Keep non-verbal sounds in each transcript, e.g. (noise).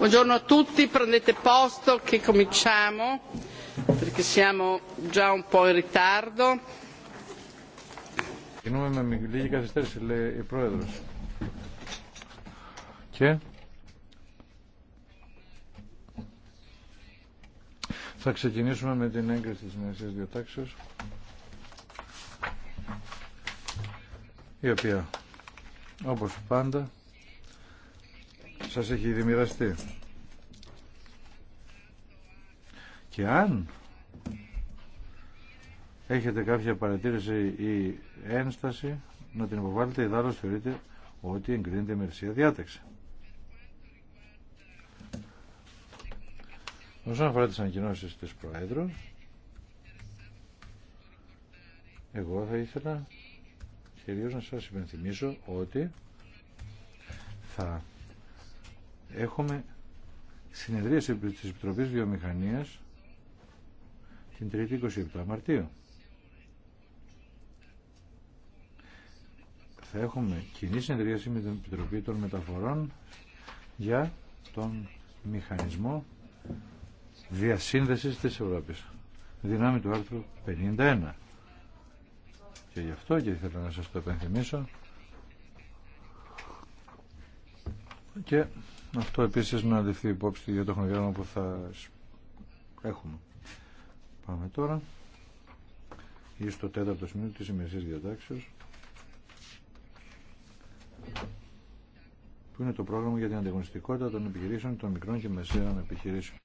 Buongiorno a tutti, prendete posto che cominciamo perché siamo già un po' in ritardo. Ξεκινούμε με λίγη καθυστέρηση, λέει η Πρόεδρος. Και θα ξεκινήσουμε με την έγκριση της Μεσής Διατάξεως, η οποία, όπως πάντα, σας έχει ήδη μοιραστεί. Και αν έχετε κάποια παρατήρηση ή ένσταση, να την υποβάλλετε, ιδάλλως θεωρείτε ότι εγκρίνεται η μερσία διάταξη. Όσον αφορά τις ανακοινώσεις της Προέδρου, εγώ θα ήθελα κυρίως να σας υπενθυμίσω ότι θα έχουμε συνεδρίαση της Επιτροπής Βιομηχανίας την 3η 27 Μαρτίου. Θα έχουμε κοινή συνεδρίαση με την Επιτροπή των Μεταφορών για τον μηχανισμό διασύνδεσης της Ευρώπης. Δυνάμει του άρθρου 51. Και γι' αυτό και ήθελα να σας το επενθυμίσω. Και αυτό επίσης να ληφθεί υπόψη για το χρονοδιάγραμμα που θα έχουμε. Πάμε τώρα ή στο τέταρτο σημείο τη ημερησίας διατάξεως που είναι το πρόγραμμα για την ανταγωνιστικότητα των επιχειρήσεων των μικρών και μεσαίων επιχειρήσεων.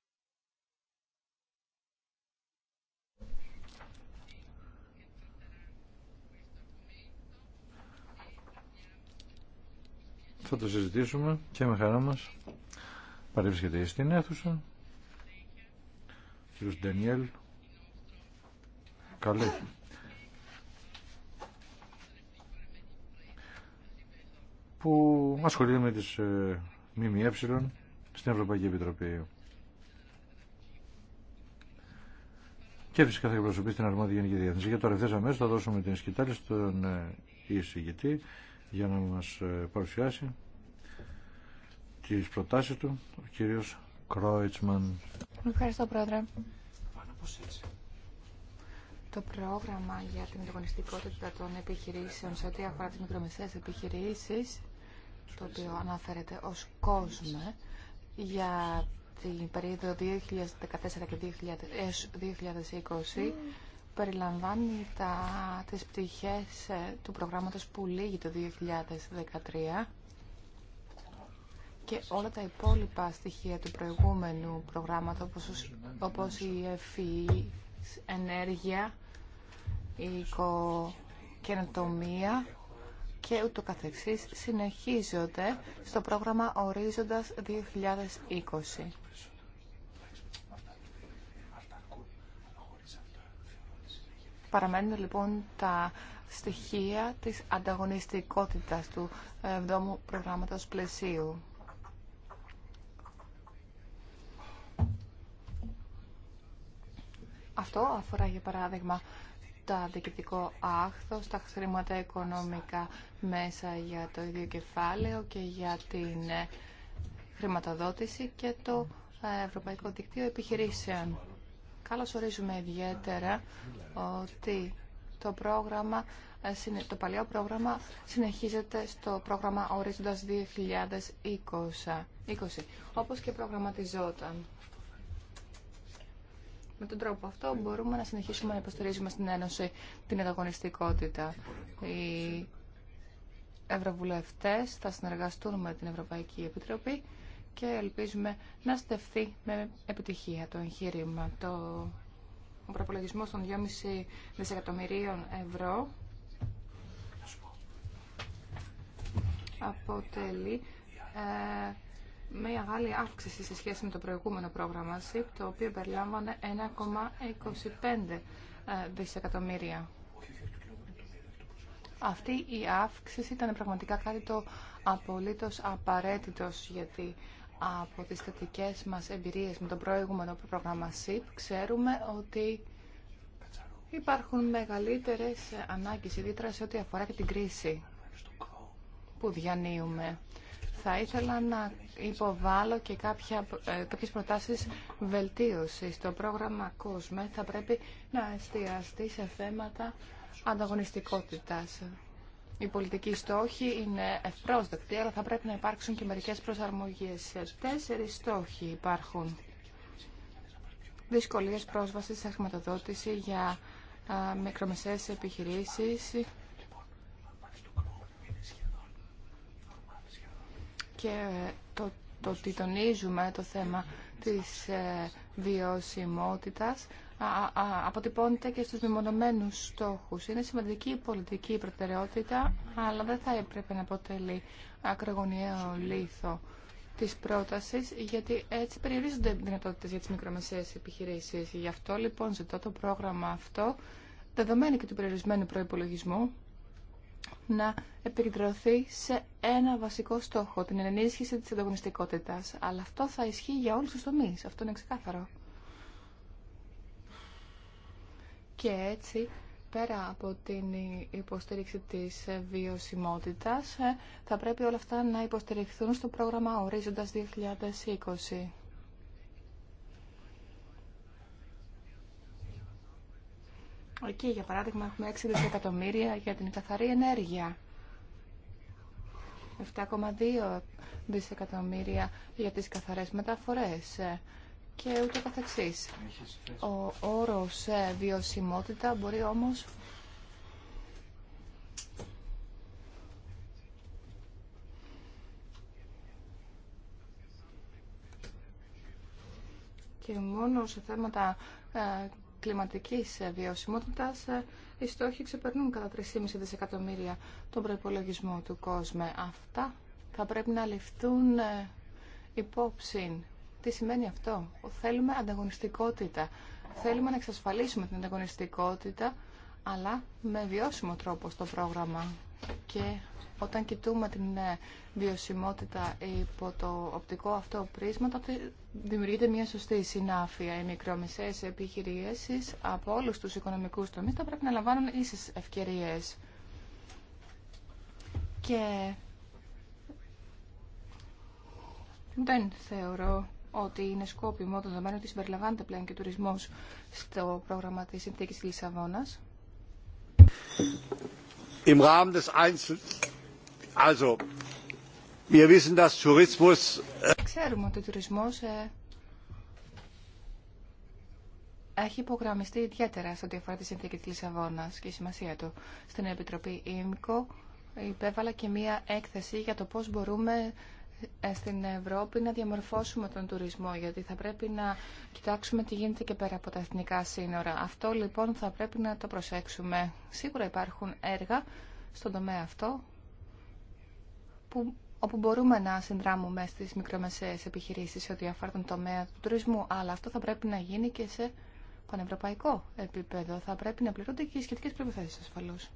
θα το συζητήσουμε και με χαρά μας παρευρίσκεται στην αίθουσα κύριος Ντανιέλ καλέ που ασχολείται με τις ε, ΜΜΕ στην Ευρωπαϊκή Επιτροπή και φυσικά θα εκπροσωπεί στην αρμόδια Γενική Διεύθυνση. Για το ευθύ αμέσω θα δώσουμε την σκητάλη στον ε, εισηγητή για να μας ε, παρουσιάσει τις προτάσεις του ο κύριος Κρόιτσμαν. Ευχαριστώ πρόεδρε. Το πρόγραμμα για την ανταγωνιστικότητα των επιχειρήσεων σε ό,τι αφορά τις μικρομεσαίες επιχειρήσεις το οποίο αναφέρεται ως κόσμο για την περίοδο 2014 και 2020 περιλαμβάνει τα, τις πτυχές ε, του προγράμματος που λύγει το 2013 και όλα τα υπόλοιπα στοιχεία του προηγούμενου προγράμματος όπως, όπως η ενέργεια, η οικοκαινοτομία και ούτω καθεξής συνεχίζονται στο πρόγραμμα Ορίζοντας 2020. Παραμένουν λοιπόν τα στοιχεία της ανταγωνιστικότητας του 7ου προγράμματος πλαισίου. Αυτό αφορά για παράδειγμα τα διοικητικό άχθο, τα χρήματα οικονομικά μέσα για το ίδιο κεφάλαιο και για την ε, χρηματοδότηση και το ε, Ευρωπαϊκό Δικτύο Επιχειρήσεων. Καλώς ορίζουμε ιδιαίτερα ότι το, πρόγραμμα, ε, το παλιό πρόγραμμα συνεχίζεται στο πρόγραμμα Ορίζοντας 2020, 20, όπως και προγραμματιζόταν. Με τον τρόπο αυτό μπορούμε να συνεχίσουμε να υποστηρίζουμε στην Ένωση την ανταγωνιστικότητα. Οι Ευρωβουλευτές θα συνεργαστούν με την Ευρωπαϊκή Επιτροπή και ελπίζουμε να στεφθεί με επιτυχία το εγχείρημα. Το... Ο προπολογισμό των 2,5 δισεκατομμυρίων ευρώ αποτελεί ε, μια μεγάλη αύξηση σε σχέση με το προηγούμενο πρόγραμμα το οποίο περιλάμβανε 1,25 ε, δισεκατομμύρια. Αυτή η αύξηση ήταν πραγματικά κάτι το απολύτως απαραίτητος γιατί από τις θετικέ μας εμπειρίες με τον προηγούμενο πρόγραμμα SIP ξέρουμε ότι υπάρχουν μεγαλύτερες ανάγκες ιδιαίτερα σε ό,τι αφορά και την κρίση που διανύουμε. Θα ήθελα να υποβάλω και κάποια, ε, κάποιες προτάσεις βελτίωσης. Το πρόγραμμα COSME θα πρέπει να εστιαστεί σε θέματα ανταγωνιστικότητας. Οι πολιτικοί στόχοι είναι ευπρόσδεκτοι, αλλά θα πρέπει να υπάρξουν και μερικές προσαρμογές. Τέσσερις στόχοι υπάρχουν. Δυσκολίες πρόσβασης σε χρηματοδότηση για μικρομεσαίες επιχειρήσεις και ε, το, το ότι τονίζουμε το θέμα της ε, βιωσιμότητας αποτυπώνεται και στους μεμονωμένους στόχους. Είναι σημαντική η πολιτική προτεραιότητα, αλλά δεν θα έπρεπε να αποτελεί ακρογωνιαίο λίθο της πρότασης, γιατί έτσι περιορίζονται οι δυνατότητες για τις μικρομεσαίες επιχειρήσεις. Γι' αυτό λοιπόν ζητώ το πρόγραμμα αυτό, δεδομένου και του περιορισμένου προϋπολογισμού, να επικεντρωθεί σε ένα βασικό στόχο, την ενίσχυση της ανταγωνιστικότητας. Αλλά αυτό θα ισχύει για όλους τους τομείς. Αυτό είναι ξεκάθαρο. και έτσι πέρα από την υποστήριξη της βιωσιμότητας ε, θα πρέπει όλα αυτά να υποστηριχθούν στο πρόγραμμα Ορίζοντας 2020. Εκεί, για παράδειγμα, έχουμε 6 δισεκατομμύρια για την καθαρή ενέργεια. 7,2 δισεκατομμύρια για τις καθαρές μεταφορές. Ε, και ούτω καθεξής. Ο όρος ε, βιωσιμότητα μπορεί όμως και μόνο σε θέματα ε, κλιματικής ε, βιωσιμότητας οι στόχοι ξεπερνούν κατά 3,5 δισεκατομμύρια τον προϋπολογισμό του κόσμου. Αυτά θα πρέπει να ληφθούν υπόψη τι σημαίνει αυτό. Θέλουμε ανταγωνιστικότητα. Θέλουμε να εξασφαλίσουμε την ανταγωνιστικότητα, αλλά με βιώσιμο τρόπο στο πρόγραμμα. Και όταν κοιτούμε την ε, βιωσιμότητα υπό το οπτικό αυτό πρίσμα, τότε δημιουργείται μια σωστή συνάφεια. Οι μικρομεσαίες επιχειρήσεις από όλους τους οικονομικούς τομείς θα πρέπει να λαμβάνουν ίσες ευκαιρίες. Και δεν θεωρώ ότι είναι σκόπιμο, το δεδομένο ότι συμπεριλαμβάνεται πλέον και τουρισμό στο πρόγραμμα τη συνθήκη τη Λισαβόνα. Im Rahmen des Einzel... Also, wir wissen, dass Tourismus... Äh, Ξέρουμε ότι ο τουρισμός ε, έχει υπογραμμιστεί ιδιαίτερα στο ό,τι αφορά τη συνθήκη της Λισαβόνας και η σημασία του στην Επιτροπή ΙΜΚΟ υπέβαλα και μία έκθεση για το πώς μπορούμε ε, στην Ευρώπη να διαμορφώσουμε τον τουρισμό, γιατί θα πρέπει να κοιτάξουμε τι γίνεται και πέρα από τα εθνικά σύνορα. Αυτό λοιπόν θα πρέπει να το προσέξουμε. Σίγουρα υπάρχουν έργα στον τομέα αυτό, που, όπου μπορούμε να συνδράμουμε στις μικρομεσαίες επιχειρήσεις σε ό,τι αφορά τον τομέα του τουρισμού, αλλά αυτό θα πρέπει να γίνει και σε πανευρωπαϊκό επίπεδο. Θα πρέπει να πληρούνται και οι σχετικές προϋποθέσεις ασφαλώς.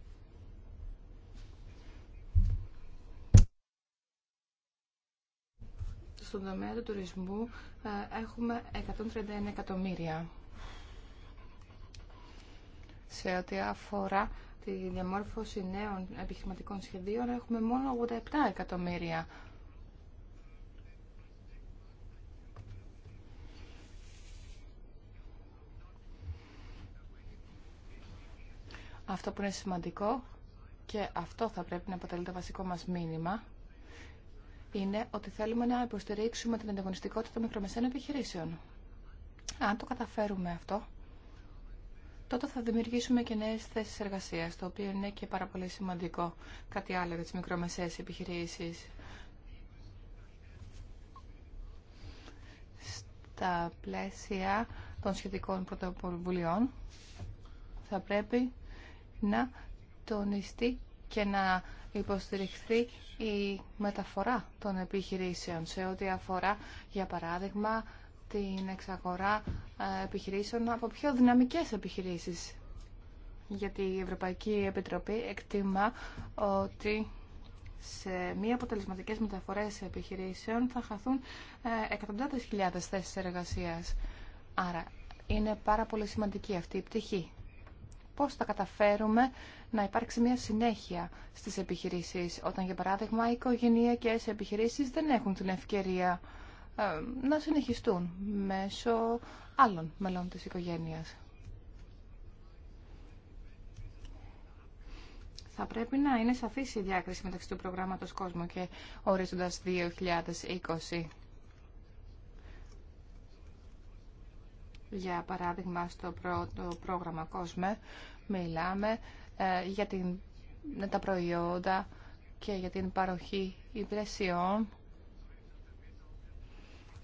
στον τομέα του τουρισμού ε, έχουμε 131 εκατομμύρια. Σε ό,τι αφορά τη διαμόρφωση νέων επιχειρηματικών σχεδίων έχουμε μόνο 87 εκατομμύρια. Αυτό που είναι σημαντικό και αυτό θα πρέπει να αποτελεί το βασικό μας μήνυμα είναι ότι θέλουμε να υποστηρίξουμε την ανταγωνιστικότητα των μικρομεσαίων επιχειρήσεων. Αν το καταφέρουμε αυτό, τότε θα δημιουργήσουμε και νέε θέσει εργασία, το οποίο είναι και πάρα πολύ σημαντικό. Κάτι άλλο για τι μικρομεσαίε επιχειρήσει. Στα πλαίσια των σχετικών πρωτοβουλειών θα πρέπει να τονιστεί και να υποστηριχθεί η μεταφορά των επιχειρήσεων σε ό,τι αφορά, για παράδειγμα, την εξαγορά ε, επιχειρήσεων από πιο δυναμικές επιχειρήσεις. Γιατί η Ευρωπαϊκή Επιτροπή εκτιμά ότι σε μη αποτελεσματικέ μεταφορές επιχειρήσεων θα χαθούν ε, εκατοντάδες χιλιάδες θέσεις εργασίας. Άρα είναι πάρα πολύ σημαντική αυτή η πτυχή πώς θα καταφέρουμε να υπάρξει μια συνέχεια στις επιχειρήσεις, όταν για παράδειγμα οι οικογενειακές επιχειρήσεις δεν έχουν την ευκαιρία ε, να συνεχιστούν μέσω άλλων μελών της οικογένειας. Θα πρέπει να είναι σαφής η διάκριση μεταξύ του προγράμματος κόσμου και ορίζοντας 2020. Για παράδειγμα, στο πρώτο πρόγραμμα COSME μιλάμε ε, για την, τα προϊόντα και για την παροχή υπηρεσιών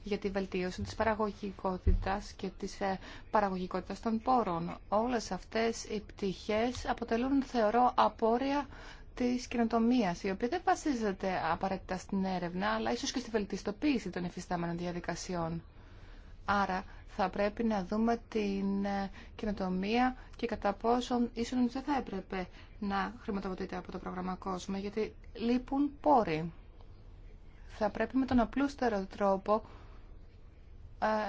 για τη βελτίωση της παραγωγικότητας και της ε, παραγωγικότητας των πόρων. Όλες αυτές οι πτυχές αποτελούν, θεωρώ, απόρρια της καινοτομία, η οποία δεν βασίζεται απαραίτητα στην έρευνα, αλλά ίσως και στη βελτιστοποίηση των υφιστάμενων διαδικασιών. Άρα θα πρέπει να δούμε την ε, καινοτομία και κατά πόσον ίσως δεν θα έπρεπε να χρηματοδοτείται από το πρόγραμμα COSME, γιατί λείπουν πόροι. Θα πρέπει με τον απλούστερο τρόπο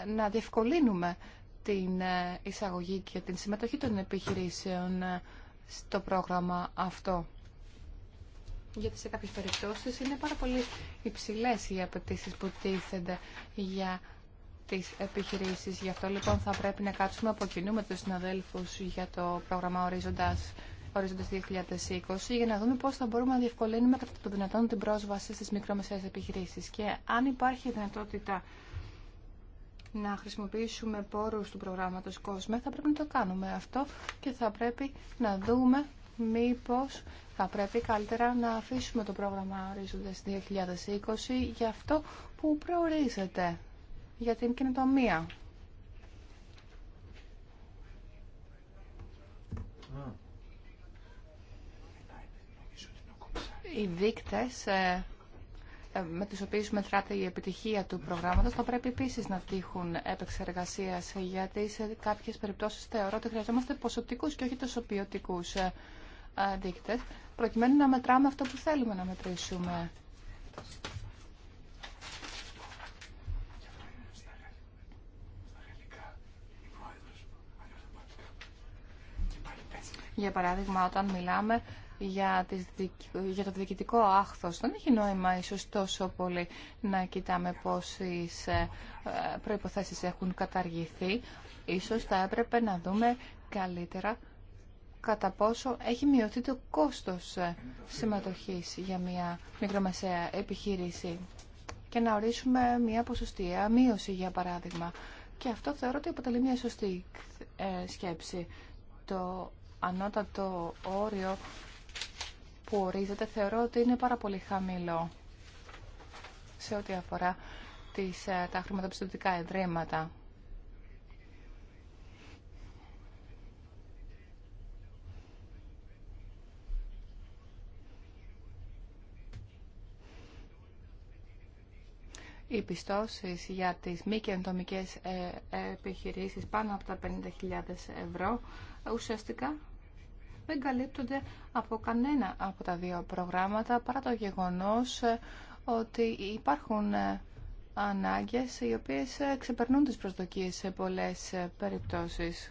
ε, να διευκολύνουμε την ε, εισαγωγή και την συμμετοχή των επιχειρήσεων στο πρόγραμμα αυτό. Γιατί σε κάποιες περιπτώσεις είναι πάρα πολύ υψηλές οι απαιτήσει που τίθενται για τις επιχειρήσεις. Γι' αυτό λοιπόν θα πρέπει να κάτσουμε από κοινού με τους συναδέλφους για το πρόγραμμα Ορίζοντας, Ορίζοντας 2020 για να δούμε πώς θα μπορούμε να διευκολύνουμε κατά το δυνατόν την πρόσβαση στις μικρομεσαίες επιχειρήσεις. Και αν υπάρχει δυνατότητα να χρησιμοποιήσουμε πόρους του προγράμματος COSME θα πρέπει να το κάνουμε αυτό και θα πρέπει να δούμε μήπως θα πρέπει καλύτερα να αφήσουμε το πρόγραμμα ορίζοντας 2020 για αυτό που προορίζεται για την κοινοτομία. Οι δείκτες ε, ε, με τους οποίους μετράται η επιτυχία του προγράμματος θα πρέπει επίσης να τύχουν επεξεργασίας γιατί σε κάποιες περιπτώσεις θεωρώ ότι χρειαζόμαστε ποσοτικούς και όχι τόσο ποιοτικούς ε, δείκτες προκειμένου να μετράμε αυτό που θέλουμε να μετρήσουμε. Για παράδειγμα, όταν μιλάμε για, για το διοικητικό άχθος. Δεν έχει νόημα ίσως τόσο πολύ να κοιτάμε πόσες ε, προϋποθέσεις έχουν καταργηθεί. Ίσως θα έπρεπε να δούμε καλύτερα κατά πόσο έχει μειωθεί το κόστος ε, συμμετοχής για μια μικρομεσαία επιχείρηση και να ορίσουμε μια ποσοστία μείωση για παράδειγμα. Και αυτό θεωρώ ότι αποτελεί μια σωστή ε, σκέψη. Το ανώτατο όριο που ορίζεται θεωρώ ότι είναι πάρα πολύ χαμηλό σε ό,τι αφορά τις, ε, τα χρηματοπιστωτικά ιδρύματα. οι πιστώσει για τις μη καινοτομικές ε, ε, επιχειρήσεις πάνω από τα 50.000 ευρώ ουσιαστικά δεν καλύπτονται από κανένα από τα δύο προγράμματα παρά το γεγονός ε, ότι υπάρχουν ε, ανάγκες οι οποίες ε, ξεπερνούν τις προσδοκίες σε πολλές περιπτώσεις.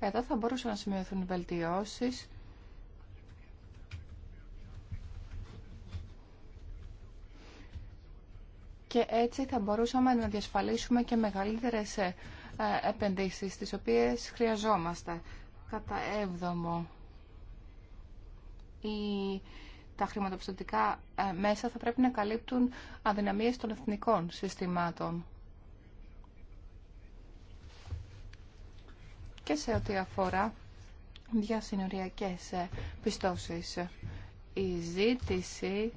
Εδώ θα μπορούσαν να σημειωθούν βελτιώσεις. Και έτσι θα μπορούσαμε να διασφαλίσουμε και μεγαλύτερες ε, επενδύσεις τις οποίες χρειαζόμαστε. Κατά έβδομο, η, τα χρηματοπιστωτικά ε, μέσα θα πρέπει να καλύπτουν αδυναμίες των εθνικών συστημάτων. Και σε ό,τι αφορά διασυνοριακές ε, πιστώσεις. Η ζήτηση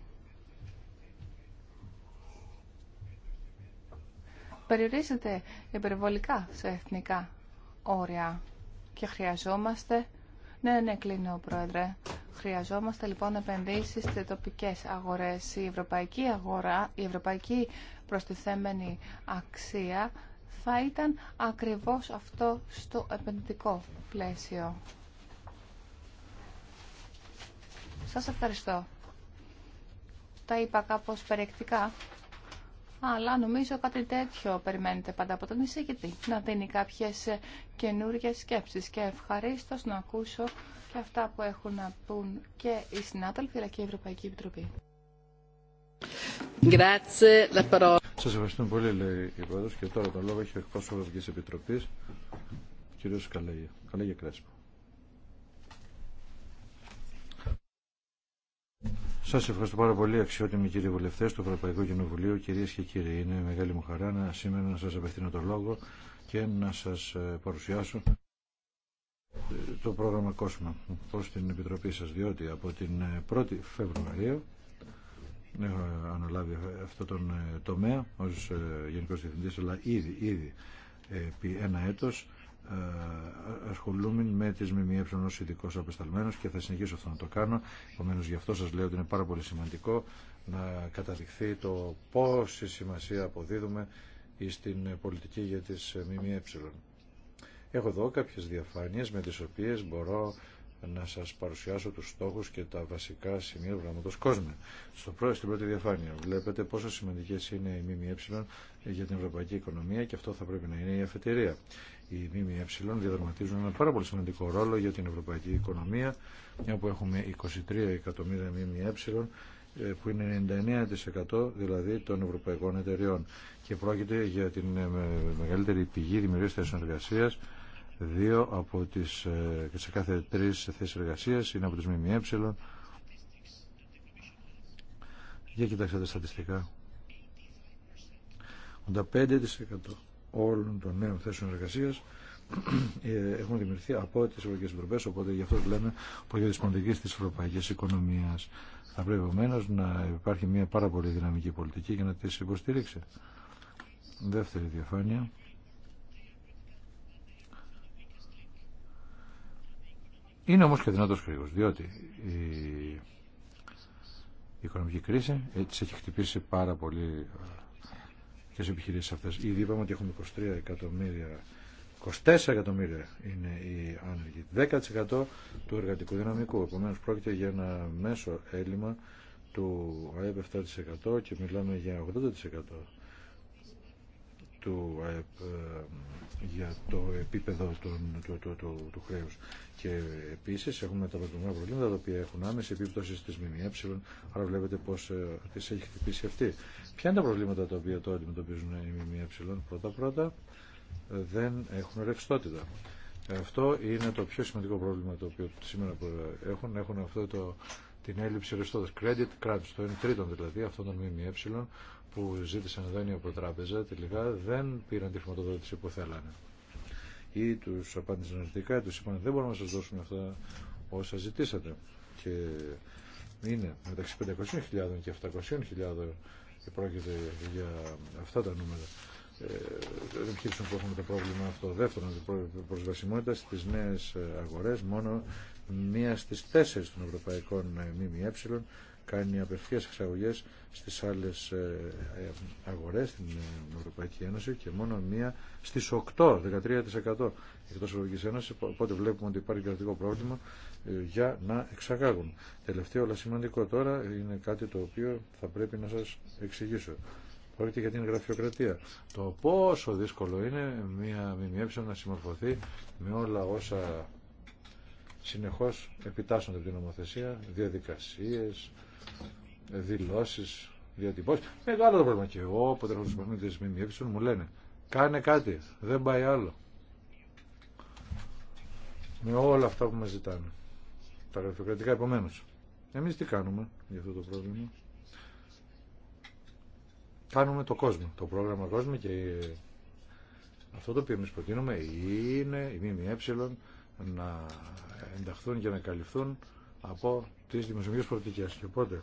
περιορίζεται υπερβολικά σε εθνικά όρια και χρειαζόμαστε ναι, ναι, κλείνω, Πρόεδρε. Χρειαζόμαστε λοιπόν επενδύσεις σε τοπικές αγορές. Η ευρωπαϊκή αγορά, η ευρωπαϊκή προστιθέμενη αξία θα ήταν ακριβώς αυτό στο επενδυτικό πλαίσιο. Σας ευχαριστώ. Τα είπα κάπως περιεκτικά αλλά νομίζω κάτι τέτοιο περιμένετε πάντα από τον εισηγητή, να δίνει κάποιες καινούργιες σκέψεις και ευχαρίστω να ακούσω και αυτά που έχουν να πούν και οι συνάδελφοι αλλά και η Ευρωπαϊκή Επιτροπή. Σα ευχαριστούμε πολύ, λέει η Πρόεδρο. Και τώρα το λόγο έχει ο εκπρόσωπο τη Επιτροπή, κ. Καλέγια Κρέσπο. Σα ευχαριστώ πάρα πολύ, αξιότιμοι κύριοι βουλευτέ του Ευρωπαϊκού Κοινοβουλίου, κυρίε και κύριοι. Είναι μεγάλη μου χαρά να σήμερα να σα απευθύνω το λόγο και να σα ε, παρουσιάσω ε, το πρόγραμμα Κόσμο προ την Επιτροπή σα, διότι από την 1η ε, Φεβρουαρίου έχω αναλάβει αυτό τον τομέα ω Γενικό Διευθυντή, αλλά ήδη, ήδη επί ένα έτος ε, ασχολούμαι με τι ΜΜΕ ω ειδικό απεσταλμένο και θα συνεχίσω αυτό να το κάνω. Επομένω, γι' αυτό σα λέω ότι είναι πάρα πολύ σημαντικό να καταδειχθεί το πόση σημασία αποδίδουμε στην πολιτική για τι ΜΜΕ. Έχω εδώ κάποιες διαφάνειες με τις οποίες μπορώ να σας παρουσιάσω τους στόχους και τα βασικά σημεία γραμματός κόσμου. Στο πρώτο, στην πρώτη διαφάνεια βλέπετε πόσο σημαντικές είναι οι ΜΜΕ για την ευρωπαϊκή οικονομία και αυτό θα πρέπει να είναι η αφετηρία οι ΜΜΕ διαδραματίζουν ένα πάρα πολύ σημαντικό ρόλο για την ευρωπαϊκή οικονομία, μια που έχουμε 23 εκατομμύρια ΜΜΕ, ε, που είναι 99% δηλαδή των ευρωπαϊκών εταιριών. Και πρόκειται για την ε, μεγαλύτερη πηγή δημιουργίας θέσεων εργασία. Δύο από τις, ε, σε κάθε τρει θέσει εργασία είναι από τι ΜΜΕ. Για κοιτάξτε τα στατιστικά. 85% όλων των νέων θέσεων εργασία (clears throat) ε, έχουν δημιουργηθεί από τι Ευρωπαϊκέ Επιτροπέ. Οπότε γι' αυτό λέμε που για τι τη ευρωπαϊκή οικονομία θα πρέπει επομένω να υπάρχει μια πάρα πολύ δυναμική πολιτική για να τι υποστηρίξει. Δεύτερη διαφάνεια. Είναι όμως και δυνατός κρίκο, διότι η οικονομική κρίση έτσι ε, έχει χτυπήσει πάρα πολύ ε, ποιες επιχειρήσεις αυτές. Ήδη είπαμε ότι έχουμε 23 εκατομμύρια 24 εκατομμύρια είναι οι άνεργοι, 10% του εργατικού δυναμικού. Επομένως πρόκειται για ένα μέσο έλλειμμα του ΑΕΠ 7% και μιλάμε για 80% του ΑΕΠ ε, για το επίπεδο των, του, του, του, του χρέους. Και επίσης έχουμε τα παγκοσμία προβλήματα τα οποία έχουν άμεση επίπτωση στις ΜΜΕ, άρα βλέπετε πώς ε, τις έχει χτυπήσει αυτή. Ποια είναι τα προβλήματα τα οποία τώρα αντιμετωπίζουν οι ΜΜΕ, πρώτα-πρώτα ε, δεν έχουν ρευστότητα. Αυτό είναι το πιο σημαντικό πρόβλημα το οποίο σήμερα ε, έχουν. Έχουν αυτό το, την έλλειψη ρευστότητα. Credit crunch, το είναι τρίτον δηλαδή, αυτών των ΜΜΕ, που ζήτησαν δάνειο από τράπεζα τελικά δεν πήραν τη χρηματοδότηση που θέλανε. Ή του απάντησαν αρνητικά, τους είπαν δεν μπορούμε να σα δώσουμε αυτά όσα ζητήσατε. Και είναι μεταξύ 500.000 και 700.000 και πρόκειται για αυτά τα νούμερα ε, επιχείρησεων που το πρόβλημα αυτό. Δεύτερον, προσβασιμότητα στι νέε αγορέ. Μόνο μία στι τέσσερι των ευρωπαϊκών ε, ΜΜΕ κάνει απευθείας εξαγωγές στις άλλες ε, ε, αγορές στην ε, Ευρωπαϊκή Ένωση και μόνο μία στις 8, 13% εκτός Ευρωπαϊκής Ένωσης, οπότε βλέπουμε ότι υπάρχει κρατικό πρόβλημα για να εξαγάγουν. Τελευταίο, αλλά σημαντικό τώρα, είναι κάτι το οποίο θα πρέπει να σας εξηγήσω. Πρόκειται για την γραφειοκρατία. Το πόσο δύσκολο είναι μία ΜΜΕ να συμμορφωθεί με όλα όσα συνεχώς επιτάσσονται από την νομοθεσία, διαδικασίες, δηλώσεις, διατυπώσεις. Μεγάλο το πρόβλημα. Και εγώ, όποτε έχω με παιχνίδες ΜΜΕ, μου λένε, κάνε κάτι, δεν πάει άλλο. Με όλα αυτά που μας ζητάνε. Τα γραφειοκρατικά επομένως. Εμείς τι κάνουμε για αυτό το πρόβλημα. Κάνουμε το κόσμο, το πρόγραμμα κόσμο και αυτό το οποίο εμείς προτείνουμε είναι η ΜΜΕ να ενταχθούν και να καλυφθούν από τις δημοσιογραφικές προοπτικέ. Και οπότε,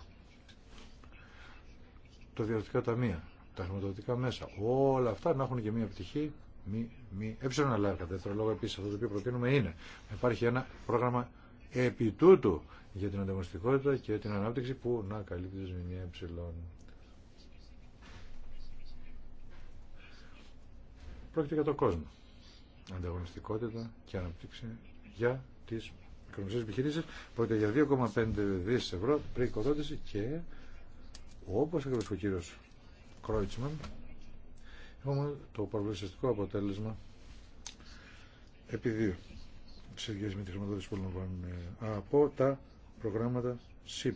το διορθωτικά ταμεία, τα χρηματοδοτικά μέσα, όλα αυτά να έχουν και μία πτυχή, μη, μη, έψιλον αλλά κατά δεύτερο λόγο επίσης αυτό το οποίο προτείνουμε είναι να υπάρχει ένα πρόγραμμα επί τούτου για την ανταγωνιστικότητα και την ανάπτυξη που να καλύπτει τις μία έψιλον. Πρόκειται για το κόσμο. Ανταγωνιστικότητα και ανάπτυξη για τις οικονομικές επιχειρήσεις. Πρόκειται για 2,5 δις ευρώ προϊκοδότηση και όπως ακριβώς ο κύριος Κρόιτσμαν έχουμε το παρουσιαστικό αποτέλεσμα επειδή σε σχέση με τη χρηματοδότηση που λαμβάνουν από τα προγράμματα SIP.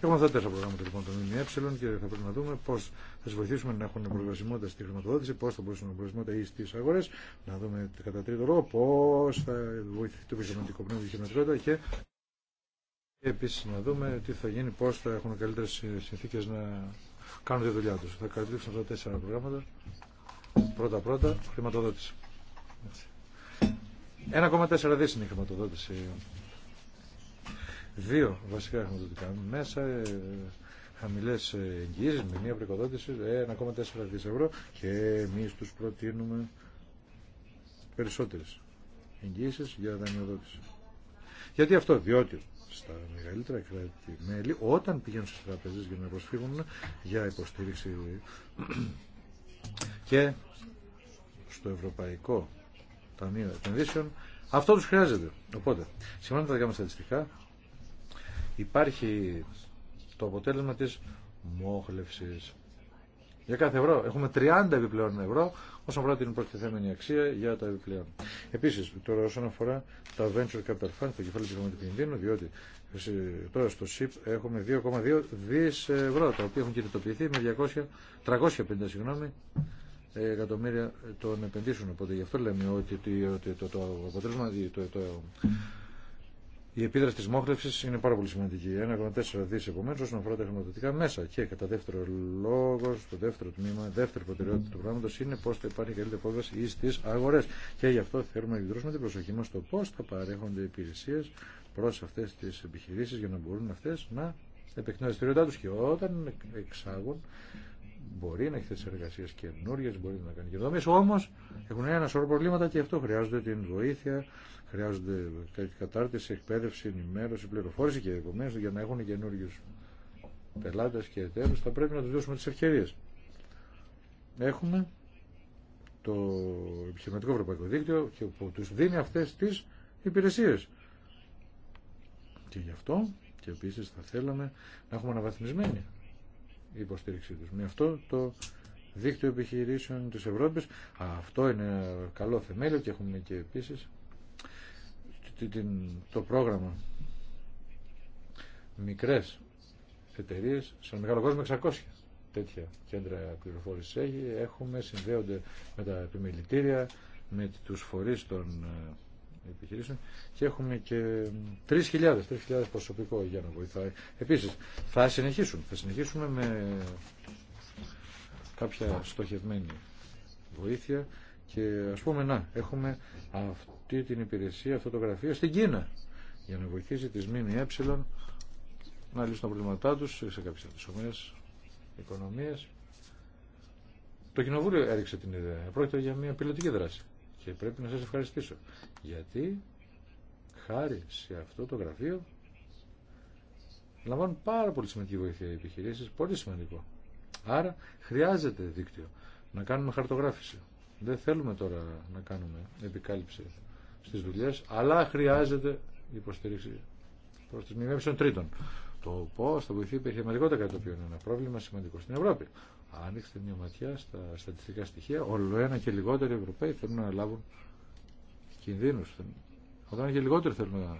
Έχουμε αυτά τα τέσσερα προγράμματα λοιπόν των ΜΜΕ και θα πρέπει να δούμε πώ θα σα βοηθήσουμε να έχουν προσβασιμότητα στη χρηματοδότηση, πώ θα μπορούσαν να προσβασιμότητα ή στι αγορέ, να δούμε κατά τρίτο λόγο πώ θα βοηθηθεί το επιχειρηματικό πνεύμα και και επίση να δούμε τι θα γίνει, πώ θα έχουν καλύτερε συνθήκε να κάνουν τη δουλειά του. Θα καλύψουμε αυτά τα τέσσερα προγράμματα. Πρώτα-πρώτα, χρηματοδότηση. 1,4 δι είναι η χρηματοδότηση Δύο βασικά χρηματοδοτικά μέσα, ε, χαμηλέ εγγυήσει με μία προκοδότηση 1,4 ε, ευρώ και εμεί του προτείνουμε περισσότερε εγγυήσει για δανειοδότηση. Γιατί αυτό, διότι στα μεγαλύτερα κράτη-μέλη, όταν πηγαίνουν στι τραπέζε για να προσφύγουν για υποστήριξη (clears throat) και στο Ευρωπαϊκό Ταμείο Επενδύσεων, αυτό του χρειάζεται. Οπότε, σήμερα τα δικά μα στατιστικά υπάρχει το αποτέλεσμα της μόχλευσης. Για κάθε ευρώ έχουμε 30 επιπλέον ευρώ όσον αφορά την προστιθέμενη αξία για τα επιπλέον. Επίση, τώρα όσον αφορά τα venture capital funds, το κεφάλαιο του οικονομικού κινδύνου, διότι τώρα στο SIP έχουμε 2,2 δις ευρώ, τα οποία έχουν κινητοποιηθεί με 200, 350 συγγνώμη, εκατομμύρια των επενδύσεων. Οπότε γι' αυτό λέμε ότι, το, αποτέλεσμα, το, το, η επίδραση τη μόχλευση είναι πάρα πολύ σημαντική. 1,4 δι επομένω όσον αφορά τα χρηματοδοτικά μέσα. Και κατά δεύτερο λόγο, το δεύτερο τμήμα, δεύτερη προτεραιότητα του πράγματο είναι πώ θα υπάρχει καλύτερη απόδοση στι αγορέ. Και γι' αυτό θέλουμε να επιδρώσουμε την προσοχή μα στο πώ θα παρέχονται υπηρεσίε προ αυτέ τι επιχειρήσει για να μπορούν αυτέ να επεκτείνουν δραστηριότητά του. Και όταν εξάγουν, μπορεί να έχει θέσει εργασίε καινούριε, μπορεί να κάνει και δομέ. Όμω έχουν ένα σωρό προβλήματα και αυτό χρειάζονται την βοήθεια χρειάζονται κατάρτιση, εκπαίδευση, ενημέρωση, πληροφόρηση και επομένω για να έχουν καινούριου πελάτε και εταίρου θα πρέπει να του δώσουμε τι ευκαιρίε. Έχουμε το επιχειρηματικό ευρωπαϊκό δίκτυο και που του δίνει αυτέ τι υπηρεσίε. Και γι' αυτό και επίση θα θέλαμε να έχουμε αναβαθμισμένη υποστήριξή του. Με αυτό το δίκτυο επιχειρήσεων της Ευρώπης αυτό είναι καλό θεμέλιο και έχουμε και επίσης αυτή το πρόγραμμα μικρές εταιρείε, σαν μεγάλο κόσμο 600 τέτοια κέντρα πληροφόρηση έχουμε, συνδέονται με τα επιμελητήρια, με τους φορείς των ε, επιχειρήσεων και έχουμε και 3.000, 3.000 προσωπικό για να βοηθάει. Επίσης, θα συνεχίσουν, θα συνεχίσουμε με κάποια στοχευμένη βοήθεια και ας πούμε να, έχουμε αυτή την υπηρεσία, αυτό το γραφείο στην Κίνα για να βοηθήσει τις ΜΜΕ να λύσουν τα προβλήματά τους σε κάποιες οικονομίες. Το Κοινοβούλιο έριξε την ιδέα. Πρόκειται για μια πιλωτική δράση. Και πρέπει να σας ευχαριστήσω. Γιατί χάρη σε αυτό το γραφείο λαμβάνουν πάρα πολύ σημαντική βοήθεια οι επιχειρήσεις. Πολύ σημαντικό. Άρα χρειάζεται δίκτυο να κάνουμε χαρτογράφηση. Δεν θέλουμε τώρα να κάνουμε επικάλυψη στις δουλειές, αλλά χρειάζεται υποστήριξη προς τις μηνύσεις των τρίτων. Το πώ θα βοηθεί η επιχειρηματικότητα κάτι το οποίο είναι ένα πρόβλημα σημαντικό στην Ευρώπη. Άνοιξτε μια ματιά στα στατιστικά στοιχεία, όλο ένα και λιγότεροι Ευρωπαίοι θέλουν να λάβουν κινδύνους. Όταν και λιγότεροι θέλουν να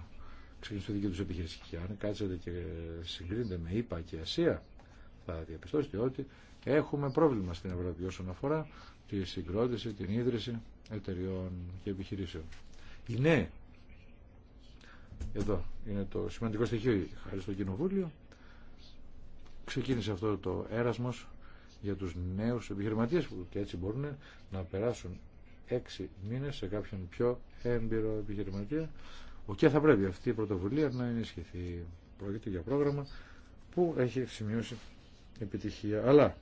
ξεκινήσουν τη δική του επιχείρηση. Και αν κάτσετε και συγκρίνετε με ΙΠΑ και Ασία, θα διαπιστώσετε ότι έχουμε πρόβλημα στην Ευρώπη όσον αφορά τη συγκρότηση, την ίδρυση εταιριών και επιχειρήσεων. Οι νέοι, εδώ είναι το σημαντικό στοιχείο, χάρη στο Κοινοβούλιο, ξεκίνησε αυτό το έρασμος για τους νέους επιχειρηματίες που και έτσι μπορούν να περάσουν έξι μήνες σε κάποιον πιο έμπειρο επιχειρηματία και θα πρέπει αυτή η πρωτοβουλία να ενισχυθεί. Πρόκειται για πρόγραμμα που έχει σημειώσει επιτυχία. Αλλά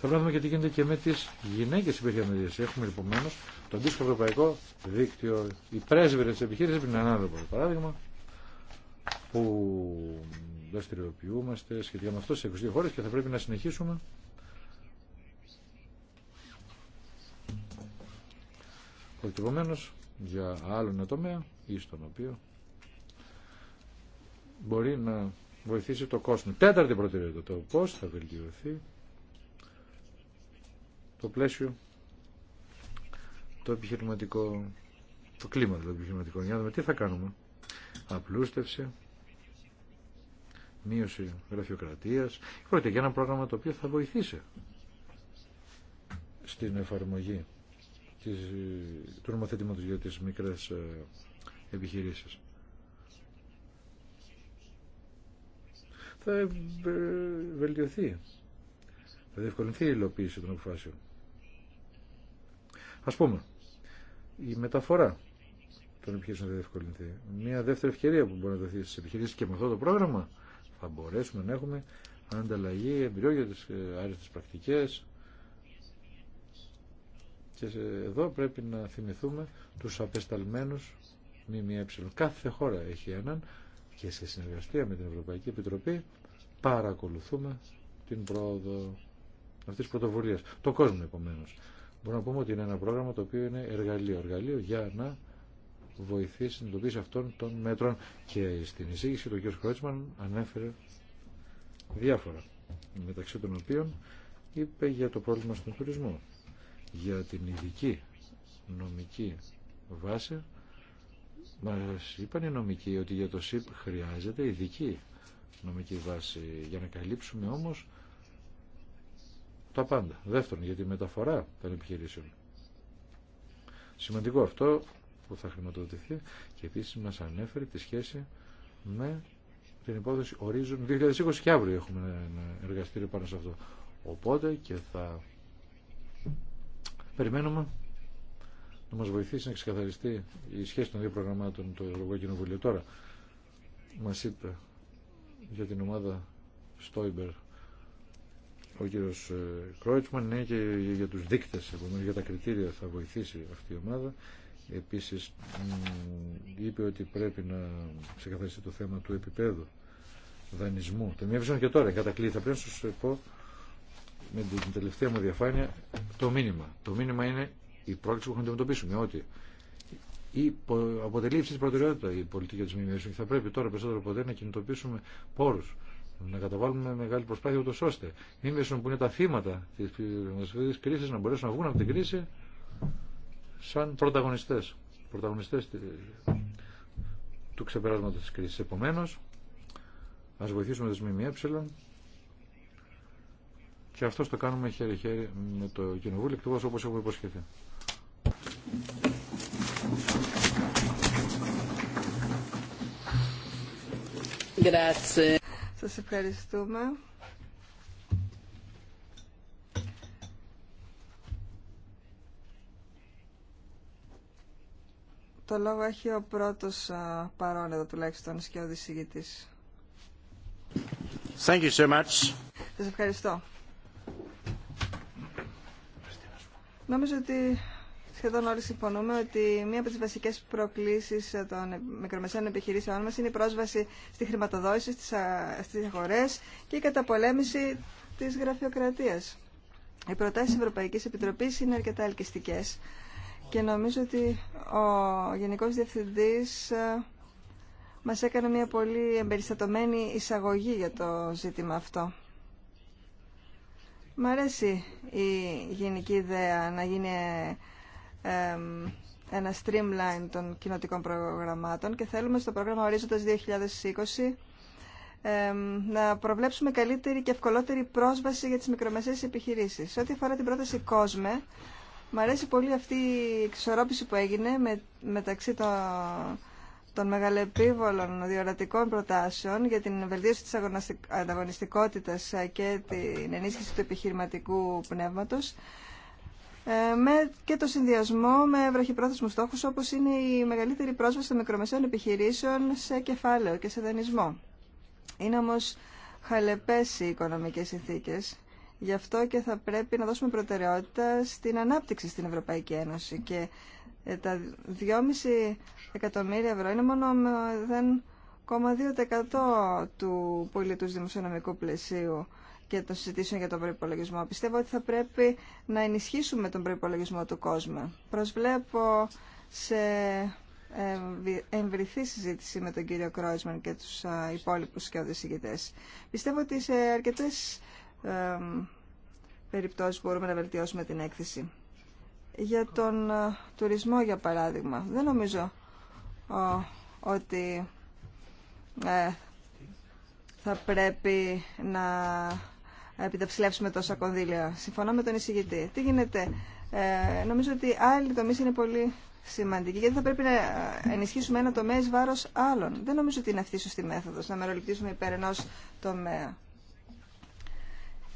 θα βλέπουμε και τι γίνεται και με τι γυναίκε επιχειρηματίε. Έχουμε λοιπόν, το αντίστοιχο ευρωπαϊκό δίκτυο. Η πρέσβυρε τη επιχείρηση είναι ένα άλλο παράδειγμα, που δραστηριοποιούμαστε σχετικά με αυτό σε 22 χώρε και θα πρέπει να συνεχίσουμε. Προκειμένω για άλλο ένα τομέα ή στον οποίο μπορεί να βοηθήσει το κόσμο. Τέταρτη προτεραιότητα, το πώς θα βελτιωθεί το πλαίσιο το επιχειρηματικό το κλίμα το επιχειρηματικό για να δούμε τι θα κάνουμε απλούστευση μείωση γραφειοκρατίας πρόκειται για ένα πρόγραμμα το οποίο θα βοηθήσει στην εφαρμογή της, του νομοθετήματος για τις μικρές ε, επιχειρήσεις θα ε, βελτιωθεί θα διευκολυνθεί η υλοποίηση των αποφάσεων Ας πούμε, η μεταφορά των επιχειρήσεων δεν διευκολυνθεί. Μια δεύτερη ευκαιρία που μπορεί να δοθεί στις επιχειρήσεις και με αυτό το πρόγραμμα θα μπορέσουμε να έχουμε ανταλλαγή εμπειριών για τις ε, άριστες πρακτικές και εδώ πρέπει να θυμηθούμε τους απεσταλμένους ΜΜΕ. Κάθε χώρα έχει έναν και σε συνεργασία με την Ευρωπαϊκή Επιτροπή παρακολουθούμε την πρόοδο αυτής της πρωτοβουλίας. Το κόσμο επομένως μπορούμε να πούμε ότι είναι ένα πρόγραμμα το οποίο είναι εργαλείο. Εργαλείο για να βοηθήσει στην υλοποίηση αυτών των μέτρων. Και στην εισήγηση του κ. Κρότσμαν ανέφερε διάφορα, μεταξύ των οποίων είπε για το πρόβλημα στον τουρισμό, για την ειδική νομική βάση. Μας είπαν οι νομικοί ότι για το ΣΥΠ χρειάζεται ειδική νομική βάση. Για να καλύψουμε όμως τα πάντα. Δεύτερον, για τη μεταφορά των επιχειρήσεων. Σημαντικό αυτό που θα χρηματοδοτηθεί και επίση μα ανέφερε τη σχέση με την υπόθεση ορίζουν 2020 και αύριο έχουμε ένα εργαστήριο πάνω σε αυτό. Οπότε και θα περιμένουμε να μας βοηθήσει να ξεκαθαριστεί η σχέση των δύο προγραμμάτων του Ευρωπαϊκό Κοινοβούλιο. Τώρα μας είπε για την ομάδα Στόιμπερ ο κύριος ε, Κρόιτσμαν ναι και για τους δείκτες επομένως για τα κριτήρια θα βοηθήσει αυτή η ομάδα επίσης είπε ότι πρέπει να ξεκαθαριστεί το θέμα του επίπεδου δανεισμού το μία και τώρα κατακλείδη θα πρέπει να σας πω με την τελευταία μου διαφάνεια το μήνυμα το μήνυμα είναι η πρόκληση που έχουμε να αντιμετωπίσουμε ότι η αποτελεί υψηλή προτεραιότητα η πολιτική τη ΜΜΕ και θα πρέπει τώρα περισσότερο ποτέ να κινητοποιήσουμε πόρου να καταβάλουμε μεγάλη προσπάθεια ούτως ώστε οι που είναι τα θύματα της δημοσιογραφικής κρίσης να μπορέσουν να βγουν από την κρίση σαν πρωταγωνιστές, πρωταγωνιστές του ξεπεράσματος της κρίσης. Επομένως, ας βοηθήσουμε τις ΜΜΕ και αυτό το κάνουμε χέρι-χέρι με το Κοινοβούλιο εκτός όπως έχουμε υποσχεθεί. Grazie. Σας ευχαριστούμε. Το λόγο έχει ο πρώτος παρόν εδώ τουλάχιστον ο ο Thank you so much. Σας ευχαριστώ. Νομίζω ότι σχεδόν όλοι συμφωνούμε ότι μία από τι βασικές προκλήσεις των μικρομεσαίων επιχειρήσεών μα είναι η πρόσβαση στη χρηματοδότηση, στις αγορές και η καταπολέμηση της γραφειοκρατίας. Οι προτάσει της Ευρωπαϊκής Επιτροπής είναι αρκετά ελκυστικέ. και νομίζω ότι ο Γενικός Διευθυντή ε, μας έκανε μια πολύ εμπεριστατωμένη εισαγωγή για το ζήτημα αυτό. Μ' αρέσει η γενική ιδέα να γίνει ένα streamline των κοινοτικών προγραμμάτων και θέλουμε στο πρόγραμμα Ορίζοντας 2020 να προβλέψουμε καλύτερη και ευκολότερη πρόσβαση για τις μικρομεσαίες επιχειρήσεις. Σε ό,τι αφορά την πρόταση COSME, μου αρέσει πολύ αυτή η εξορρόπηση που έγινε μεταξύ των, των μεγαλεπίβολων διορατικών προτάσεων για την βελτίωση της ανταγωνιστικότητας και την ενίσχυση του επιχειρηματικού πνεύματος ε, με και το συνδυασμό με βραχυπρόθεσμους στόχους όπως είναι η μεγαλύτερη πρόσβαση των μικρομεσαίων επιχειρήσεων σε κεφάλαιο και σε δανεισμό. Είναι όμως χαλεπές οι οικονομικές συνθήκες, γι' αυτό και θα πρέπει να δώσουμε προτεραιότητα στην ανάπτυξη στην Ευρωπαϊκή Ένωση και ε, τα 2,5 εκατομμύρια ευρώ είναι μόνο 0,2% του πολίτου δημοσιονομικού πλαισίου και των συζητήσεων για τον προπολογισμό. Πιστεύω ότι θα πρέπει να ενισχύσουμε τον προπολογισμό του κόσμου. Προσβλέπω σε ε, εμβριθή συζήτηση με τον κύριο Κρόισμαν και τους υπόλοιπους και οδησηγητές. Πιστεύω ότι σε αρκετές περιπτώσεις μπορούμε να βελτιώσουμε την έκθεση. Για τον τουρισμό, για παράδειγμα, δεν νομίζω ότι ε, θα πρέπει να επιταψιλεύσουμε τόσα κονδύλια. Συμφωνώ με τον εισηγητή. Τι γίνεται. Ε, νομίζω ότι άλλοι τομεί είναι πολύ σημαντικοί γιατί θα πρέπει να ενισχύσουμε ένα τομέα ει βάρος άλλων. Δεν νομίζω ότι είναι αυτή η σωστή μέθοδο να μεροληπτήσουμε υπέρ ενό τομέα.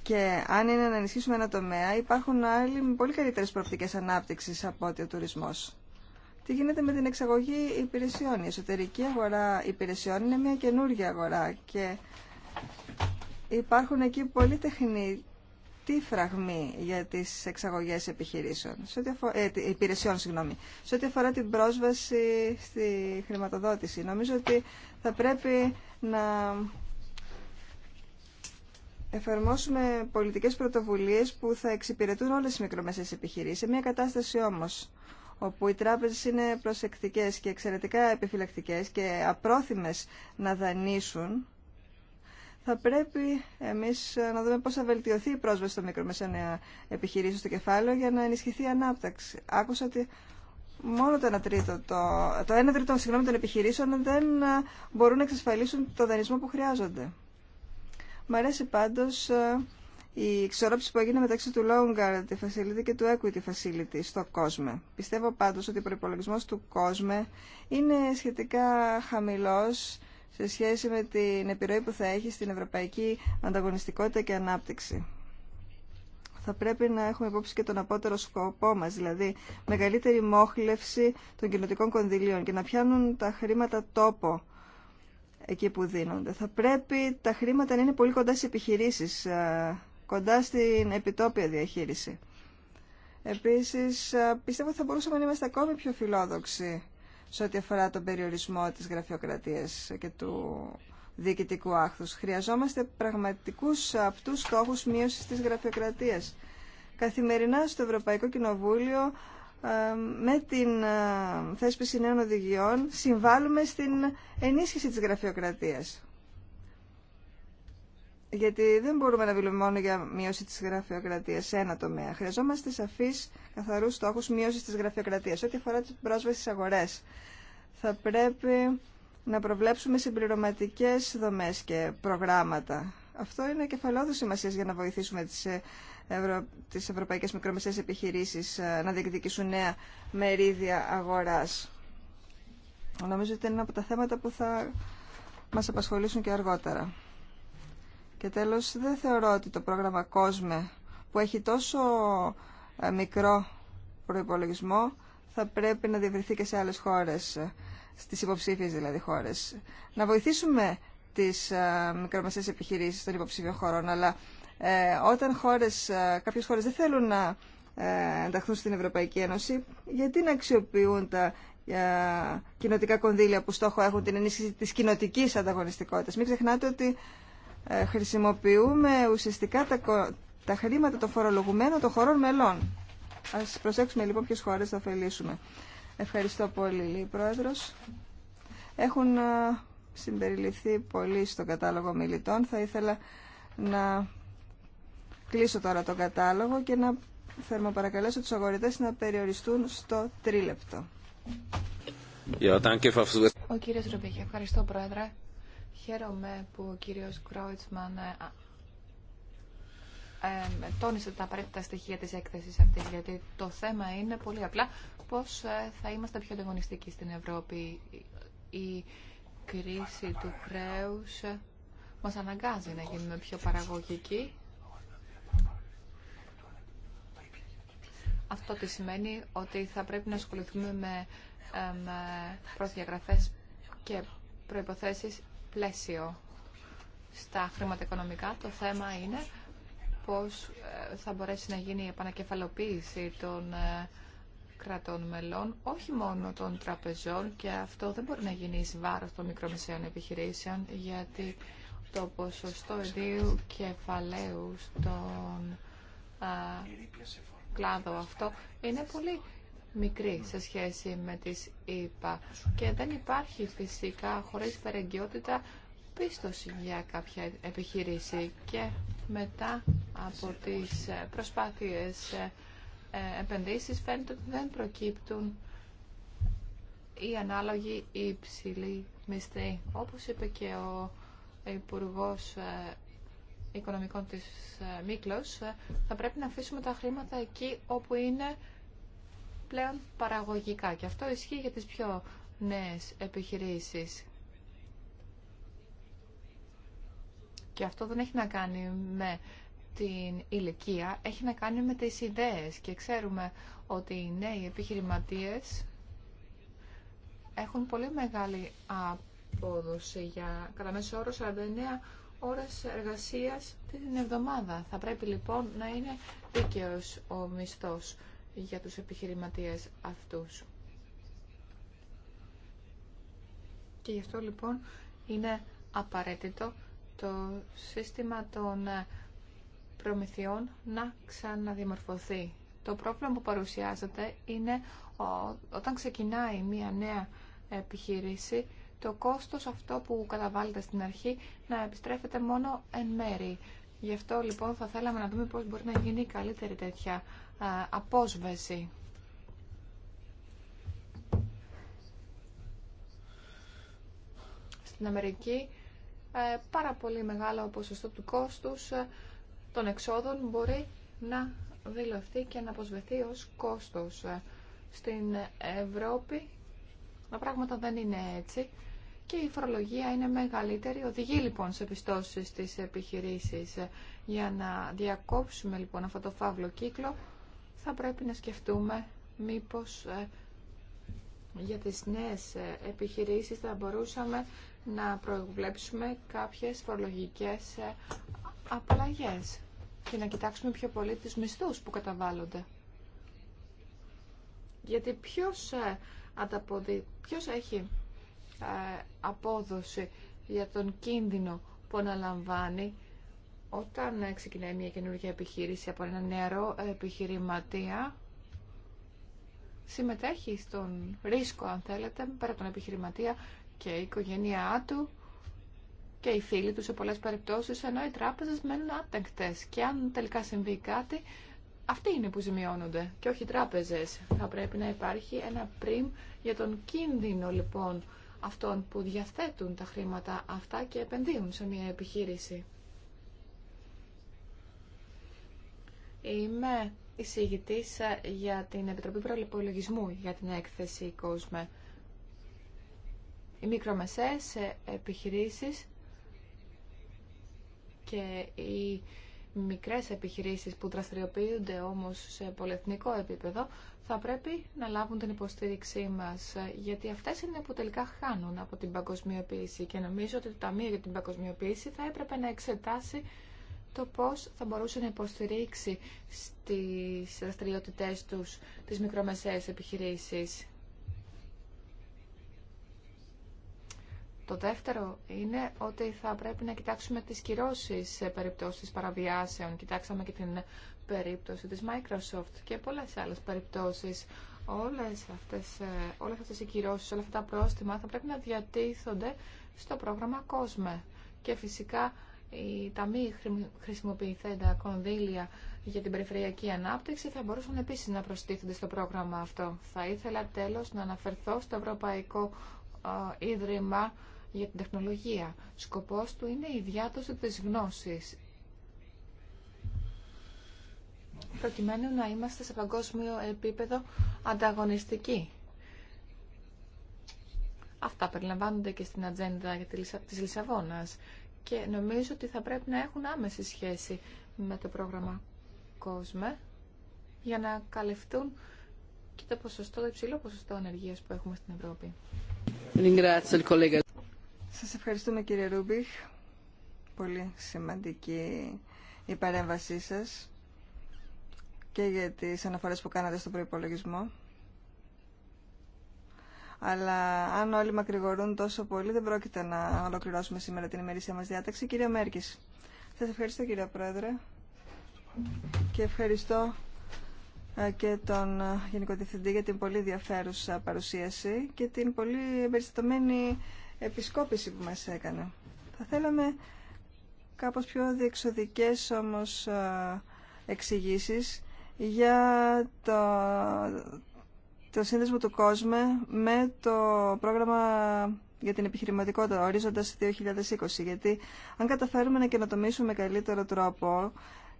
Και αν είναι να ενισχύσουμε ένα τομέα, υπάρχουν άλλοι με πολύ καλύτερε προοπτικέ ανάπτυξη από ότι ο τουρισμό. Τι γίνεται με την εξαγωγή υπηρεσιών. Η εσωτερική αγορά υπηρεσιών είναι μια καινούργια αγορά και υπάρχουν εκεί πολύ τεχνητοί φραγμοί για τις εξαγωγές επιχειρήσεων, σε ε, υπηρεσιών, συγγνώμη, σε ό,τι αφορά την πρόσβαση στη χρηματοδότηση. Νομίζω ότι θα πρέπει να εφαρμόσουμε πολιτικές πρωτοβουλίες που θα εξυπηρετούν όλες τις μικρομεσαίες επιχειρήσεις. Σε μια κατάσταση όμως όπου οι τράπεζες είναι προσεκτικές και εξαιρετικά επιφυλακτικές και απρόθυμες να δανείσουν θα πρέπει εμείς να δούμε πώς θα βελτιωθεί η πρόσβαση των μικρομεσαίων επιχειρήσεων στο κεφάλαιο για να ενισχυθεί η ανάπτυξη. Άκουσα ότι μόνο το 1 τρίτο, το, το 1 τρίτο συγγνώμη, των επιχειρήσεων δεν μπορούν να εξασφαλίσουν το δανεισμό που χρειάζονται. Μ' αρέσει πάντως ε, η εξορρόψη που έγινε μεταξύ του Long Guarantee Facility και του Equity Facility στο κόσμο. Πιστεύω πάντως ότι ο προπολογισμό του COSME είναι σχετικά χαμηλός σε σχέση με την επιρροή που θα έχει στην ευρωπαϊκή ανταγωνιστικότητα και ανάπτυξη. Θα πρέπει να έχουμε υπόψη και τον απότερο σκοπό μας, δηλαδή μεγαλύτερη μόχλευση των κοινωτικών κονδυλίων και να πιάνουν τα χρήματα τόπο εκεί που δίνονται. Θα πρέπει τα χρήματα να είναι πολύ κοντά στι επιχειρήσει, ε, κοντά στην επιτόπια διαχείριση. Επίση, ε, πιστεύω ότι θα μπορούσαμε να είμαστε ακόμη πιο φιλόδοξοι σε ό,τι αφορά τον περιορισμό της γραφειοκρατίας και του διοικητικού άχθους. Χρειαζόμαστε πραγματικούς αυτούς στόχους μείωσης της γραφειοκρατίας. Καθημερινά στο Ευρωπαϊκό Κοινοβούλιο ε, με την ε, θέσπιση νέων οδηγιών συμβάλλουμε στην ενίσχυση της γραφειοκρατίας. Γιατί δεν μπορούμε να μιλούμε μόνο για μείωση τη γραφειοκρατία σε ένα τομέα. Χρειαζόμαστε σαφεί, καθαρού στόχου μείωση τη γραφειοκρατία. Ό,τι αφορά την πρόσβαση στι αγορέ, θα πρέπει να προβλέψουμε συμπληρωματικέ δομέ και προγράμματα. Αυτό είναι κεφαλόδου σημασία για να βοηθήσουμε τι τις ε, ευρωπαϊκέ μικρομεσαίε επιχειρήσει ε, να διεκδικήσουν νέα μερίδια αγορά. Νομίζω ότι είναι ένα από τα θέματα που θα μας απασχολήσουν και αργότερα. Και τέλος, δεν θεωρώ ότι το πρόγραμμα COSME που έχει τόσο ε, μικρό προϋπολογισμό θα πρέπει να διευρυθεί και σε άλλες χώρες, στις υποψήφιες δηλαδή χώρες. Να βοηθήσουμε τις ε, μικρομεσαίες επιχειρήσεις των υποψήφιων χωρών, αλλά ε, όταν χώρες, ε, κάποιες χώρες δεν θέλουν να ε, ενταχθούν στην Ευρωπαϊκή Ένωση, γιατί να αξιοποιούν τα κοινοτικά κονδύλια που στόχο έχουν την ενίσχυση της κοινοτικής ανταγωνιστικότητας. Μην ξεχνάτε ότι ε, χρησιμοποιούμε ουσιαστικά τα, τα χρήματα των φορολογουμένων των χωρών μελών. Ας προσέξουμε λοιπόν ποιες χώρες θα ωφελήσουμε. Ευχαριστώ πολύ, λέει Πρόεδρος. Έχουν ε, συμπεριληφθεί πολύ στο κατάλογο μιλητών. Θα ήθελα να κλείσω τώρα το κατάλογο και να θερμοπαρακαλέσω τους αγορητές να περιοριστούν στο τρίλεπτο. Ο κύριος Ρουμπίχη, ευχαριστώ Πρόεδρε. Χαίρομαι που ο κύριος Κρόιτσμαν ε, ε, τόνισε τα απαραίτητα στοιχεία της έκθεσης αυτής, γιατί το θέμα είναι πολύ απλά πώς ε, θα είμαστε πιο ανταγωνιστικοί στην Ευρώπη. Η κρίση του χρέους μας αναγκάζει να γίνουμε πιο παραγωγικοί. Αυτό τι σημαίνει ότι θα πρέπει να ασχοληθούμε με, ε, και προϋποθέσεις πλαίσιο στα οικονομικά Το θέμα είναι πώς ε, θα μπορέσει να γίνει η επανακεφαλοποίηση των ε, κρατών μελών, όχι μόνο των τραπεζών και αυτό δεν μπορεί να γίνει εις βάρος των μικρομεσαίων επιχειρήσεων γιατί το ποσοστό ιδίου κεφαλαίου στον ε, κλάδο αυτό είναι πολύ μικρή σε σχέση με τις ΗΠΑ και δεν υπάρχει φυσικά χωρίς περαγκαιότητα πίστοση για κάποια επιχειρήση και μετά από τις προσπάθειες ε, επενδύσεις φαίνεται ότι δεν προκύπτουν οι ανάλογοι υψηλοί μισθοί. Όπως είπε και ο υπουργό ε, Οικονομικών της ε, Μίκλος, θα πρέπει να αφήσουμε τα χρήματα εκεί όπου είναι πλέον παραγωγικά και αυτό ισχύει για τις πιο νέες επιχειρήσεις. Και αυτό δεν έχει να κάνει με την ηλικία, έχει να κάνει με τις ιδέες και ξέρουμε ότι οι νέοι επιχειρηματίες έχουν πολύ μεγάλη απόδοση για κατά μέσο όρο 49 ώρες εργασίας την εβδομάδα. Θα πρέπει λοιπόν να είναι δίκαιος ο μισθός για τους επιχειρηματίες αυτούς. Και γι' αυτό λοιπόν είναι απαραίτητο το σύστημα των προμηθειών να ξαναδιαμορφωθεί. Το πρόβλημα που παρουσιάζεται είναι όταν ξεκινάει μία νέα επιχείρηση, το κόστος αυτό που καταβάλλεται στην αρχή να επιστρέφεται μόνο εν μέρη. Γι' αυτό λοιπόν θα θέλαμε να δούμε πώς μπορεί να γίνει καλύτερη τέτοια απόσβεση. Στην Αμερική ε, πάρα πολύ μεγάλο ποσοστό του κόστους ε, των εξόδων μπορεί να δηλωθεί και να αποσβεθεί ως κόστος. Ε, στην Ευρώπη τα πράγματα δεν είναι έτσι και η φορολογία είναι μεγαλύτερη. Οδηγεί λοιπόν σε πιστώσεις στις επιχειρήσεις για να διακόψουμε λοιπόν αυτό το φαύλο κύκλο θα πρέπει να σκεφτούμε μήπως ε, για τις νέες ε, επιχειρήσεις θα μπορούσαμε να προβλέψουμε κάποιες φορολογικές ε, απαλλαγές και να κοιτάξουμε πιο πολύ τις μισθούς που καταβάλλονται. Γιατί ποιος, ποιος έχει απόδοση για τον κίνδυνο που αναλαμβάνει όταν ξεκινάει μια καινούργια επιχείρηση από ένα νεαρό επιχειρηματία, συμμετέχει στον ρίσκο, αν θέλετε, πέρα τον επιχειρηματία και η οικογένειά του και οι φίλοι του σε πολλές περιπτώσεις, ενώ οι τράπεζες μένουν άτεγκτες. Και αν τελικά συμβεί κάτι, αυτοί είναι που ζημιώνονται και όχι οι τράπεζες. Θα πρέπει να υπάρχει ένα πριμ για τον κίνδυνο λοιπόν αυτών που διαθέτουν τα χρήματα αυτά και επενδύουν σε μια επιχείρηση. Είμαι εισηγητή ε, για την Επιτροπή Προπολογισμού για την έκθεση COSME. Οι μικρομεσαίες ε, επιχειρήσεις και οι μικρές επιχειρήσεις που δραστηριοποιούνται όμως σε πολυεθνικό επίπεδο θα πρέπει να λάβουν την υποστήριξή μας ε, γιατί αυτές είναι που τελικά χάνουν από την παγκοσμιοποίηση και νομίζω ότι το Ταμείο για την Παγκοσμιοποίηση θα έπρεπε να εξετάσει το πώς θα μπορούσε να υποστηρίξει στις δραστηριότητε τους τις μικρομεσαίες επιχειρήσεις. Το δεύτερο είναι ότι θα πρέπει να κοιτάξουμε τις κυρώσεις σε περιπτώσεις παραβιάσεων. Κοιτάξαμε και την περίπτωση της Microsoft και πολλές άλλες περιπτώσεις. Όλες αυτές, ε, όλες αυτές οι κυρώσεις, όλα αυτά τα πρόστιμα θα πρέπει να διατίθονται στο πρόγραμμα COSME. Και φυσικά οι ταμείοι χρησιμοποιηθέντα κονδύλια για την περιφερειακή ανάπτυξη θα μπορούσαν επίσης να προστίθενται στο πρόγραμμα αυτό. Θα ήθελα τέλος να αναφερθώ στο Ευρωπαϊκό Ίδρυμα για την Τεχνολογία. Σκοπός του είναι η διάδοση της γνώσης. Προκειμένου να είμαστε σε παγκόσμιο επίπεδο ανταγωνιστικοί. Αυτά περιλαμβάνονται και στην ατζέντα της Λισαβόνας και νομίζω ότι θα πρέπει να έχουν άμεση σχέση με το πρόγραμμα COSME για να καλυφθούν και το ποσοστό, το υψηλό ποσοστό ανεργίας που έχουμε στην Ευρώπη. Σας ευχαριστούμε κύριε Ρούμπιχ. Πολύ σημαντική η παρέμβασή σας και για τις αναφορές που κάνατε στον προϋπολογισμό. Αλλά αν όλοι μακρηγορούν τόσο πολύ, δεν πρόκειται να ολοκληρώσουμε σήμερα την ημερήσια μας διάταξη. Κύριε Μέρκης, Σα ευχαριστώ κύριε Πρόεδρε και ευχαριστώ ε, και τον ε, Γενικό Διευθυντή για την πολύ ενδιαφέρουσα παρουσίαση και την πολύ εμπεριστατωμένη επισκόπηση που μας έκανε. Θα θέλαμε κάπως πιο διεξοδικές όμως ε, εξηγήσεις για το, το σύνδεσμο του κόσμου με το πρόγραμμα για την επιχειρηματικότητα ορίζοντας 2020 γιατί αν καταφέρουμε να καινοτομήσουμε με καλύτερο τρόπο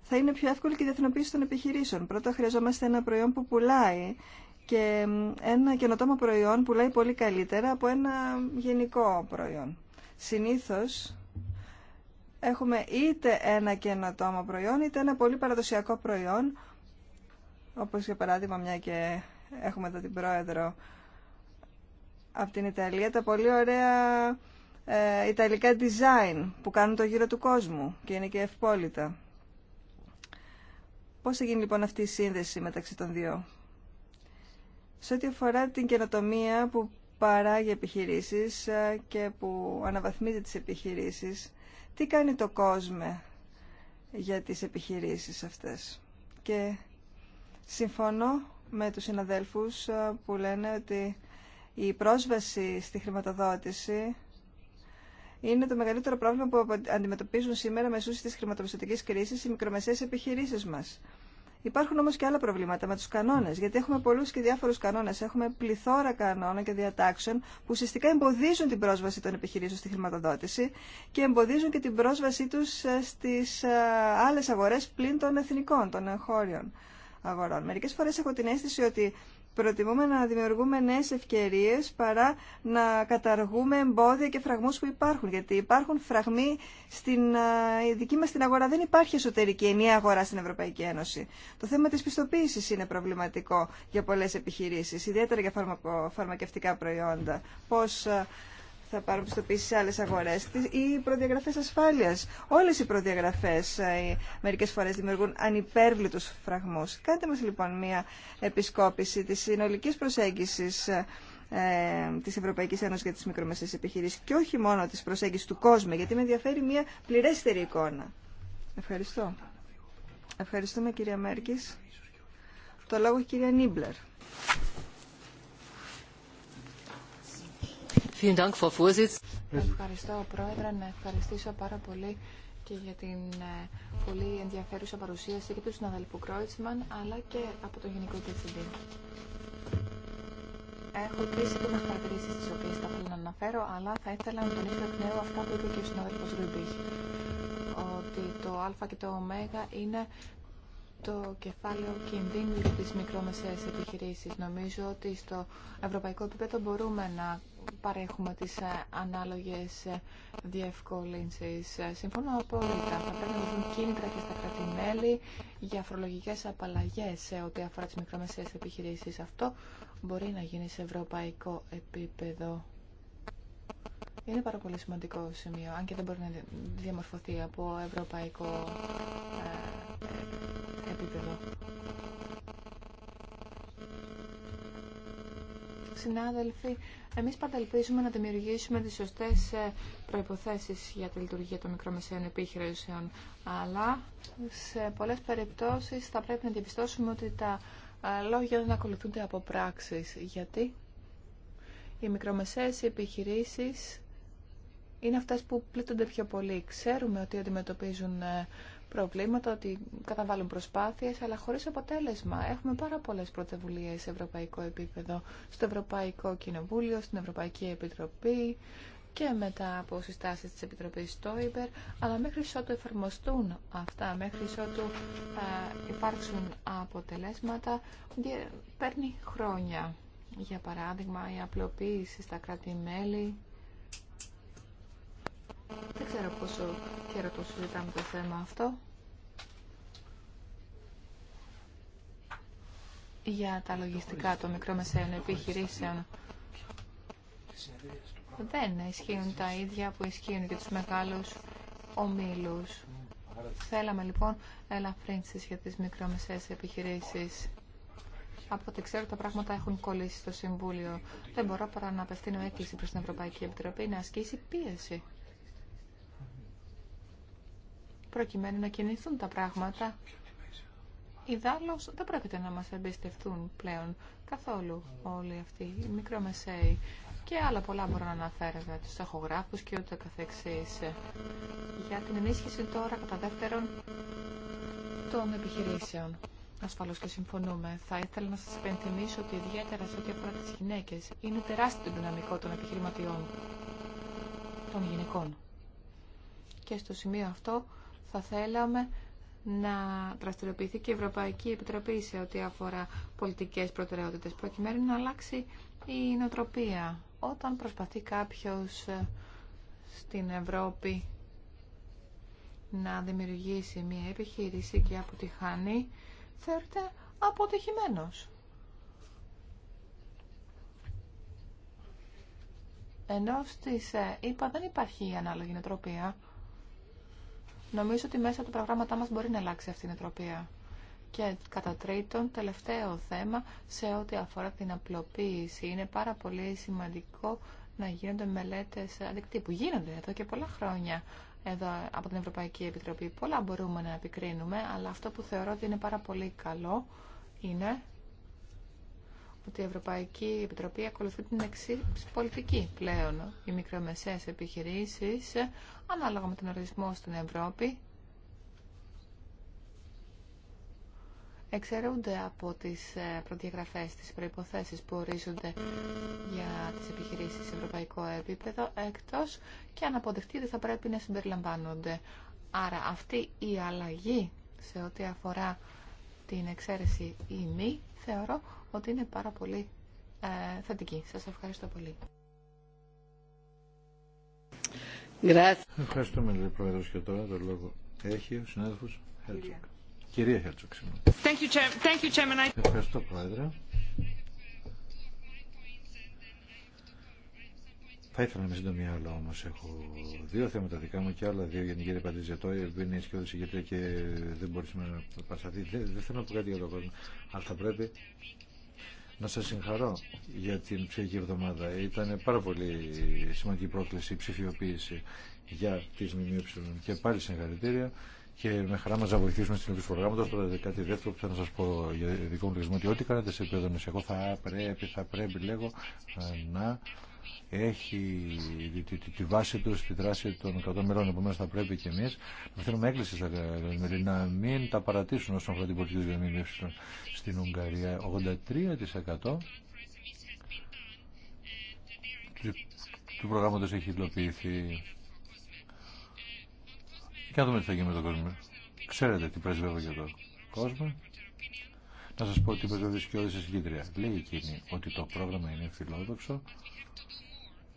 θα είναι πιο εύκολη και η διεθνοποίηση των επιχειρήσεων. Πρώτα χρειαζόμαστε ένα προϊόν που πουλάει και ένα καινοτόμο προϊόν πουλάει πολύ καλύτερα από ένα γενικό προϊόν. Συνήθως έχουμε είτε ένα καινοτόμο προϊόν είτε ένα πολύ παραδοσιακό προϊόν όπως για παράδειγμα μια και Έχουμε εδώ την πρόεδρο από την Ιταλία, τα πολύ ωραία ε, ιταλικά design που κάνουν το γύρο του κόσμου και είναι και ευπόλυτα. Πώς θα γίνει λοιπόν αυτή η σύνδεση μεταξύ των δύο. Σε ό,τι αφορά την καινοτομία που παράγει επιχειρήσεις ε, και που αναβαθμίζει τις επιχειρήσεις, τι κάνει το κόσμο για τις επιχειρήσεις αυτές. Και συμφωνώ με τους συναδέλφους ε, που λένε ότι η πρόσβαση στη χρηματοδότηση είναι το μεγαλύτερο πρόβλημα που αντιμετωπίζουν σήμερα μεσούς της χρηματοπιστωτικής κρίσης οι μικρομεσαίες επιχειρήσεις μας. Υπάρχουν όμως και άλλα προβλήματα με τους κανόνες, γιατί έχουμε πολλούς και διάφορους κανόνες. Έχουμε πληθώρα κανόνων και διατάξεων που ουσιαστικά εμποδίζουν την πρόσβαση των επιχειρήσεων στη χρηματοδότηση και εμποδίζουν και την πρόσβασή τους ε, στις ε, άλλες αγορές πλην των εθνικών, των εγχώριων αγορών. Μερικές φορές έχω την αίσθηση ότι προτιμούμε να δημιουργούμε νέες ευκαιρίε παρά να καταργούμε εμπόδια και φραγμούς που υπάρχουν. Γιατί υπάρχουν φραγμοί στην δική μας την αγορά. Δεν υπάρχει εσωτερική ενιαία αγορά στην Ευρωπαϊκή Ένωση. Το θέμα της πιστοποίησης είναι προβληματικό για πολλέ επιχειρήσει, ιδιαίτερα για φαρμακευτικά προϊόντα. Πώς θα πάρουν πιστοποίηση σε άλλες αγορές. Οι προδιαγραφές ασφάλειας. Όλες οι προδιαγραφές ε, μερικές φορές δημιουργούν ανυπέρβλητους φραγμούς. Κάντε μας λοιπόν μια επισκόπηση της συνολικής προσέγγισης ε, τη Ευρωπαϊκή Ένωση για τι μικρομεσαίε επιχειρήσει και όχι μόνο τη προσέγγιση του κόσμου, γιατί με ενδιαφέρει μια πληρέστερη εικόνα. Ευχαριστώ. Ευχαριστούμε κυρία Μέρκη. Το λόγο κυρία Νίμπλερ. Ευχαριστώ, Πρόεδρε. Να ευχαριστήσω πάρα πολύ και για την ε, πολύ ενδιαφέρουσα παρουσίαση και του συναδελφού Κρόιτσμαν, αλλά και από το Γενικό Διευθυντή. Έχω τρει σύντομε παρατηρήσει τι οποίε θα ήθελα να αναφέρω, αλλά θα ήθελα να τονίσω εκ νέου αυτά που είπε και ο συνάδελφο Ρουμπίχ. Ότι το Α και το Ω είναι το κεφάλαιο κινδύνου για τι μικρομεσαίε επιχειρήσει. Νομίζω ότι στο ευρωπαϊκό επίπεδο μπορούμε να παρέχουμε τις ε, ανάλογες ε, διευκολύνσεις. Ε, συμφωνώ απόλυτα. Θα πρέπει να δουν κίνητρα και στα κρατημέλη για φορολογικές απαλλαγές σε ό,τι αφορά τις μικρομεσαίες επιχειρήσεις. Αυτό μπορεί να γίνει σε ευρωπαϊκό επίπεδο. Είναι πάρα πολύ σημαντικό σημείο, αν και δεν μπορεί να διαμορφωθεί από ευρωπαϊκό συνάδελφοι, εμείς πάντα ελπίζουμε να δημιουργήσουμε τις σωστές ε, προϋποθέσεις για τη λειτουργία των μικρομεσαίων επιχειρήσεων. Αλλά σε πολλές περιπτώσεις θα πρέπει να διαπιστώσουμε ότι τα ε, λόγια δεν ακολουθούνται από πράξεις. Γιατί οι μικρομεσαίες επιχειρήσεις είναι αυτές που πλήττονται πιο πολύ. Ξέρουμε ότι αντιμετωπίζουν ε, προβλήματα, ότι καταβάλουν προσπάθειες, αλλά χωρίς αποτέλεσμα. Έχουμε πάρα πολλές πρωτοβουλίες σε ευρωπαϊκό επίπεδο, στο Ευρωπαϊκό Κοινοβούλιο, στην Ευρωπαϊκή Επιτροπή και μετά από συστάσει της Επιτροπής Στόιμπερ, αλλά μέχρι ότου εφαρμοστούν αυτά, μέχρι ότου υπάρξουν αποτελέσματα, παίρνει χρόνια. Για παράδειγμα, η απλοποίηση στα κράτη-μέλη, δεν ξέρω πόσο καιρό το συζητάμε το θέμα αυτό. Για τα λογιστικά των μικρομεσαίων επιχειρήσεων δεν ισχύουν τα ίδια που ισχύουν για τους μεγάλους ομίλους. Θέλαμε λοιπόν ελαφρύνσεις για τις μικρομεσαίες επιχειρήσεις. Από ό,τι ξέρω τα πράγματα έχουν κολλήσει στο Συμβούλιο. Δεν μπορώ παρά να απευθύνω έκκληση προς την Ευρωπαϊκή Επιτροπή να ασκήσει πίεση προκειμένου να κινηθούν τα πράγματα. Ιδάλλως δεν πρόκειται να μας εμπιστευτούν πλέον καθόλου όλοι αυτοί οι μικρομεσαίοι και άλλα πολλά μπορώ να αναφέρω τους τοχογράφους και ούτε καθεξής. Για την ενίσχυση τώρα κατά δεύτερον των επιχειρήσεων. Ασφαλώς και συμφωνούμε. Θα ήθελα να σας υπενθυμίσω ότι ιδιαίτερα σε ό,τι αφορά τις γυναίκες είναι τεράστιο δυναμικό των επιχειρηματιών, των γυναικών. Και στο σημείο αυτό θα θέλαμε να δραστηριοποιηθεί και η Ευρωπαϊκή Επιτροπή σε ό,τι αφορά πολιτικές προτεραιότητες, προκειμένου να αλλάξει η νοοτροπία. Όταν προσπαθεί κάποιος ε, στην Ευρώπη να δημιουργήσει μια επιχείρηση και αποτυχάνει, θεωρείται αποτυχημένος. Ενώ στις είπα δεν υπάρχει η ανάλογη νοοτροπία. Νομίζω ότι μέσα από τα προγράμματά μας μπορεί να αλλάξει αυτή η νοοτροπία. Και κατά τρίτον, τελευταίο θέμα σε ό,τι αφορά την απλοποίηση. Είναι πάρα πολύ σημαντικό να γίνονται μελέτες αντικτύπου. Γίνονται εδώ και πολλά χρόνια εδώ από την Ευρωπαϊκή Επιτροπή. Πολλά μπορούμε να επικρίνουμε, αλλά αυτό που θεωρώ ότι είναι πάρα πολύ καλό είναι ότι η Ευρωπαϊκή Επιτροπή ακολουθεί την εξή πολιτική πλέον. Οι μικρομεσαίε επιχειρήσει ανάλογα με τον ορισμό στην Ευρώπη, εξαιρούνται από τις ε, προδιαγραφές, τις προϋποθέσεις που ορίζονται για τις επιχειρήσεις σε ευρωπαϊκό επίπεδο, εκτός και αν αποδεχτεί ότι θα πρέπει να συμπεριλαμβάνονται. Άρα αυτή η αλλαγή σε ό,τι αφορά την εξαίρεση ή μη, θεωρώ ότι είναι πάρα πολύ ε, θετική. Σας ευχαριστώ πολύ. Ευχαριστούμε, λέει Πρόεδρος, και τώρα το λόγο έχει ο συνάδελφος Χέρτσοκ. Κυρία Χέρτσοκ, Thank Ευχαριστώ, Πρόεδρε. Θα ήθελα να είμαι σύντομη, αλλά όμω έχω δύο θέματα δικά μου και άλλα δύο για την κυρία Παντιζετό, που είναι ισχυρό και δεν μπορεί να παρασταθεί. Δεν, δεν θέλω να πω κάτι για το κόσμο, αλλά θα πρέπει να σας συγχαρώ για την ψυχική εβδομάδα. Ήταν πάρα πολύ σημαντική πρόκληση η ψηφιοποίηση για τις ΜΜΕ και πάλι συγχαρητήρια και με χαρά μας να βοηθήσουμε στην επίση προγράμματος. Τώρα κάτι δεύτερο που θέλω να σας πω για δικό μου ότι ό,τι κάνετε σε επίπεδο νησιακό θα πρέπει, θα πρέπει λέγω να έχει τη, βάση του στη δράση των 100 μερών. Επομένω, θα πρέπει και εμεί να θέλουμε έκκληση στα να μην τα παρατήσουν όσον αφορά την πολιτική διαμήνυση στην Ουγγαρία. 83% του προγράμματο έχει υλοποιηθεί. Και να δούμε τι θα γίνει με τον κόσμο. Ξέρετε τι πρέσβευε για τον κόσμο. Να σας πω ότι είπε και δυσκιώδη δηλαδή συγκεντρία. Λέει εκείνη ότι το πρόγραμμα είναι φιλόδοξο,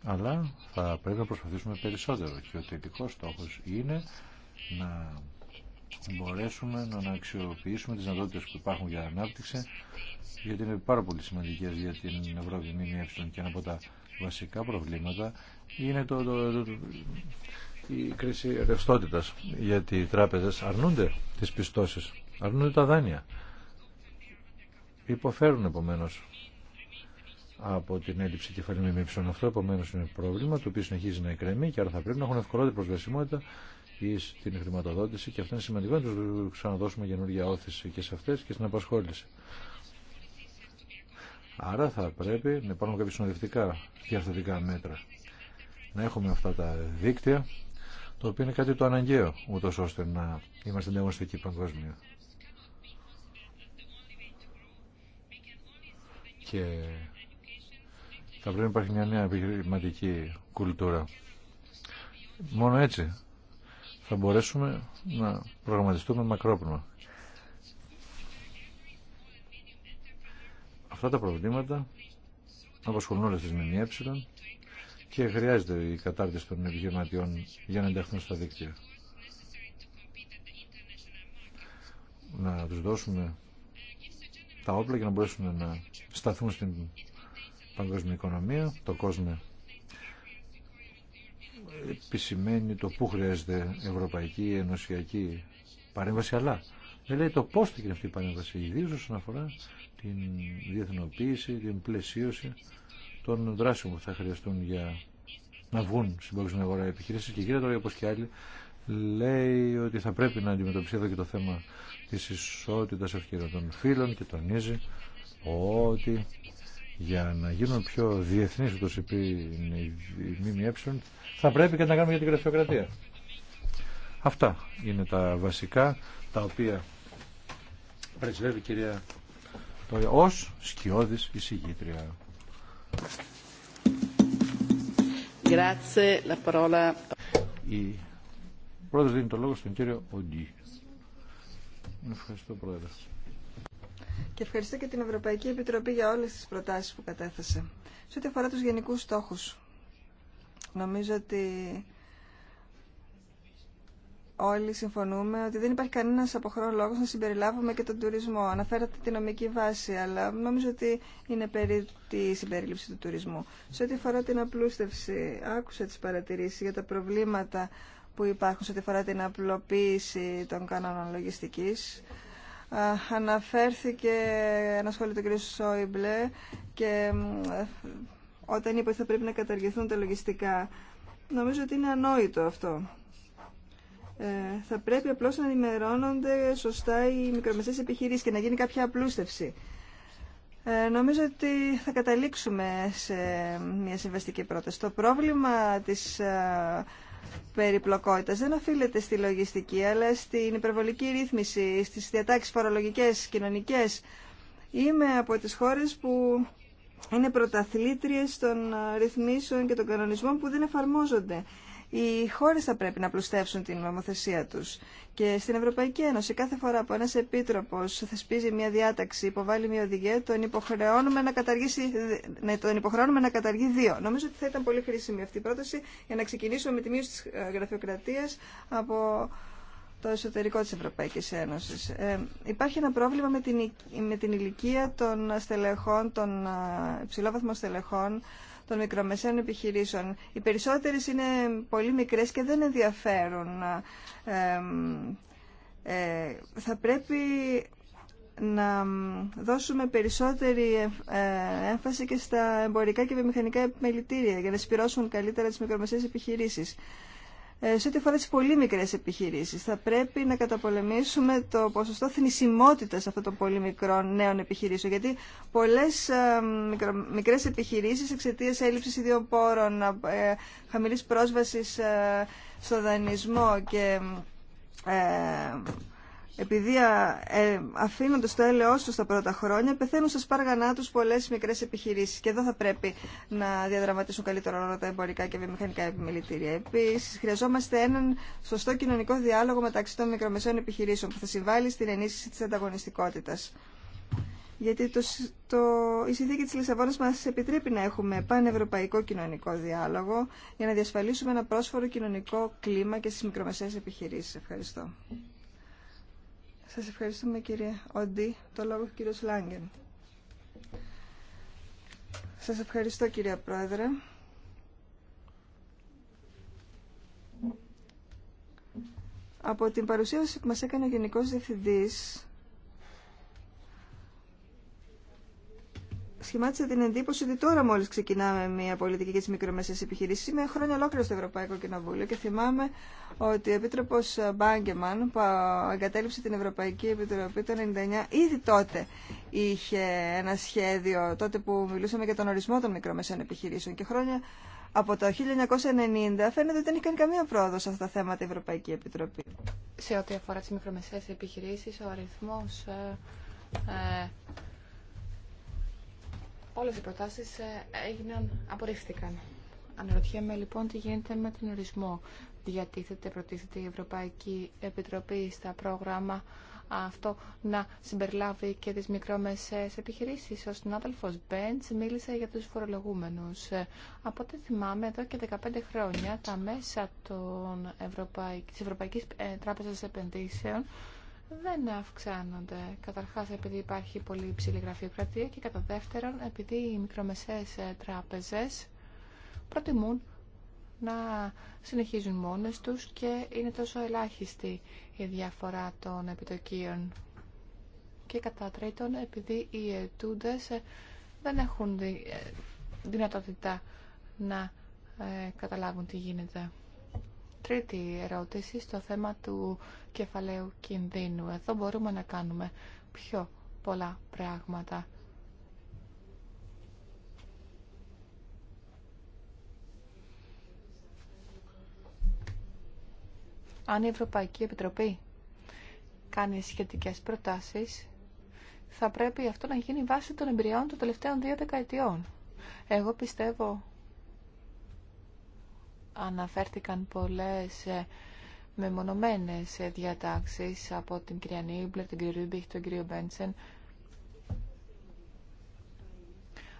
αλλά θα πρέπει να προσπαθήσουμε περισσότερο και ο τελικός στόχος είναι να μπορέσουμε να αξιοποιήσουμε τις δυνατότητε που υπάρχουν για ανάπτυξη γιατί είναι πάρα πολύ σημαντικέ για την Ευρώπη ΜΜΕ και ένα από τα βασικά προβλήματα είναι το, το, το η κρίση ρευστότητα γιατί οι τράπεζε αρνούνται τι πιστώσει, αρνούνται τα δάνεια υποφέρουν επομένω από την έλλειψη κεφαλαίου μήψεων. Αυτό επομένω είναι πρόβλημα το οποίο συνεχίζει να εκκρεμεί και άρα θα πρέπει να έχουν ευκολότερη προσβασιμότητα ή στην χρηματοδότηση και αυτό είναι σημαντικό να του ξαναδώσουμε καινούργια όθηση και σε αυτέ και στην απασχόληση. Άρα θα πρέπει να υπάρχουν κάποια συνοδευτικά διαρθρωτικά μέτρα. Να έχουμε αυτά τα δίκτυα, το οποίο είναι κάτι το αναγκαίο, ούτω ώστε να είμαστε ανταγωνιστικοί παγκόσμια. και θα πρέπει να υπάρχει μια νέα επιχειρηματική κουλτούρα. Μόνο έτσι θα μπορέσουμε να προγραμματιστούμε μακρόπνοα. Αυτά τα προβλήματα απασχολούν όλες τις ΜΜΕ και χρειάζεται η κατάρτιση των επιχειρηματιών για να ενταχθούν στα δίκτυα. Να τους δώσουμε τα όπλα για να μπορέσουν να σταθούν στην παγκόσμια οικονομία, το κόσμο επισημαίνει το πού χρειάζεται ευρωπαϊκή, ενωσιακή παρέμβαση, αλλά δεν λέει το πώ θα γίνει αυτή η παρέμβαση, Ιδίω όσον αφορά την διεθνοποίηση, την πλαισίωση των δράσεων που θα χρειαστούν για να βγουν στην παγκόσμια αγορά επιχειρήσεις και γίνεται τώρα και άλλοι λέει ότι θα πρέπει να αντιμετωπιστεί εδώ και το θέμα της ισότητας ευκαιρία των φίλων και τονίζει ότι για να γίνουν πιο διεθνείς όπως είπε η ΜΜΕ θα πρέπει και να κάνουμε για την γραφειοκρατία. Αυτά είναι τα βασικά τα οποία πρεσβεύει η κυρία ω ως σκιώδης εισηγήτρια. Grazie, Πρόεδρος δίνει το λόγο στον κύριο Οντή. Ευχαριστώ Πρόεδρε. Και ευχαριστώ και την Ευρωπαϊκή Επιτροπή για όλες τις προτάσεις που κατέθεσε. Σε ό,τι αφορά τους γενικούς στόχους, νομίζω ότι όλοι συμφωνούμε ότι δεν υπάρχει κανένα αποχρόν λόγο να συμπεριλάβουμε και τον τουρισμό. Αναφέρατε τη νομική βάση, αλλά νομίζω ότι είναι περί τη συμπερίληψη του τουρισμού. Σε ό,τι αφορά την απλούστευση, άκουσα τι παρατηρήσει για τα προβλήματα που υπάρχουν σε ό,τι αφορά την απλοποίηση των κανόνων λογιστικής. Αναφέρθηκε ένα σχόλιο του κ. Σόιμπλε και όταν είπε ότι θα πρέπει να καταργηθούν τα λογιστικά. Νομίζω ότι είναι ανόητο αυτό. Ε, θα πρέπει απλώς να ενημερώνονται σωστά οι μικρομεσαίες επιχειρήσεις και να γίνει κάποια απλούστευση. Ε, νομίζω ότι θα καταλήξουμε σε μια συμβαστική πρόταση. Το πρόβλημα της ε, περιπλοκότητας δεν οφείλεται στη λογιστική, αλλά στην υπερβολική ρύθμιση, στις διατάξεις φορολογικές, κοινωνικές. Είμαι από τις χώρες που είναι πρωταθλήτριες των ρυθμίσεων και των κανονισμών που δεν εφαρμόζονται οι χώρε θα πρέπει να πλουστεύσουν την νομοθεσία του. Και στην Ευρωπαϊκή Ένωση κάθε φορά που ένα επίτροπος θεσπίζει μια διάταξη, υποβάλλει μια οδηγία, τον υποχρεώνουμε να, καταργήσει, ναι, τον υποχρεώνουμε να καταργεί δύο. Νομίζω ότι θα ήταν πολύ χρήσιμη αυτή η πρόταση για να ξεκινήσουμε με τη μείωση τη γραφειοκρατίας από το εσωτερικό της Ευρωπαϊκής Ένωσης. Ε, υπάρχει ένα πρόβλημα με την, με την ηλικία των στελεχών, των ε, υψηλόβαθμων στελεχών των μικρομεσαίων επιχειρήσεων. Οι περισσότερες είναι πολύ μικρές και δεν ενδιαφέρουν. Ε, θα πρέπει να δώσουμε περισσότερη ε, έμφαση και στα εμπορικά και βιομηχανικά επιμελητήρια για να σπυρώσουν καλύτερα τις μικρομεσαίες επιχειρήσεις. Ε, σε ό,τι αφορά τι πολύ μικρέ επιχειρήσει. Θα πρέπει να καταπολεμήσουμε το ποσοστό θνησιμότητα αυτών των πολύ μικρών νέων επιχειρήσεων. Γιατί πολλέ ε, μικρέ επιχειρήσει εξαιτία έλλειψη ιδιοπόρων ε, χαμηλή πρόσβαση στο δανεισμό και επειδή ε, αφήνονται στο έλεος τους τα πρώτα χρόνια, πεθαίνουν στα σπάργανά τους πολλές μικρές επιχειρήσεις. Και εδώ θα πρέπει να διαδραματίσουν καλύτερο ρόλο τα εμπορικά και βιομηχανικά επιμελητήρια. Επίσης, χρειαζόμαστε έναν σωστό κοινωνικό διάλογο μεταξύ των μικρομεσαίων επιχειρήσεων που θα συμβάλλει στην ενίσχυση της ανταγωνιστικότητας. Γιατί το, το, η συνθήκη τη Λισαβόνα μα επιτρέπει να έχουμε πανευρωπαϊκό κοινωνικό διάλογο για να διασφαλίσουμε ένα πρόσφορο κοινωνικό κλίμα και στι μικρομεσαίε επιχειρήσει. Ευχαριστώ. Σας ευχαριστούμε κύριε Οντί, Το λόγο του κύριος Λάγκεν. Σας ευχαριστώ κύριε Πρόεδρε. Από την παρουσίαση που μας έκανε ο Γενικός Διευθυντής σχημάτισε την εντύπωση ότι τώρα μόλι ξεκινάμε μια πολιτική για τι μικρομεσαίε επιχειρήσει. Είμαι χρόνια ολόκληρο στο Ευρωπαϊκό Κοινοβούλιο και θυμάμαι ότι ο Επίτροπο Μπάγκεμαν, που εγκατέλειψε την Ευρωπαϊκή Επιτροπή το 1999, ήδη τότε είχε ένα σχέδιο, τότε που μιλούσαμε για τον ορισμό των μικρομεσαίων επιχειρήσεων. Και χρόνια από το 1990 φαίνεται ότι δεν έχει κάνει καμία πρόοδο σε αυτά τα θέματα η Ευρωπαϊκή Επιτροπή. Σε ό,τι αφορά τι μικρομεσαίε επιχειρήσει, ο αριθμό. Ε, ε, όλες οι προτάσεις ε, έγιναν, απορρίφθηκαν. Αναρωτιέμαι λοιπόν τι γίνεται με τον ορισμό. Διατίθεται, προτίθεται η Ευρωπαϊκή Επιτροπή στα πρόγραμμα αυτό να συμπεριλάβει και τις μικρόμεσες επιχειρήσεις. Ο συνάδελφος Μπέντς μίλησε για τους φορολογούμενους. Ε, από ό,τι θυμάμαι, εδώ και 15 χρόνια τα μέσα των Ευρωπαϊκή της Ευρωπαϊκής ε, Τράπεζας Επενδύσεων δεν αυξάνονται. Καταρχάς επειδή υπάρχει πολύ υψηλή γραφειοκρατία και κατά δεύτερον επειδή οι μικρομεσαίες ε, τράπεζες προτιμούν να συνεχίζουν μόνες τους και είναι τόσο ελάχιστη η διαφορά των επιτοκίων. Και κατά τρίτον επειδή οι ετούντες ε, δεν έχουν ε, δυνατότητα να καταλάβουν τι γίνεται τρίτη ερώτηση στο θέμα του κεφαλαίου κινδύνου. Εδώ μπορούμε να κάνουμε πιο πολλά πράγματα. Αν η Ευρωπαϊκή Επιτροπή κάνει σχετικές προτάσεις, θα πρέπει αυτό να γίνει βάση των εμπειριών των τελευταίων δύο δεκαετιών. Εγώ πιστεύω αναφέρθηκαν πολλές ε, μεμονωμένες ε, διατάξεις από την κυρία Νίμπλερ, την κυρία Ρούμπιχ, τον κύριο Μπέντσεν.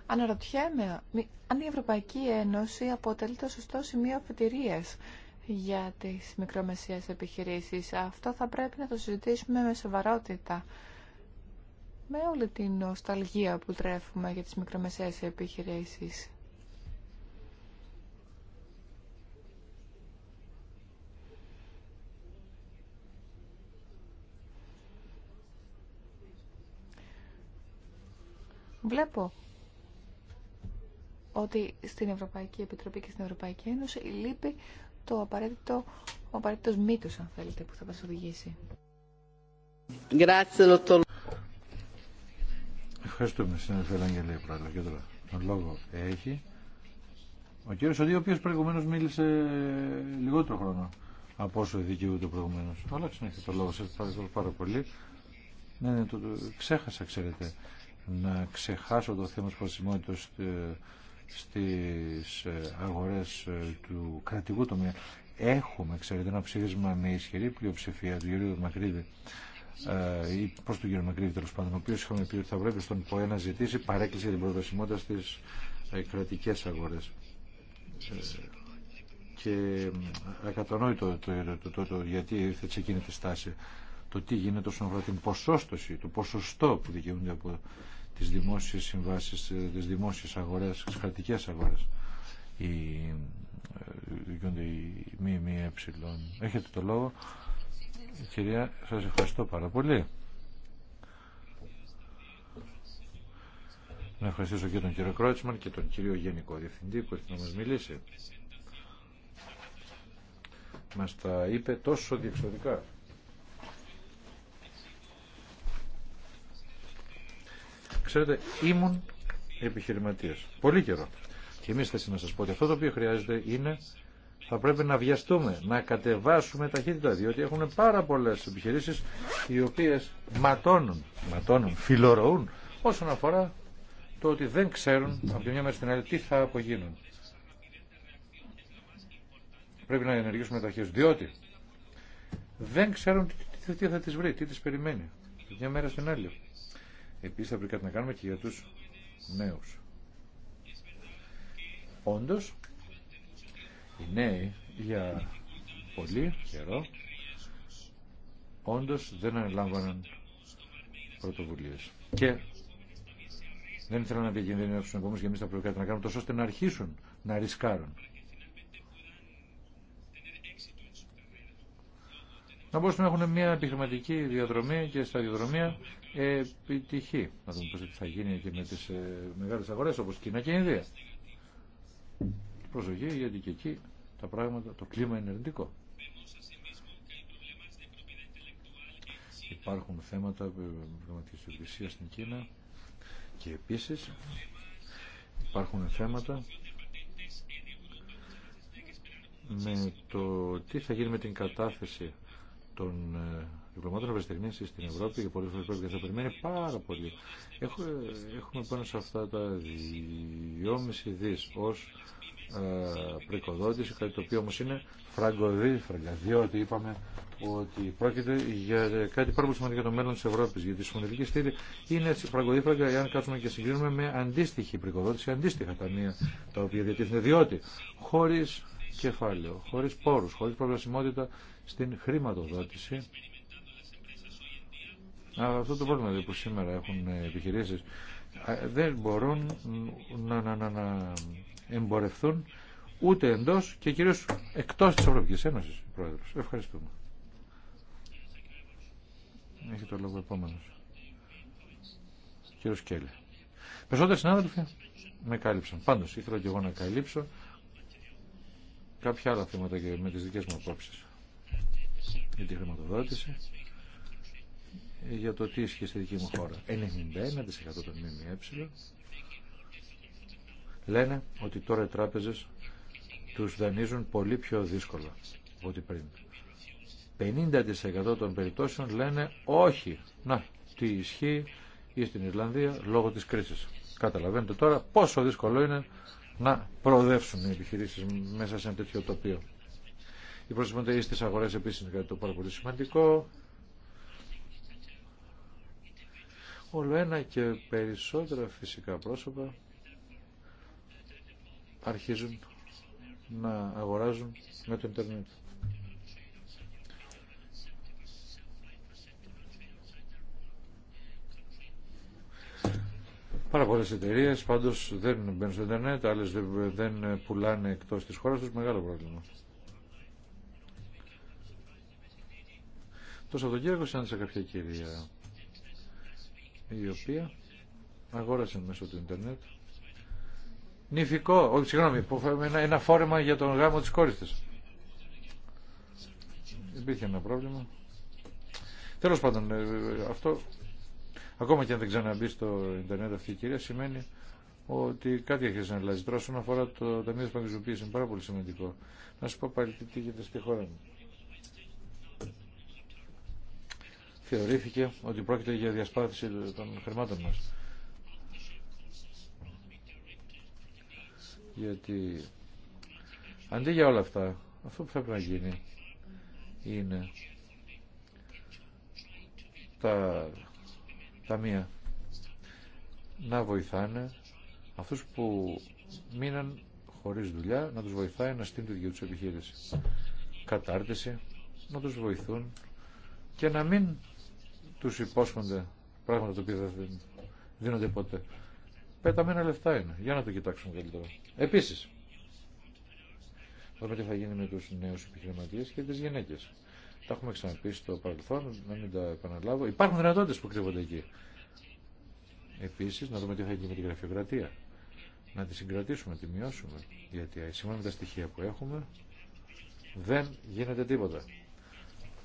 Αναρωτιέμαι αν η Ευρωπαϊκή Ένωση αποτελεί το σωστό σημείο αφετηρίας για τις μικρομεσαίες επιχειρήσεις. Αυτό θα πρέπει να το συζητήσουμε με σοβαρότητα. Με όλη την νοσταλγία που τρέφουμε για τις μικρομεσαίες επιχειρήσεις. βλέπω ότι στην Ευρωπαϊκή Επιτροπή και στην Ευρωπαϊκή Ένωση λείπει το απαραίτητο, ο απαραίτητος μύτος, αν θέλετε, που θα μας οδηγήσει. Ευχαριστούμε, συνάδελφε Ευαγγελία Πράγμα. Και τώρα, τον λόγο έχει ο κύριο Σοντή, ο οποίο προηγουμένω μίλησε λιγότερο χρόνο από όσο δικαιούται προηγουμένω. Αλλά ξανέχετε το λόγο, σα ευχαριστώ πάρα πολύ. Ναι, ναι, το, το, ξέχασα, ξέρετε να ξεχάσω το θέμα της προσημότητας στις ε, αγορές ε, του κρατικού τομέα. Έχουμε, ξέρετε, ένα ψήφισμα με ισχυρή πλειοψηφία του Γιώργου Μακρύδη ε, ή προ τον κύριο Μακρύδη τέλο πάντων, ο οποίο είχαμε πει ότι θα πρέπει στον ΠΟΕ να ζητήσει παρέκκληση για την προσβασιμότητα στι κρατικέ αγορέ. Και ακατανόητο το, το, γιατί ήρθε σε εκείνη τη στάση. Το τι γίνεται όσον αφορά την ποσόστοση, το ποσοστό που δικαιούνται από τις δημόσιες συμβάσεις, ε, τις δημόσιες αγορές, τις κρατικές αγορές. Ε, οι, οι μη μη εψιλών. Έχετε το λόγο. Κυρία, σας ευχαριστώ πάρα πολύ. Να ευχαριστήσω και τον κύριο Κρότσμαν και τον κύριο Γενικό Διευθυντή που έρθει να μας μιλήσει. Μας τα είπε τόσο διεξοδικά. Ξέρετε, ήμουν επιχειρηματία. Πολύ καιρό. Και εμεί θέλω να σα πω ότι αυτό το οποίο χρειάζεται είναι θα πρέπει να βιαστούμε, να κατεβάσουμε ταχύτητα, διότι έχουν πάρα πολλέ επιχειρήσει, οι οποίες ματώνουν, ματώνουν, φιλορωούν όσον αφορά το ότι δεν ξέρουν από τη μια μέρα στην άλλη τι θα απογίνουν. Πρέπει να ενεργήσουμε ταχύτητα. διότι δεν ξέρουν τι, τι, τι θα τις βρει, τι τις περιμένει. Από μια μέρα στην άλλη. Επίσης θα πρέπει κάτι να κάνουμε και για τους νέους. Όντως, οι νέοι για πολύ καιρό όντως δεν ανελάμβαναν πρωτοβουλίες. Και δεν ήθελαν να διακινδυνεύσουν επομένως και εμείς θα πρέπει να κάνουμε τόσο ώστε να αρχίσουν να ρισκάρουν. Να μπορούσαν να έχουν μια επιχειρηματική διαδρομή και σταδιοδρομία επιτυχή. Να δούμε πώς θα γίνει και με τις ε, μεγάλες αγορές όπως Κίνα και Ινδία. Προσοχή γιατί και εκεί τα πράγματα, το κλίμα είναι αρνητικό. Υπάρχουν θέματα ε, πνευματικής ιδιοκτησίας στην Κίνα και επίσης υπάρχουν θέματα με το τι θα γίνει με την κατάθεση των ε, διπλωμάτων ευρεσιτεχνία στην Ευρώπη και πολλέ φορέ πρέπει να θα περιμένει πάρα πολύ. έχουμε πάνω σε αυτά τα 2,5 δι ω προοικοδότηση, κάτι το οποίο όμω είναι φραγκοδίφραγκα, διότι είπαμε ότι πρόκειται για κάτι πάρα πολύ σημαντικό για το μέλλον τη Ευρώπη. Γιατί η συμφωνητική στήλη είναι φραγκοδίφραγκα, εάν κάτσουμε και συγκρίνουμε με αντίστοιχη προοικοδότηση, αντίστοιχα ταμεία τα οποία διατίθενται. Διότι χωρί κεφάλαιο, χωρί πόρου, χωρί προβλασιμότητα στην χρηματοδότηση, αυτό το πρόβλημα δηλαδή, που σήμερα έχουν ε, επιχειρήσεις ε, δεν μπορούν να, να, να, να εμπορευθούν ούτε εντός και κυρίως εκτός της Ευρωπαϊκής Ένωσης, Πρόεδρος. Ευχαριστούμε. Έχει το λόγο επόμενος. Κύριος Κέλλη. Περισσότεροι συνάδελφοι με κάλυψαν. Πάντως ήθελα και εγώ να καλύψω κάποια άλλα θέματα και με τις δικές μου απόψεις. Για τη χρηματοδότηση για το τι ισχύει στη δική μου χώρα. 91% των ΜΜΕ λένε ότι τώρα οι τράπεζες τους δανείζουν πολύ πιο δύσκολα από ό,τι πριν. 50% των περιπτώσεων λένε όχι. Να, τι ισχύει ή στην Ιρλανδία λόγω της κρίσης. Καταλαβαίνετε τώρα πόσο δύσκολο είναι να προοδεύσουν οι επιχειρήσεις μέσα σε ένα τέτοιο τοπίο. Οι προσμετρήσεις στις αγορές επίσης είναι κάτι το πάρα πολύ σημαντικό. όλο ένα και περισσότερα φυσικά πρόσωπα αρχίζουν να αγοράζουν με το Ιντερνετ. Πάρα πολλέ εταιρείε πάντω δεν μπαίνουν στο Ιντερνετ, άλλε δεν πουλάνε εκτό τη χώρα του. Μεγάλο πρόβλημα. Το Σαββατοκύριακο σε κάποια κυρία η οποία αγόρασε μέσω του Ιντερνετ νηφικό, όχι συγγνώμη, ένα, ένα φόρεμα για τον γάμο της κόρης της. Υπήρχε ένα πρόβλημα. Τέλος πάντων, ε, αυτό, ακόμα και αν δεν ξαναμπεί στο Ιντερνετ αυτή η κυρία, σημαίνει ότι κάτι έρχεται να αλλάζει. Τώρα, όσον αφορά το Ταμείο Παγκοσμιοποίηση, είναι πάρα πολύ σημαντικό. Να σου πω πάλι τι γίνεται στη χώρα μου. θεωρήθηκε ότι πρόκειται για διασπάθηση των χρημάτων μας. Γιατί αντί για όλα αυτά, αυτό που θα πρέπει να γίνει είναι τα ταμεία να βοηθάνε αυτούς που μείναν χωρίς δουλειά, να τους βοηθάει να στείλουν τη δική τους επιχείρηση. Κατάρτιση, να τους βοηθούν και να μην του υπόσχονται πράγματα τα οποία δεν δίνονται ποτέ. Πεταμένα λεφτά είναι. Για να το κοιτάξουμε καλύτερα. Επίση, δούμε τι θα γίνει με του νέου επιχειρηματίε και τι γυναίκε. Τα έχουμε ξαναπεί στο παρελθόν, να μην τα επαναλάβω. Υπάρχουν δυνατότητε που κρύβονται εκεί. Επίση, να δούμε τι θα γίνει με τη γραφειοκρατία. Να τη συγκρατήσουμε, να τη μειώσουμε. Γιατί σήμερα με τα στοιχεία που έχουμε δεν γίνεται τίποτα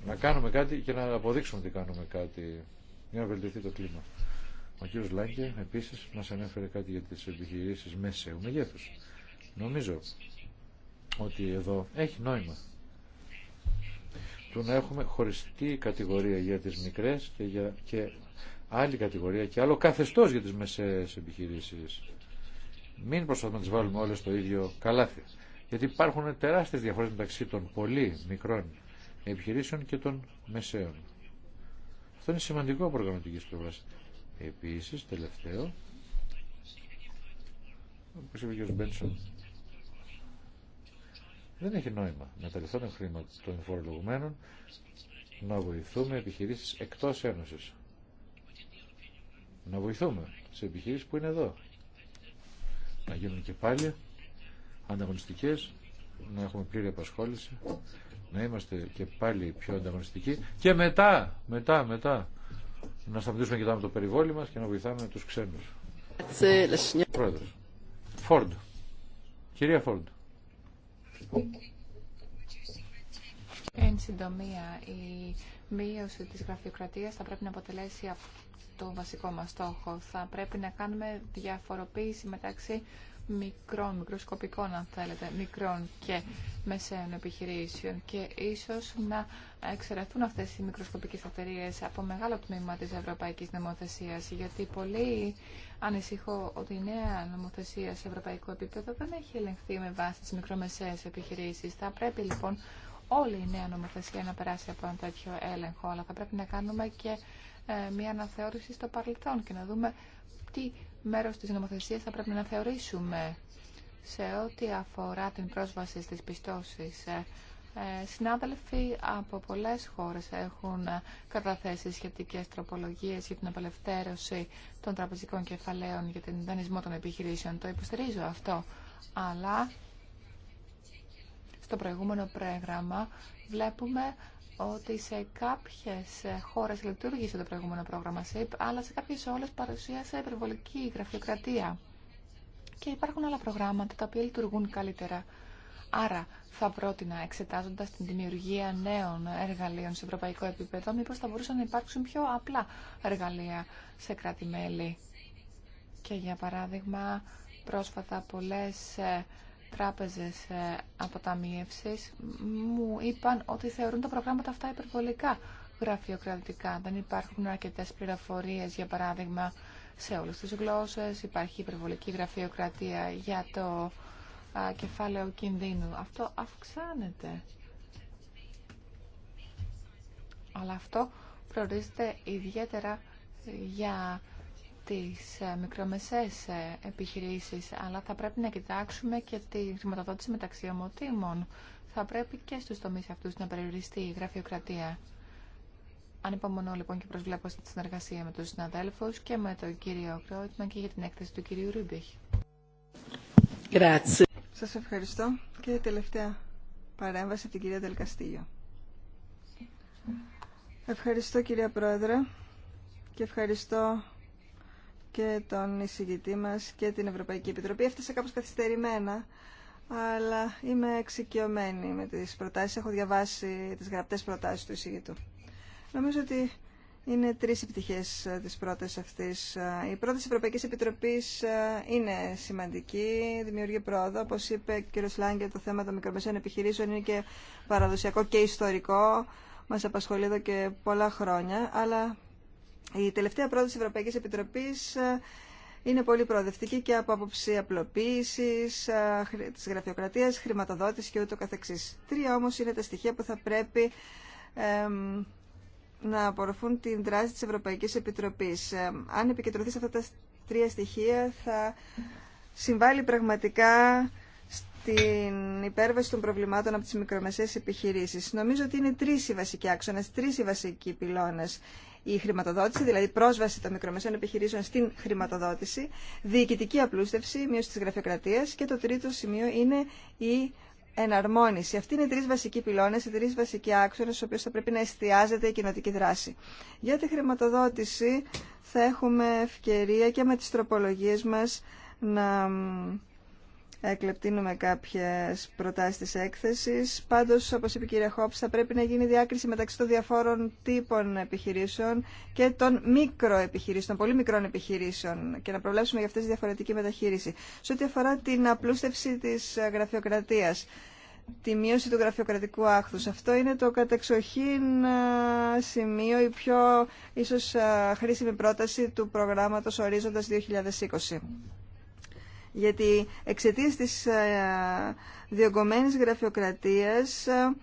να κάνουμε κάτι και να αποδείξουμε ότι κάνουμε κάτι για να βελτιωθεί το κλίμα. Ο κύριος Λάγκε επίσης μας ανέφερε κάτι για τις επιχειρήσεις μεσαίου μεγέθους. Νομίζω ότι εδώ έχει νόημα του να έχουμε χωριστή κατηγορία για τις μικρές και, και άλλη κατηγορία και άλλο καθεστώς για τις μεσαίες επιχειρήσεις. Μην προσπαθούμε να τις βάλουμε όλες στο ίδιο καλάθι. Γιατί υπάρχουν τεράστιες διαφορές μεταξύ των πολύ μικρών επιχειρήσεων και των μεσαίων. Αυτό είναι σημαντικό από οργανωτική πλευρά. Επίση, τελευταίο, όπω είπε ο κ. Μπένσον, δεν έχει νόημα να τελειθούν χρήματα των φορολογουμένων να βοηθούμε επιχειρήσεις εκτός Ένωση. Να βοηθούμε σε επιχειρήσει που είναι εδώ. Να γίνουν και πάλι ανταγωνιστικέ, να έχουμε πλήρη απασχόληση να είμαστε και πάλι πιο ανταγωνιστικοί και μετά, μετά, μετά να σταματήσουμε και το περιβόλι μας και να βοηθάμε τους ξένους. Πρόεδρος. Φόρντ. Κυρία Φόρντ. Εν συντομία, η μείωση της γραφειοκρατίας θα πρέπει να αποτελέσει το βασικό μας στόχο. Θα πρέπει να κάνουμε διαφοροποίηση μεταξύ μικρών, μικροσκοπικών αν θέλετε, μικρών και μεσαίων επιχειρήσεων και ίσως να εξαιρεθούν αυτές οι μικροσκοπικές εταιρείε από μεγάλο τμήμα της Ευρωπαϊκής Νομοθεσίας γιατί πολύ ανησυχώ ότι η νέα νομοθεσία σε ευρωπαϊκό επίπεδο δεν έχει ελεγχθεί με βάση τις μικρομεσαίες επιχειρήσεις. Θα πρέπει λοιπόν όλη η νέα νομοθεσία να περάσει από ένα τέτοιο έλεγχο αλλά θα πρέπει να κάνουμε και ε, μια αναθεώρηση στο παρελθόν και να δούμε τι μέρος της νομοθεσίας θα πρέπει να θεωρήσουμε σε ό,τι αφορά την πρόσβαση στις πιστώσεις. Ε, ε, συνάδελφοι από πολλές χώρες έχουν καταθέσει σχετικές τροπολογίες για την απελευθέρωση των τραπεζικών κεφαλαίων για τον δανεισμό των επιχειρήσεων. Το υποστηρίζω αυτό, αλλά στο προηγούμενο πρόγραμμα βλέπουμε ότι σε κάποιες χώρες λειτουργήσε το προηγούμενο πρόγραμμα SIP, αλλά σε κάποιες όλες παρουσίασε υπερβολική γραφειοκρατία. Και υπάρχουν άλλα προγράμματα τα οποία λειτουργούν καλύτερα. Άρα θα πρότεινα, εξετάζοντας την δημιουργία νέων εργαλείων σε ευρωπαϊκό επίπεδο, μήπως θα μπορούσαν να υπάρξουν πιο απλά εργαλεία σε κράτη-μέλη. Και για παράδειγμα, πρόσφατα πολλές ε, τράπεζες ε, αποταμίευσης μου είπαν ότι θεωρούν τα προγράμματα αυτά υπερβολικά γραφειοκρατικά. Δεν υπάρχουν αρκετές πληροφορίες, για παράδειγμα, σε όλες τις γλώσσες. Υπάρχει υπερβολική γραφειοκρατία για το κεφάλαιο κινδύνου. Αυτό αυξάνεται. Αλλά αυτό προορίζεται ιδιαίτερα για τις ε, μικρομεσαίες ε, επιχειρήσεις, αλλά θα πρέπει να κοιτάξουμε και τη χρηματοδότηση μεταξύ ομοτήμων. Θα πρέπει και στους τομείς αυτούς να περιοριστεί η γραφειοκρατία. Ανυπομονώ λοιπόν και προσβλέπω στη συνεργασία με τους συναδέλφους και με τον κύριο Κρότμαν και για την έκθεση του κυρίου Ρούμπιχ. Σας ευχαριστώ και η τελευταία παρέμβαση από την κυρία Δελκαστήγιο. Ευχαριστώ κυρία Πρόεδρε και ευχαριστώ και τον εισηγητή μας και την Ευρωπαϊκή Επιτροπή. Έφτασα κάπως καθυστερημένα, αλλά είμαι εξοικειωμένη με τις προτάσεις. Έχω διαβάσει τις γραπτές προτάσεις του εισηγητού. Νομίζω ότι είναι τρεις επιτυχίες ε, της πρότασης αυτή. Ε, η πρόταση Ευρωπαϊκής Επιτροπής ε, είναι σημαντική, δημιουργεί πρόοδο. Όπως είπε ο κ. Λάγκερ, το θέμα των μικρομεσαίων επιχειρήσεων είναι και παραδοσιακό και ιστορικό. Μας απασχολεί εδώ και πολλά χρόνια, αλλά η τελευταία πρόταση Ευρωπαϊκής Επιτροπής ε, είναι πολύ προοδευτική και από άποψη απλοποίηση, ε, της γραφειοκρατίας, χρηματοδότηση και ούτω καθεξής. Τρία όμω είναι τα στοιχεία που θα πρέπει να απορροφούν την δράση τη Ευρωπαϊκή Επιτροπή. Ε, αν επικεντρωθεί σε αυτά τα τρία στοιχεία, θα συμβάλλει πραγματικά στην υπέρβαση των προβλημάτων από τις μικρομεσαίες επιχειρήσεις. Νομίζω ότι είναι τρεις οι βασικοί άξονες, τρεις οι βασικοί πυλώνες η χρηματοδότηση, δηλαδή πρόσβαση των μικρομεσαίων επιχειρήσεων στην χρηματοδότηση, διοικητική απλούστευση, μείωση τη γραφειοκρατίας και το τρίτο σημείο είναι η εναρμόνιση. Αυτοί είναι οι τρει βασικοί πυλώνε, οι τρει βασικοί άξονε, στου οποίου θα πρέπει να εστιάζεται η κοινοτική δράση. Για τη χρηματοδότηση θα έχουμε ευκαιρία και με τι τροπολογίε μα να εκλεπτύνουμε κάποιε προτάσει τη έκθεση. Πάντω, όπω είπε η κυρία Χόπ, θα πρέπει να γίνει διάκριση μεταξύ των διαφόρων τύπων επιχειρήσεων και των μικροεπιχειρήσεων, των πολύ μικρών επιχειρήσεων και να προβλέψουμε για αυτές τη διαφορετική μεταχείριση. Σε ό,τι αφορά την απλούστευση τη γραφειοκρατίας, τη μείωση του γραφειοκρατικού άχθους. Αυτό είναι το κατεξοχήν σημείο, η πιο ίσως χρήσιμη πρόταση του προγράμματος Ορίζοντας 2020 γιατί εξαιτία της ε, διωγγωμένης γραφειοκρατίας ε,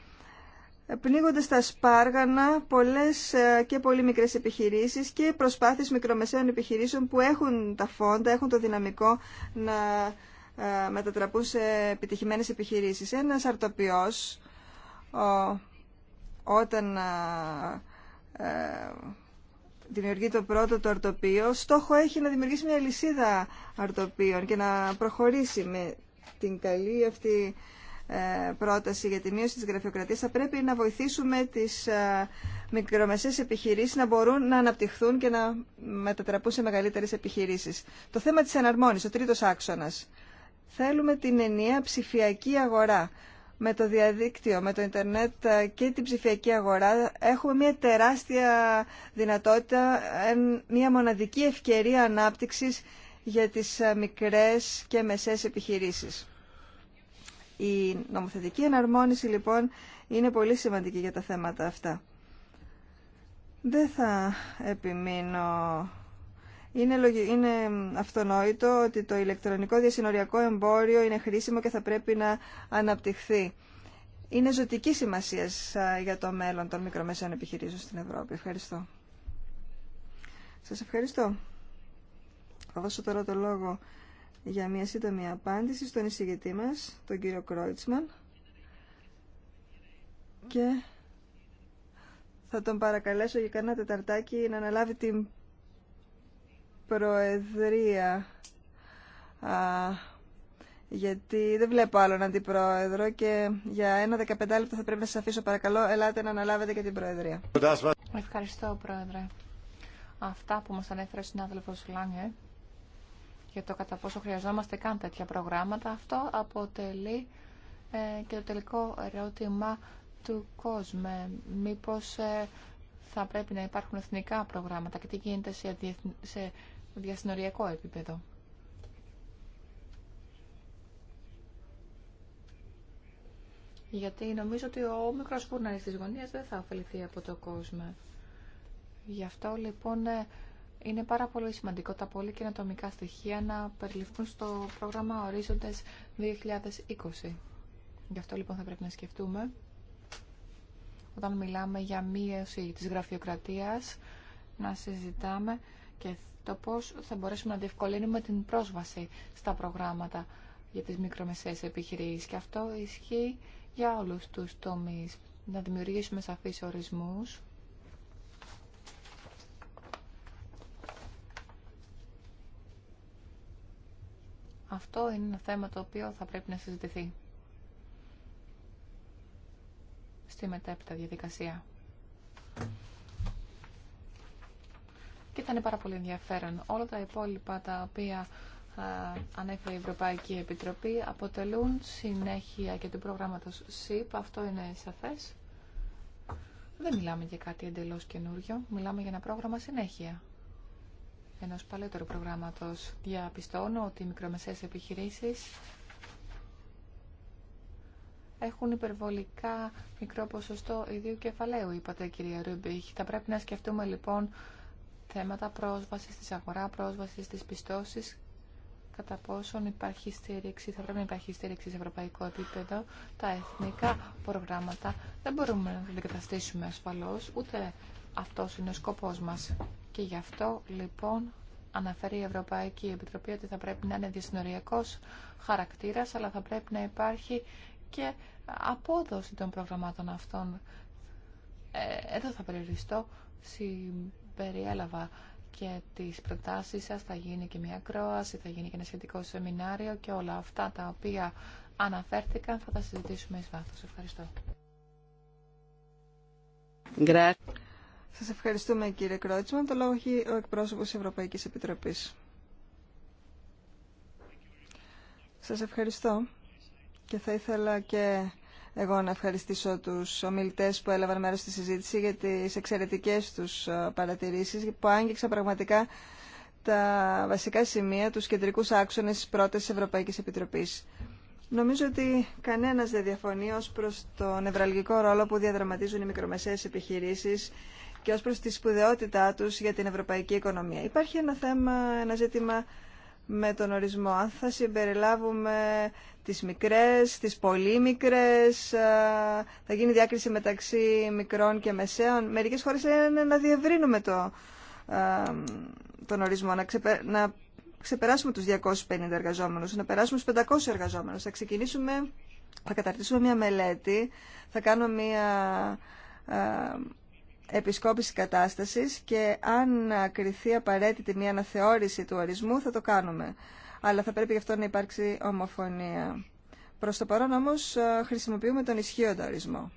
πνίγονται στα σπάργανα πολλές ε, και πολύ μικρές επιχειρήσεις και προσπάθειες μικρομεσαίων επιχειρήσεων που έχουν τα φόντα, έχουν το δυναμικό να μετατραπούν σε επιτυχημένες επιχειρήσεις. Ένας αρτοπιός όταν δημιουργεί το πρώτο το αρτοπείο, στόχο έχει να δημιουργήσει μια λυσίδα αρτοπείων και να προχωρήσει με την καλή αυτή ε, πρόταση για τη μείωση της γραφειοκρατίας θα πρέπει να βοηθήσουμε τις ε, μικρομεσαίες επιχειρήσεις να μπορούν να αναπτυχθούν και να μετατραπούν σε μεγαλύτερες επιχειρήσεις. Το θέμα της εναρμόνισης, ο τρίτος άξονας. Θέλουμε την ενιαία ψηφιακή αγορά με το διαδίκτυο, με το ίντερνετ ε, και την ψηφιακή αγορά έχουμε μια τεράστια δυνατότητα, ε, μια μοναδική ευκαιρία ανάπτυξης για τις ε, μικρές και μεσές επιχειρήσεις. Η νομοθετική εναρμόνιση λοιπόν είναι πολύ σημαντική για τα θέματα αυτά. Δεν θα επιμείνω είναι, είναι αυτονόητο ότι το ηλεκτρονικό διασυνοριακό εμπόριο είναι χρήσιμο και θα πρέπει να αναπτυχθεί. Είναι ζωτική σημασία για το μέλλον των μικρομεσαίων επιχειρήσεων στην Ευρώπη. Ευχαριστώ. Σας ευχαριστώ. Θα δώσω τώρα το λόγο για μια σύντομη απάντηση στον εισηγητή μας, τον κύριο Κρόιτσμαν. Και θα τον παρακαλέσω για κανένα τεταρτάκι να αναλάβει την Προεδρία. Α, γιατί δεν βλέπω άλλον αντιπρόεδρο και για ένα 15 λεπτό θα πρέπει να σας αφήσω παρακαλώ. Ελάτε να αναλάβετε και την Προεδρία. Ευχαριστώ Πρόεδρε. Αυτά που μας ανέφερε ο συνάδελφος Λάγκε για το κατά πόσο χρειαζόμαστε καν τέτοια προγράμματα, αυτό αποτελεί ε, και το τελικό ερώτημα του κόσμου. Ε, μήπως ε, θα πρέπει να υπάρχουν εθνικά προγράμματα και τι γίνεται σε, σε διασυνοριακό επίπεδο. Γιατί νομίζω ότι ο μικρός φούρναρης της γωνίας δεν θα ωφεληθεί από το κόσμο. Γι' αυτό λοιπόν είναι πάρα πολύ σημαντικό τα πολύ καινοτομικά στοιχεία να περιληφθούν στο πρόγραμμα Ορίζοντες 2020. Γι' αυτό λοιπόν θα πρέπει να σκεφτούμε όταν μιλάμε για μείωση της γραφειοκρατίας να συζητάμε και το πώς θα μπορέσουμε να διευκολύνουμε την πρόσβαση στα προγράμματα για τις μικρομεσαίες επιχειρήσεις. Και αυτό ισχύει για όλους τους τομείς. Να δημιουργήσουμε σαφείς ορισμούς. Αυτό είναι ένα θέμα το οποίο θα πρέπει να συζητηθεί στη μετέπειτα διαδικασία και θα είναι πάρα πολύ ενδιαφέρον. Όλα τα υπόλοιπα τα οποία ε, ανέφερε η Ευρωπαϊκή Επιτροπή αποτελούν συνέχεια και του προγράμματος ΣΥΠ. Αυτό είναι σαφές. Δεν μιλάμε για κάτι εντελώς καινούριο. Μιλάμε για ένα πρόγραμμα συνέχεια ενό παλαιότερου προγράμματο Διαπιστώνω ότι οι μικρομεσαίες επιχειρήσει έχουν υπερβολικά μικρό ποσοστό ιδίου κεφαλαίου, είπατε κυρία Ρούμπιχ. Θα πρέπει να σκεφτούμε λοιπόν θέματα πρόσβασης της αγορά, πρόσβασης της πιστώσης, κατά πόσον υπάρχει στήριξη, θα πρέπει να υπάρχει στήριξη σε ευρωπαϊκό επίπεδο, τα εθνικά προγράμματα δεν μπορούμε να τα αντικαταστήσουμε ασφαλώς, ούτε αυτό είναι ο σκοπός μας. Και γι' αυτό λοιπόν αναφέρει η Ευρωπαϊκή Επιτροπή ότι θα πρέπει να είναι διασυνοριακός χαρακτήρας, αλλά θα πρέπει να υπάρχει και απόδοση των προγραμμάτων αυτών. Ε, εδώ θα περιοριστώ περιέλαβα και τις προτάσεις σας. Θα γίνει και μια κρόαση, θα γίνει και ένα σχετικό σεμινάριο και όλα αυτά τα οποία αναφέρθηκαν θα τα συζητήσουμε εις βάθος. Ευχαριστώ. Σας ευχαριστούμε κύριε Κρότσμαν. Το λόγο έχει ο εκπρόσωπος Ευρωπαϊκής Επιτροπής. Σας ευχαριστώ και θα ήθελα και εγώ να ευχαριστήσω τους ομιλητές που έλαβαν μέρος στη συζήτηση για τις εξαιρετικές τους ε, παρατηρήσεις που άγγιξα πραγματικά τα βασικά σημεία, τους κεντρικούς άξονες της πρώτης Ευρωπαϊκής Επιτροπής. Νομίζω ότι κανένας δεν διαφωνεί ως προς τον νευραλγικό ρόλο που διαδραματίζουν οι μικρομεσαίες επιχειρήσεις και ως προς τη σπουδαιότητά τους για την ευρωπαϊκή οικονομία. Υπάρχει ένα θέμα, ένα ζήτημα με τον ορισμό. Αν θα συμπεριλάβουμε τις μικρές, τις πολύ μικρές, θα γίνει διάκριση μεταξύ μικρών και μεσαίων. Μερικές χώρες είναι να διευρύνουμε το, τον ορισμό, να, να ξεπεράσουμε τους 250 εργαζόμενους, να περάσουμε στους 500 εργαζόμενους. Θα ξεκινήσουμε, θα καταρτήσουμε μια μελέτη, θα κάνουμε μια επισκόπηση κατάστασης και αν κριθεί απαραίτητη μια αναθεώρηση του ορισμού θα το κάνουμε. Αλλά θα πρέπει γι' αυτό να υπάρξει ομοφωνία. Προς το παρόν όμως ε, χρησιμοποιούμε τον ισχύοντα ορισμό.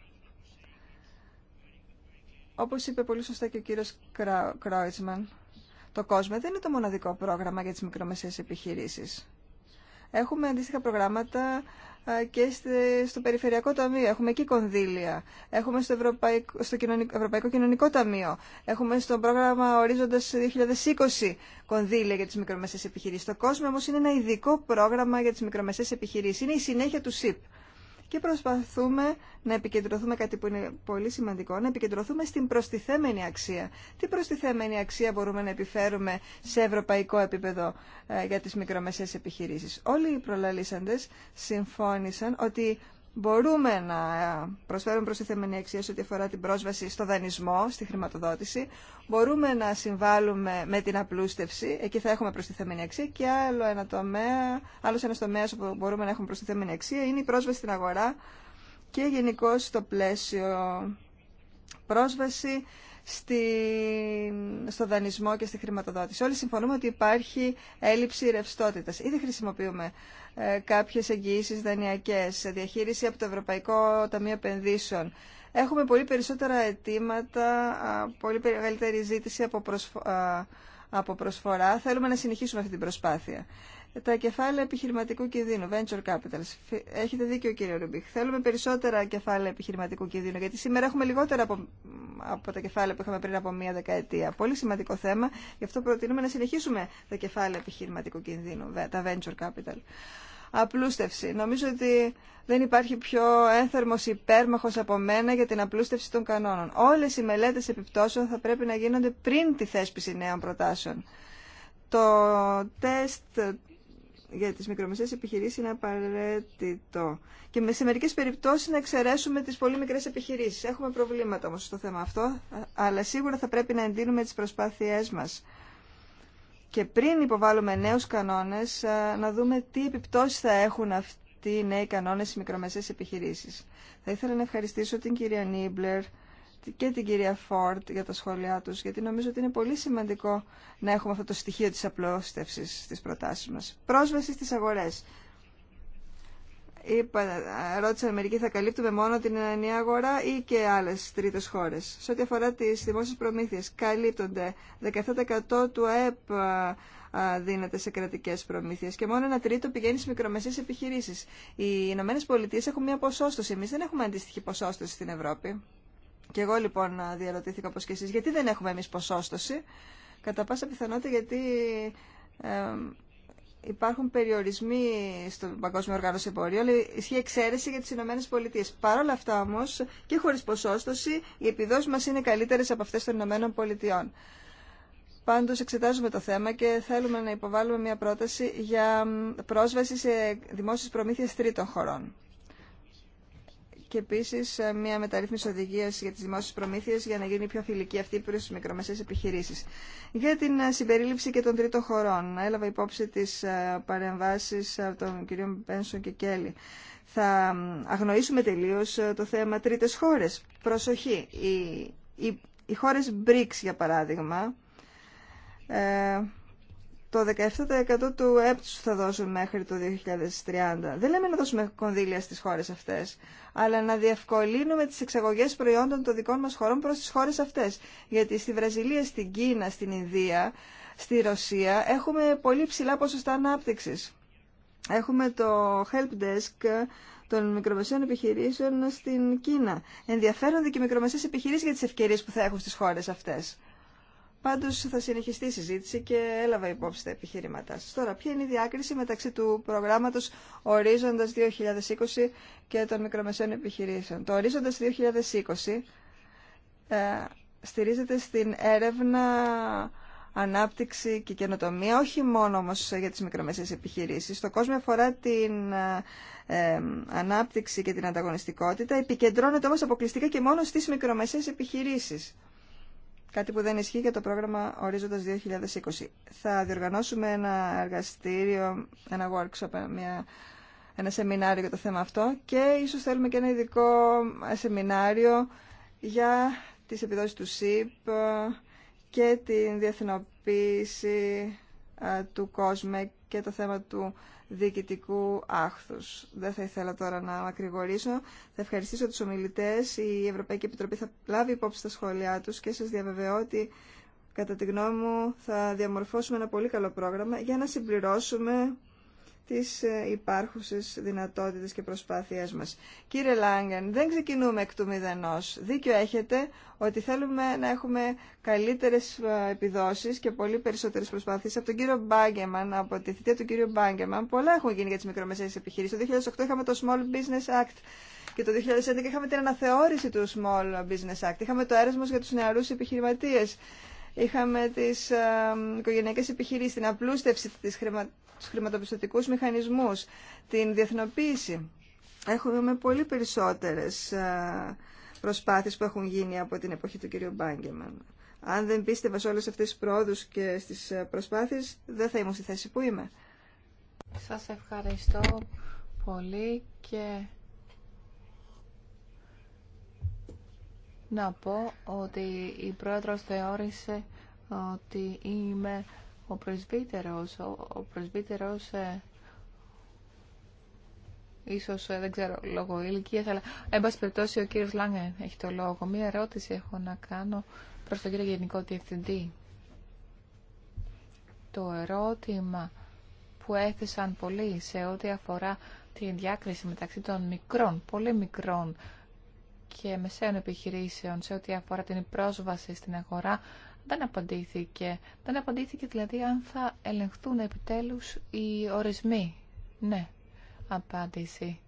Όπως είπε πολύ σωστά και ο κύριος Κρόιτσμαν, το κόσμο δεν είναι το μοναδικό πρόγραμμα για τις μικρομεσαίες επιχειρήσεις. Έχουμε αντίστοιχα προγράμματα ε, και στο Περιφερειακό Ταμείο. Έχουμε εκεί κονδύλια. Έχουμε στο Ευρωπαϊκό, στο Κοινωνικό, Ευρωπαϊκό Κοινωνικό Ταμείο. Έχουμε στο πρόγραμμα Ορίζοντα 2020 κονδύλια για τι μικρομεσαίε επιχειρήσει. Το κόσμο όμω είναι ένα ειδικό πρόγραμμα για τι μικρομεσαίε επιχειρήσει. Είναι η συνέχεια του ΣΥΠ και προσπαθούμε να επικεντρωθούμε κάτι που είναι πολύ σημαντικό, να επικεντρωθούμε στην προστιθέμενη αξία. Τι προστιθέμενη αξία μπορούμε να επιφέρουμε σε ευρωπαϊκό επίπεδο ε, για τις μικρομεσαίες επιχειρήσεις. Όλοι οι προλαλήσαντες συμφώνησαν ότι μπορούμε να προσφέρουμε προστιθέμενη αξία σε ό,τι αφορά την πρόσβαση στο δανεισμό, στη χρηματοδότηση. Μπορούμε να συμβάλλουμε με την απλούστευση, εκεί θα έχουμε θεμενή αξία και άλλο ένα τομέα, άλλος ένας τομέας που μπορούμε να έχουμε προστιθέμενη αξία είναι η πρόσβαση στην αγορά και γενικώ στο πλαίσιο πρόσβαση στο δανεισμό και στη χρηματοδότηση. Όλοι συμφωνούμε ότι υπάρχει έλλειψη ρευστότητας. Ήδη χρησιμοποιούμε ε, κάποιες εγγυήσεις δανειακές, διαχείριση από το Ευρωπαϊκό Ταμείο Επενδύσεων. Έχουμε πολύ περισσότερα αιτήματα, πολύ μεγαλύτερη ζήτηση από, από προσφορά. Θέλουμε να συνεχίσουμε αυτή την προσπάθεια τα κεφάλαια επιχειρηματικού κινδύνου, venture capitals. Έχετε δίκιο κύριε Ρουμπίχ. Θέλουμε περισσότερα κεφάλαια επιχειρηματικού κινδύνου, γιατί σήμερα έχουμε λιγότερα από, από τα κεφάλαια που είχαμε πριν από μία δεκαετία. Πολύ σημαντικό θέμα, γι' αυτό προτείνουμε να συνεχίσουμε τα κεφάλαια επιχειρηματικού κινδύνου, τα venture capital. Απλούστευση. Νομίζω ότι δεν υπάρχει πιο ένθερμο υπέρμαχο από μένα για την απλούστευση των κανόνων. Όλε οι μελέτε επιπτώσεων θα πρέπει να γίνονται πριν τη θέσπιση νέων προτάσεων. Το τεστ για τις μικρομεσαίες επιχειρήσεις είναι απαραίτητο. Και σε μερικές περιπτώσεις να εξαιρέσουμε τις πολύ μικρές επιχειρήσεις. Έχουμε προβλήματα όμως στο θέμα αυτό, αλλά σίγουρα θα πρέπει να εντείνουμε τις προσπάθειές μας. Και πριν υποβάλουμε νέους κανόνες, να δούμε τι επιπτώσεις θα έχουν αυτοί οι νέοι κανόνες στις μικρομεσαίες επιχειρήσεις. Θα ήθελα να ευχαριστήσω την κυρία Νίμπλερ, και την κυρία Φόρτ για τα σχόλιά τους, γιατί νομίζω ότι είναι πολύ σημαντικό να έχουμε αυτό το στοιχείο της απλώστευσης στις προτάσεις μας. Πρόσβαση στις αγορές. Είπα, ρώτησαν μερικοί, θα καλύπτουμε μόνο την ενιαία αγορά ή και άλλες τρίτες χώρες. Σε ό,τι αφορά τις δημόσιες προμήθειες, καλύπτονται 17% του ΑΕΠ δίνεται σε κρατικέ προμήθειε και μόνο ένα τρίτο πηγαίνει στι μικρομεσαίε επιχειρήσει. Οι Ηνωμένε Πολιτείε έχουν μια ποσόστοση. Εμεί δεν έχουμε αντίστοιχη ποσόστοση στην Ευρώπη. Και εγώ λοιπόν διαρωτήθηκα όπως και εσείς, γιατί δεν έχουμε εμείς ποσόστοση. Κατά πάσα πιθανότητα γιατί ε, υπάρχουν περιορισμοί στον Παγκόσμιο Οργάνωση Εμπορίου, αλλά ισχύει εξαίρεση για τις Ηνωμένες Πολιτείες. Παρ' όλα αυτά όμως και χωρίς ποσόστοση οι επιδόσεις μας είναι καλύτερες από αυτές των Ηνωμένων Πολιτειών. Πάντως εξετάζουμε το θέμα και θέλουμε να υποβάλουμε μια πρόταση για πρόσβαση σε δημόσιες προμήθειες τρίτων χωρών και επίση, ε, μια μεταρρύθμιση οδηγία για τις δημόσιες προμήθειες για να γίνει πιο φιλική αυτή προς τι μικρομεσαίες επιχειρήσεις. Για την ε, συμπερίληψη και των τρίτων χωρών, έλαβα υπόψη τις ε, παρεμβάσεις των κ. Μπένσον και Κέλλη. Θα αγνοήσουμε τελείω το θέμα τρίτε χώρε. Προσοχή, οι, οι, χώρες BRICS για παράδειγμα, ε, το 17% του έπτους θα δώσουν μέχρι το 2030. Δεν λέμε να δώσουμε κονδύλια στις χώρες αυτές, αλλά να διευκολύνουμε τις εξαγωγές προϊόντων των δικών μας χωρών προς τις χώρες αυτές. Γιατί στη Βραζιλία, στην Κίνα, στην Ινδία, στη Ρωσία έχουμε πολύ ψηλά ποσοστά ανάπτυξης. Έχουμε το help desk των μικρομεσαίων επιχειρήσεων στην Κίνα. Ενδιαφέρονται και οι μικρομεσαίες επιχειρήσεις για τις ευκαιρίες που θα έχουν στις χώρες αυτές. Πάντω θα συνεχιστεί η συζήτηση και έλαβα υπόψη τα επιχειρήματά σα. Τώρα, ποια είναι η διάκριση μεταξύ του προγράμματο Ορίζοντα 2020 και των μικρομεσαίων επιχειρήσεων. Το ορίζοντα 2020 ε, στηρίζεται στην έρευνα, ανάπτυξη και καινοτομία, όχι μόνο όμω για τις μικρομεσαίες επιχειρήσεις. Το κόσμο αφορά την ε, ανάπτυξη και την ανταγωνιστικότητα, επικεντρώνεται όμως αποκλειστικά και μόνο στις μικρομεσαίες επιχειρήσεις κάτι που δεν ισχύει για το πρόγραμμα Ορίζοντα 2020. Θα διοργανώσουμε ένα εργαστήριο, ένα workshop, μια, ένα σεμινάριο για το θέμα αυτό και ίσως θέλουμε και ένα ειδικό σεμινάριο για τις επιδόσεις του ΣΥΠ και την διεθνοποίηση του κόσμου και το θέμα του διοικητικού άχθους. Δεν θα ήθελα τώρα να μακρηγορήσω. Θα ευχαριστήσω τους ομιλητές. Η Ευρωπαϊκή Επιτροπή θα λάβει υπόψη τα σχόλιά τους και σας διαβεβαιώ ότι κατά τη γνώμη μου θα διαμορφώσουμε ένα πολύ καλό πρόγραμμα για να συμπληρώσουμε τις ε, υπάρχουσες δυνατότητες και προσπάθειές μας. Κύριε Λάγκεν, δεν ξεκινούμε εκ του μηδενός. Δίκιο έχετε ότι θέλουμε να έχουμε καλύτερες ε, επιδόσεις και πολύ περισσότερες προσπάθειες. Από τον κύριο Μπάγκεμαν, από τη θητεία του κύριου Μπάγκεμαν, πολλά έχουν γίνει για τις μικρομεσαίες επιχειρήσεις. Το 2008 είχαμε το Small Business Act και το 2011 είχαμε την αναθεώρηση του Small Business Act. Είχαμε το έρασμος για τους νεαρούς επιχειρηματίες. Είχαμε τις ε, οικογενειακές επιχειρήσεις, την απλούστευση της χρημα τους χρηματοπιστωτικούς μηχανισμούς, την διεθνοποίηση. Έχουμε πολύ περισσότερες ε, προσπάθειες που έχουν γίνει από την εποχή του κ. Μπάγκεμαν. Αν δεν πίστευα σε όλες αυτές τις πρόοδους και στις ε, προσπάθειες, δεν θα ήμουν στη θέση που είμαι. Σας ευχαριστώ πολύ και να πω ότι η πρόεδρος θεώρησε ότι είμαι ο πρεσβύτερος, ο, ο ε, ίσως ε, δεν ξέρω λόγω ηλικίας, αλλά εν περιπτώσει ο κύριος Λάγκεν έχει το λόγο. Μία ερώτηση έχω να κάνω προς τον κύριο Γενικό Διευθυντή. Το ερώτημα που έθεσαν πολλοί σε ό,τι αφορά τη διάκριση μεταξύ των μικρών, πολύ μικρών και μεσαίων επιχειρήσεων σε ό,τι αφορά την πρόσβαση στην αγορά δεν απαντήθηκε. Δεν απαντήθηκε δηλαδή αν θα ελεγχθούν επιτέλους οι ορισμοί. Ναι, απάντηση.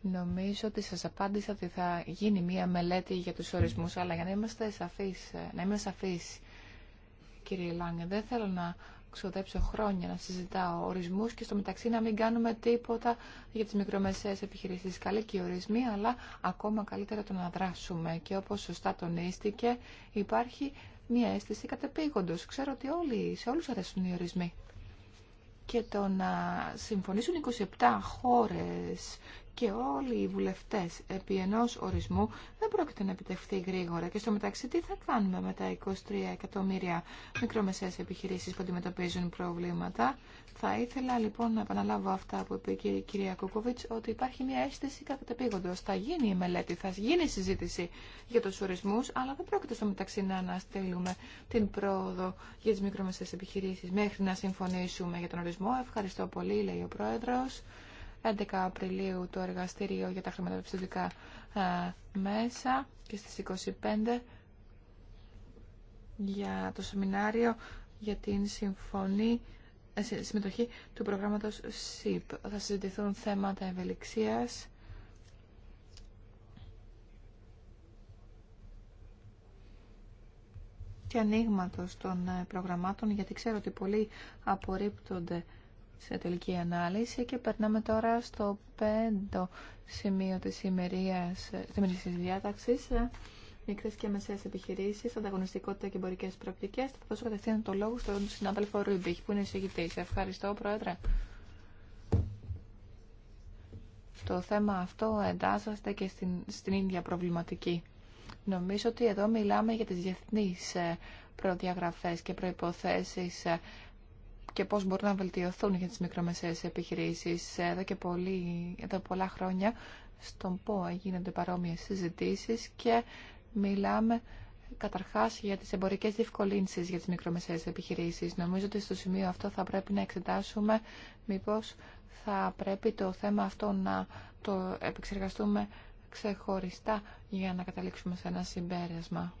Νομίζω ότι σας απάντησα ότι θα γίνει μία μελέτη για τους ορισμούς, αλλά για να είμαστε σαφείς, ε, να είμαι σαφείς, κύριε Λάγκε, δεν θέλω να ξοδέψω χρόνια να συζητάω ορισμούς και στο μεταξύ να μην κάνουμε τίποτα για τις μικρομεσαίες επιχειρήσεις. Καλή και οι ορισμοί, αλλά ακόμα καλύτερα το να δράσουμε. Και όπως σωστά τονίστηκε, υπάρχει μια αίσθηση κατεπήγοντος. Ξέρω ότι όλοι, σε όλους αρέσουν οι ορισμοί. Και το να συμφωνήσουν 27 χώρες και όλοι οι βουλευτές επί ενός ορισμού δεν πρόκειται να επιτευχθεί γρήγορα. Και στο μεταξύ τι θα κάνουμε με τα 23 εκατομμύρια μικρομεσαίες επιχειρήσεις που αντιμετωπίζουν προβλήματα. Θα ήθελα λοιπόν να επαναλάβω αυτά που είπε η κυρία Κούκοβιτς ότι υπάρχει μια αίσθηση κατεπήγοντος. Θα γίνει η μελέτη, θα γίνει η συζήτηση για τους ορισμούς, αλλά δεν πρόκειται στο μεταξύ να αναστείλουμε την πρόοδο για τις μικρομεσαίες επιχειρήσεις μέχρι να συμφωνήσουμε για τον ορισμό. Ευχαριστώ πολύ, λέει ο Πρόεδρος. 11 Απριλίου το εργαστήριο για τα χρηματοπιστωτικά ε, μέσα και στις 25 για το σεμινάριο για την συμφωνή, ε, συμμετοχή του προγράμματος SIP. Θα συζητηθούν θέματα ευελιξίας. και ανοίγματο των ε, προγραμμάτων, γιατί ξέρω ότι πολλοί απορρίπτονται σε τελική ανάλυση και περνάμε τώρα στο πέντο σημείο της ημερίας, της διάταξης ε, μικρές και μεσαίες επιχειρήσεις, ανταγωνιστικότητα και εμπορικές πρακτικές. Θα δώσω κατευθείαν το λόγο στον συνάδελφο Ρούμπιχ που είναι εισηγητής. Ευχαριστώ Πρόεδρε. Το θέμα αυτό εντάσσεται και στην, στην ίδια προβληματική. Νομίζω ότι εδώ μιλάμε για τις διεθνείς ε, προδιαγραφές και προϋποθέσεις ε, και πώς μπορούν να βελτιωθούν για τις μικρομεσαίες επιχειρήσεις. Εδώ και πολύ, εδώ πολλά χρόνια στον ΠΟΑ γίνονται παρόμοιες συζητήσεις και μιλάμε καταρχάς για τις εμπορικές διευκολύνσεις για τις μικρομεσαίες επιχειρήσεις. Νομίζω ότι στο σημείο αυτό θα πρέπει να εξετάσουμε μήπως θα πρέπει το θέμα αυτό να το επεξεργαστούμε ξεχωριστά για να καταλήξουμε σε ένα συμπέρασμα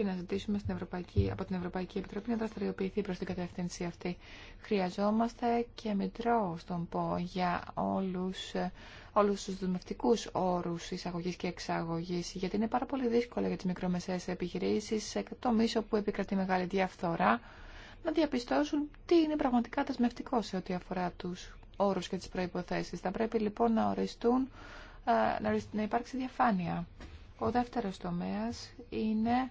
και να ζητήσουμε στην Ευρωπαϊκή, από την Ευρωπαϊκή Επιτροπή να δραστηριοποιηθεί προς την κατεύθυνση αυτή. Χρειαζόμαστε και μητρό στον ΠΟ για όλους, όλους τους δομευτικούς όρους εισαγωγής και εξαγωγής, γιατί είναι πάρα πολύ δύσκολο για τις μικρομεσαίες επιχειρήσεις, σε το μίσο που επικρατεί μεγάλη διαφθορά, να διαπιστώσουν τι είναι πραγματικά δεσμευτικό σε ό,τι αφορά τους όρους και τις προϋποθέσεις. Θα πρέπει λοιπόν να οριστούν, ε, να υπάρξει διαφάνεια. Ο δεύτερος τομέας είναι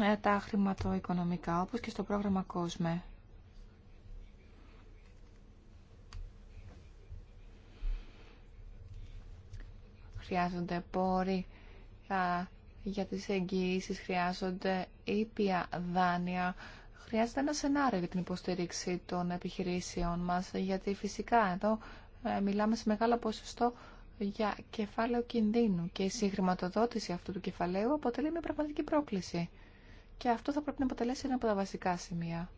ε, τα χρηματοοικονομικά, όπως και στο πρόγραμμα COSME. Χρειάζονται πόροι για τις εγγυήσεις, χρειάζονται ήπια δάνεια, χρειάζεται ένα σενάριο για την υποστήριξη των επιχειρήσεων μας, γιατί φυσικά εδώ ε, μιλάμε σε μεγάλο ποσοστό για κεφάλαιο κινδύνου και η συγχρηματοδότηση αυτού του κεφαλαίου αποτελεί μια πραγματική πρόκληση. Και αυτό θα πρέπει να αποτελέσει ένα από τα βασικά σημεία.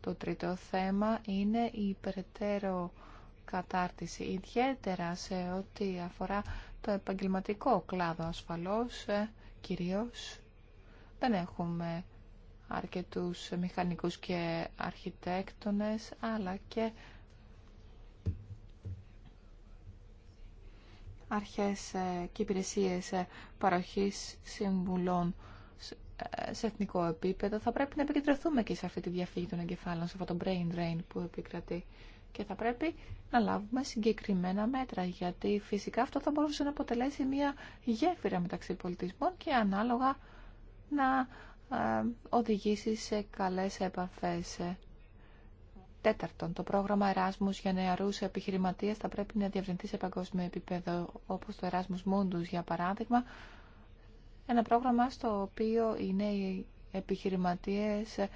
Το τρίτο θέμα είναι η υπεραιτέρω κατάρτιση, ιδιαίτερα σε ό,τι αφορά το επαγγελματικό κλάδο ασφαλώς, ε, κυρίως δεν έχουμε αρκετούς μηχανικούς και αρχιτέκτονες, αλλά και αρχές ε, και υπηρεσίες ε, παροχής συμβουλών σε εθνικό επίπεδο θα πρέπει να επικεντρωθούμε και σε αυτή τη διαφύγη των εγκεφάλων, σε αυτό το brain drain που επικρατεί. Και θα πρέπει να λάβουμε συγκεκριμένα μέτρα, γιατί φυσικά αυτό θα μπορούσε να αποτελέσει μια γέφυρα μεταξύ πολιτισμών και ανάλογα να ε, οδηγήσει σε καλές επαφές. Τέταρτον, το πρόγραμμα Εράσμου για Νεαρούς Επιχειρηματίες θα πρέπει να διευρυνθεί σε παγκόσμιο επίπεδο, όπως το Εράσμου Μούντου, για παράδειγμα, ένα πρόγραμμα στο οποίο οι νέοι επιχειρηματίες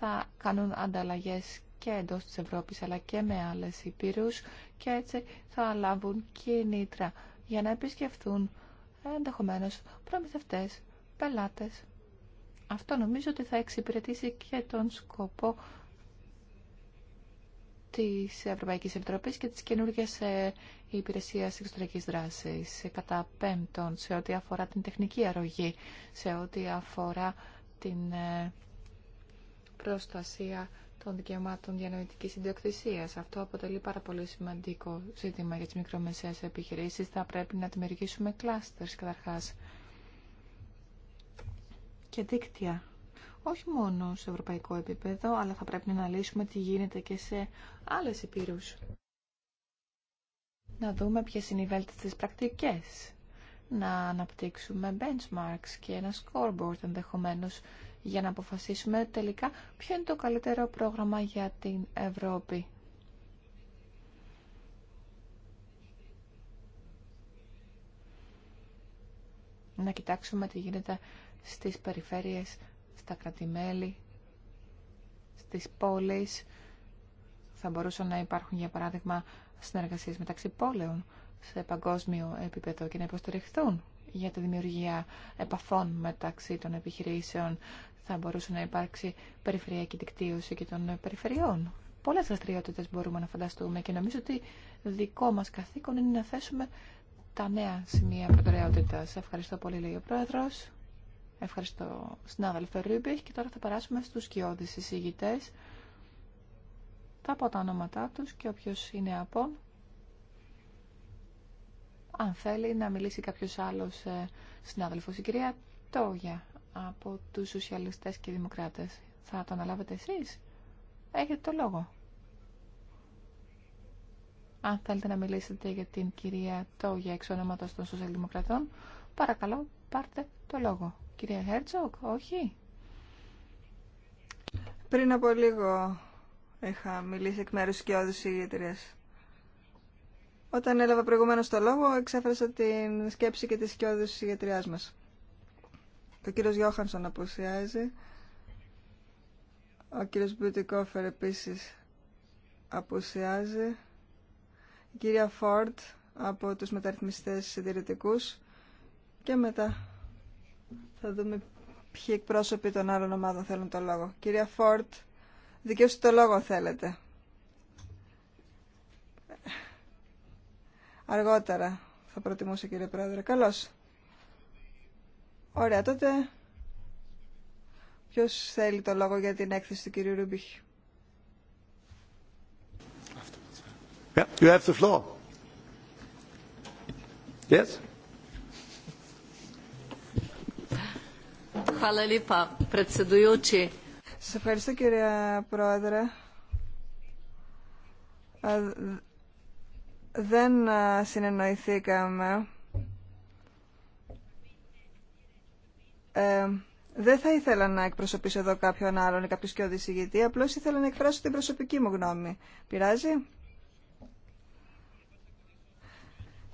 θα κάνουν ανταλλαγές και εντός της Ευρώπης αλλά και με άλλες υπήρους και έτσι θα λάβουν κινήτρα για να επισκεφθούν ενδεχομένως προμηθευτές, πελάτες. Αυτό νομίζω ότι θα εξυπηρετήσει και τον σκοπό Τη Ευρωπαϊκή Επιτροπή και τη καινούργια ε, υπηρεσία εξωτερική δράσης. Ε, κατά πέμπτον, σε ό,τι αφορά την τεχνική αρρωγή, σε ό,τι αφορά την ε, προστασία των δικαιωμάτων διανοητική ιδιοκτησία. Αυτό αποτελεί πάρα πολύ σημαντικό ζήτημα για τι μικρομεσαίε επιχειρήσει. Θα πρέπει να δημιουργήσουμε κλάστερ καταρχά και δίκτυα όχι μόνο σε ευρωπαϊκό επίπεδο, αλλά θα πρέπει να αναλύσουμε τι γίνεται και σε άλλες επίρους. Να δούμε ποιες είναι οι βέλτιστες πρακτικές. Να αναπτύξουμε benchmarks και ένα scoreboard ενδεχομένως για να αποφασίσουμε τελικά ποιο είναι το καλύτερο πρόγραμμα για την Ευρώπη. Να κοιτάξουμε τι γίνεται στις περιφέρειες στα κρατημέλη, στις πόλεις. Θα μπορούσαν να υπάρχουν, για παράδειγμα, συνεργασίες μεταξύ πόλεων σε παγκόσμιο επίπεδο και να υποστηριχθούν για τη δημιουργία επαφών μεταξύ των επιχειρήσεων. Θα μπορούσε να υπάρξει περιφερειακή δικτύωση και των περιφερειών. Πολλέ δραστηριότητε μπορούμε να φανταστούμε και νομίζω ότι δικό μα καθήκον είναι να θέσουμε τα νέα σημεία προτεραιότητα. Ευχαριστώ πολύ, λέει ο Πρόεδρο. Ευχαριστώ, συνάδελφε Ρούμπιχ. Και τώρα θα περάσουμε στους σκιώδεις εισηγητές. Θα πω τα ονόματά τους και όποιος είναι από. Αν θέλει να μιλήσει κάποιος άλλος ε, συνάδελφος, η κυρία Τόγια από τους Σοσιαλιστές και Δημοκράτες. Θα το αναλάβετε εσείς. Έχετε το λόγο. Αν θέλετε να μιλήσετε για την κυρία Τόγια εξ ονόματος των Σοσιαλδημοκρατών, παρακαλώ πάρτε το λόγο. Κυρία Χέρτσοκ, όχι. Πριν από λίγο είχα μιλήσει εκ μέρους και όδους Όταν έλαβα προηγουμένως το λόγο, εξέφρασα την σκέψη και της τη ηγετριάς μας. Ο κύριος Γιώχανσον απουσιάζει. Ο κύριος Μπιουτικόφερ επίσης απουσιάζει. Η κυρία Φόρτ από τους μεταρρυθμιστές συντηρητικούς. Και μετά θα δούμε ποιοι εκπρόσωποι των άλλων ομάδων θέλουν το λόγο. Κυρία Φόρτ, δικαιώστε το λόγο θέλετε. Αργότερα θα προτιμούσα κύριε Πρόεδρε. Καλώς. Ωραία, τότε ποιος θέλει το λόγο για την έκθεση του κυρίου Ρούμπιχ. Yeah, you have the floor. Yes? Σας ευχαριστώ κύριε Πρόεδρε. Δεν συνεννοηθήκαμε. Ε, δεν θα ήθελα να εκπροσωπήσω εδώ κάποιον άλλον ή κάποιο και οδησηγητή, απλώς ήθελα να εκφράσω την προσωπική μου γνώμη. Πειράζει?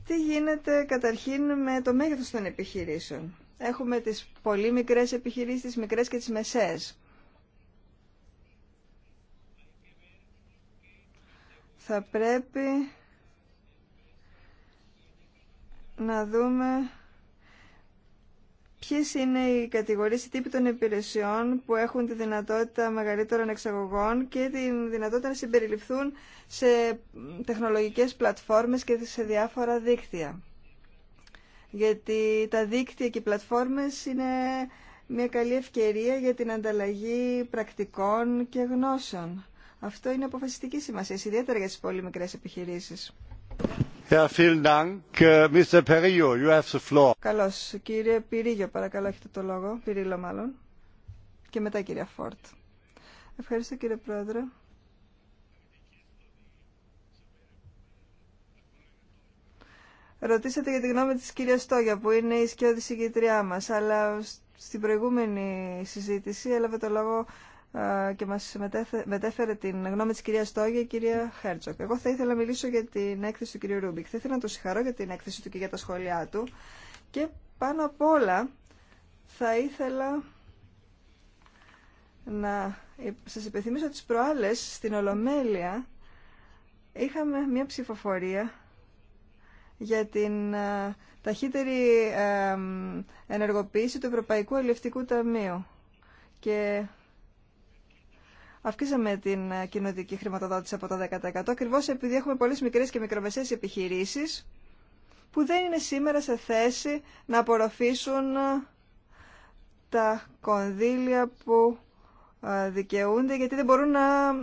Τι γίνεται καταρχήν με το μέγεθος των επιχειρήσεων έχουμε τις πολύ μικρές επιχειρήσεις, τις μικρές και τις μεσαίες. Θα πρέπει να δούμε ποιες είναι οι κατηγορίες, οι τύποι των υπηρεσιών που έχουν τη δυνατότητα μεγαλύτερων εξαγωγών και τη δυνατότητα να συμπεριληφθούν σε τεχνολογικές πλατφόρμες και σε διάφορα δίκτυα γιατί τα δίκτυα και οι πλατφόρμες είναι μια καλή ευκαιρία για την ανταλλαγή πρακτικών και γνώσεων. Αυτό είναι αποφασιστική σημασία, ιδιαίτερα για τις πολύ μικρές επιχειρήσεις. vielen Dank. Äh, Mr. you have the floor. Καλώς. Κύριε Πυρίγιο, παρακαλώ, έχετε το λόγο. Πυρίλο, μάλλον. Και μετά, κύριε Φόρτ. Ευχαριστώ, κύριε Πρόεδρε. Ρωτήσατε για τη γνώμη της κυρία Στόγια που είναι η σκιώδη συγκήτριά μας, αλλά στην προηγούμενη συζήτηση έλαβε το λόγο και μας μετέφερε την γνώμη της κυρία Στόγια η κυρία Χέρτσοκ. Εγώ θα ήθελα να μιλήσω για την έκθεση του κυρίου Ρούμπικ. Θα ήθελα να το συγχαρώ για την έκθεση του και για τα σχόλιά του. Και πάνω απ' όλα θα ήθελα να σας υπενθυμίσω τις προάλλες στην Ολομέλεια είχαμε μια ψηφοφορία για την ε, ταχύτερη ε, ενεργοποίηση του Ευρωπαϊκού Αλληλευτικού Ταμείου. Και αυξήσαμε την ε, κοινωτική χρηματοδότηση από το 10% ακριβώ επειδή έχουμε πολλέ μικρέ και μικρομεσαίε επιχειρήσει που δεν είναι σήμερα σε θέση να απορροφήσουν τα κονδύλια που δικαιούνται γιατί δεν μπορούν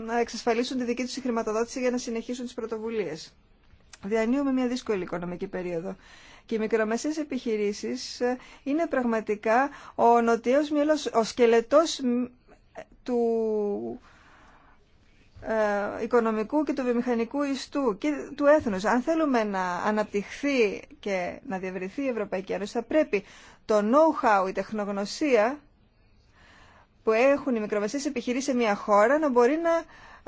να εξασφαλίσουν τη δική τους χρηματοδότηση για να συνεχίσουν τις πρωτοβουλίες. Διανύουμε μια δύσκολη οικονομική περίοδο. Και οι μικρομεσαίες επιχειρήσεις ε, είναι πραγματικά ο νοτιός μυαλός, ο σκελετός του ε, οικονομικού και του βιομηχανικού ιστού και του έθνους. Αν θέλουμε να αναπτυχθεί και να διαβριθεί η Ευρωπαϊκή Ένωση, θα πρέπει το know-how, η τεχνογνωσία που έχουν οι μικρομεσαίες επιχειρήσεις σε μια χώρα να μπορεί να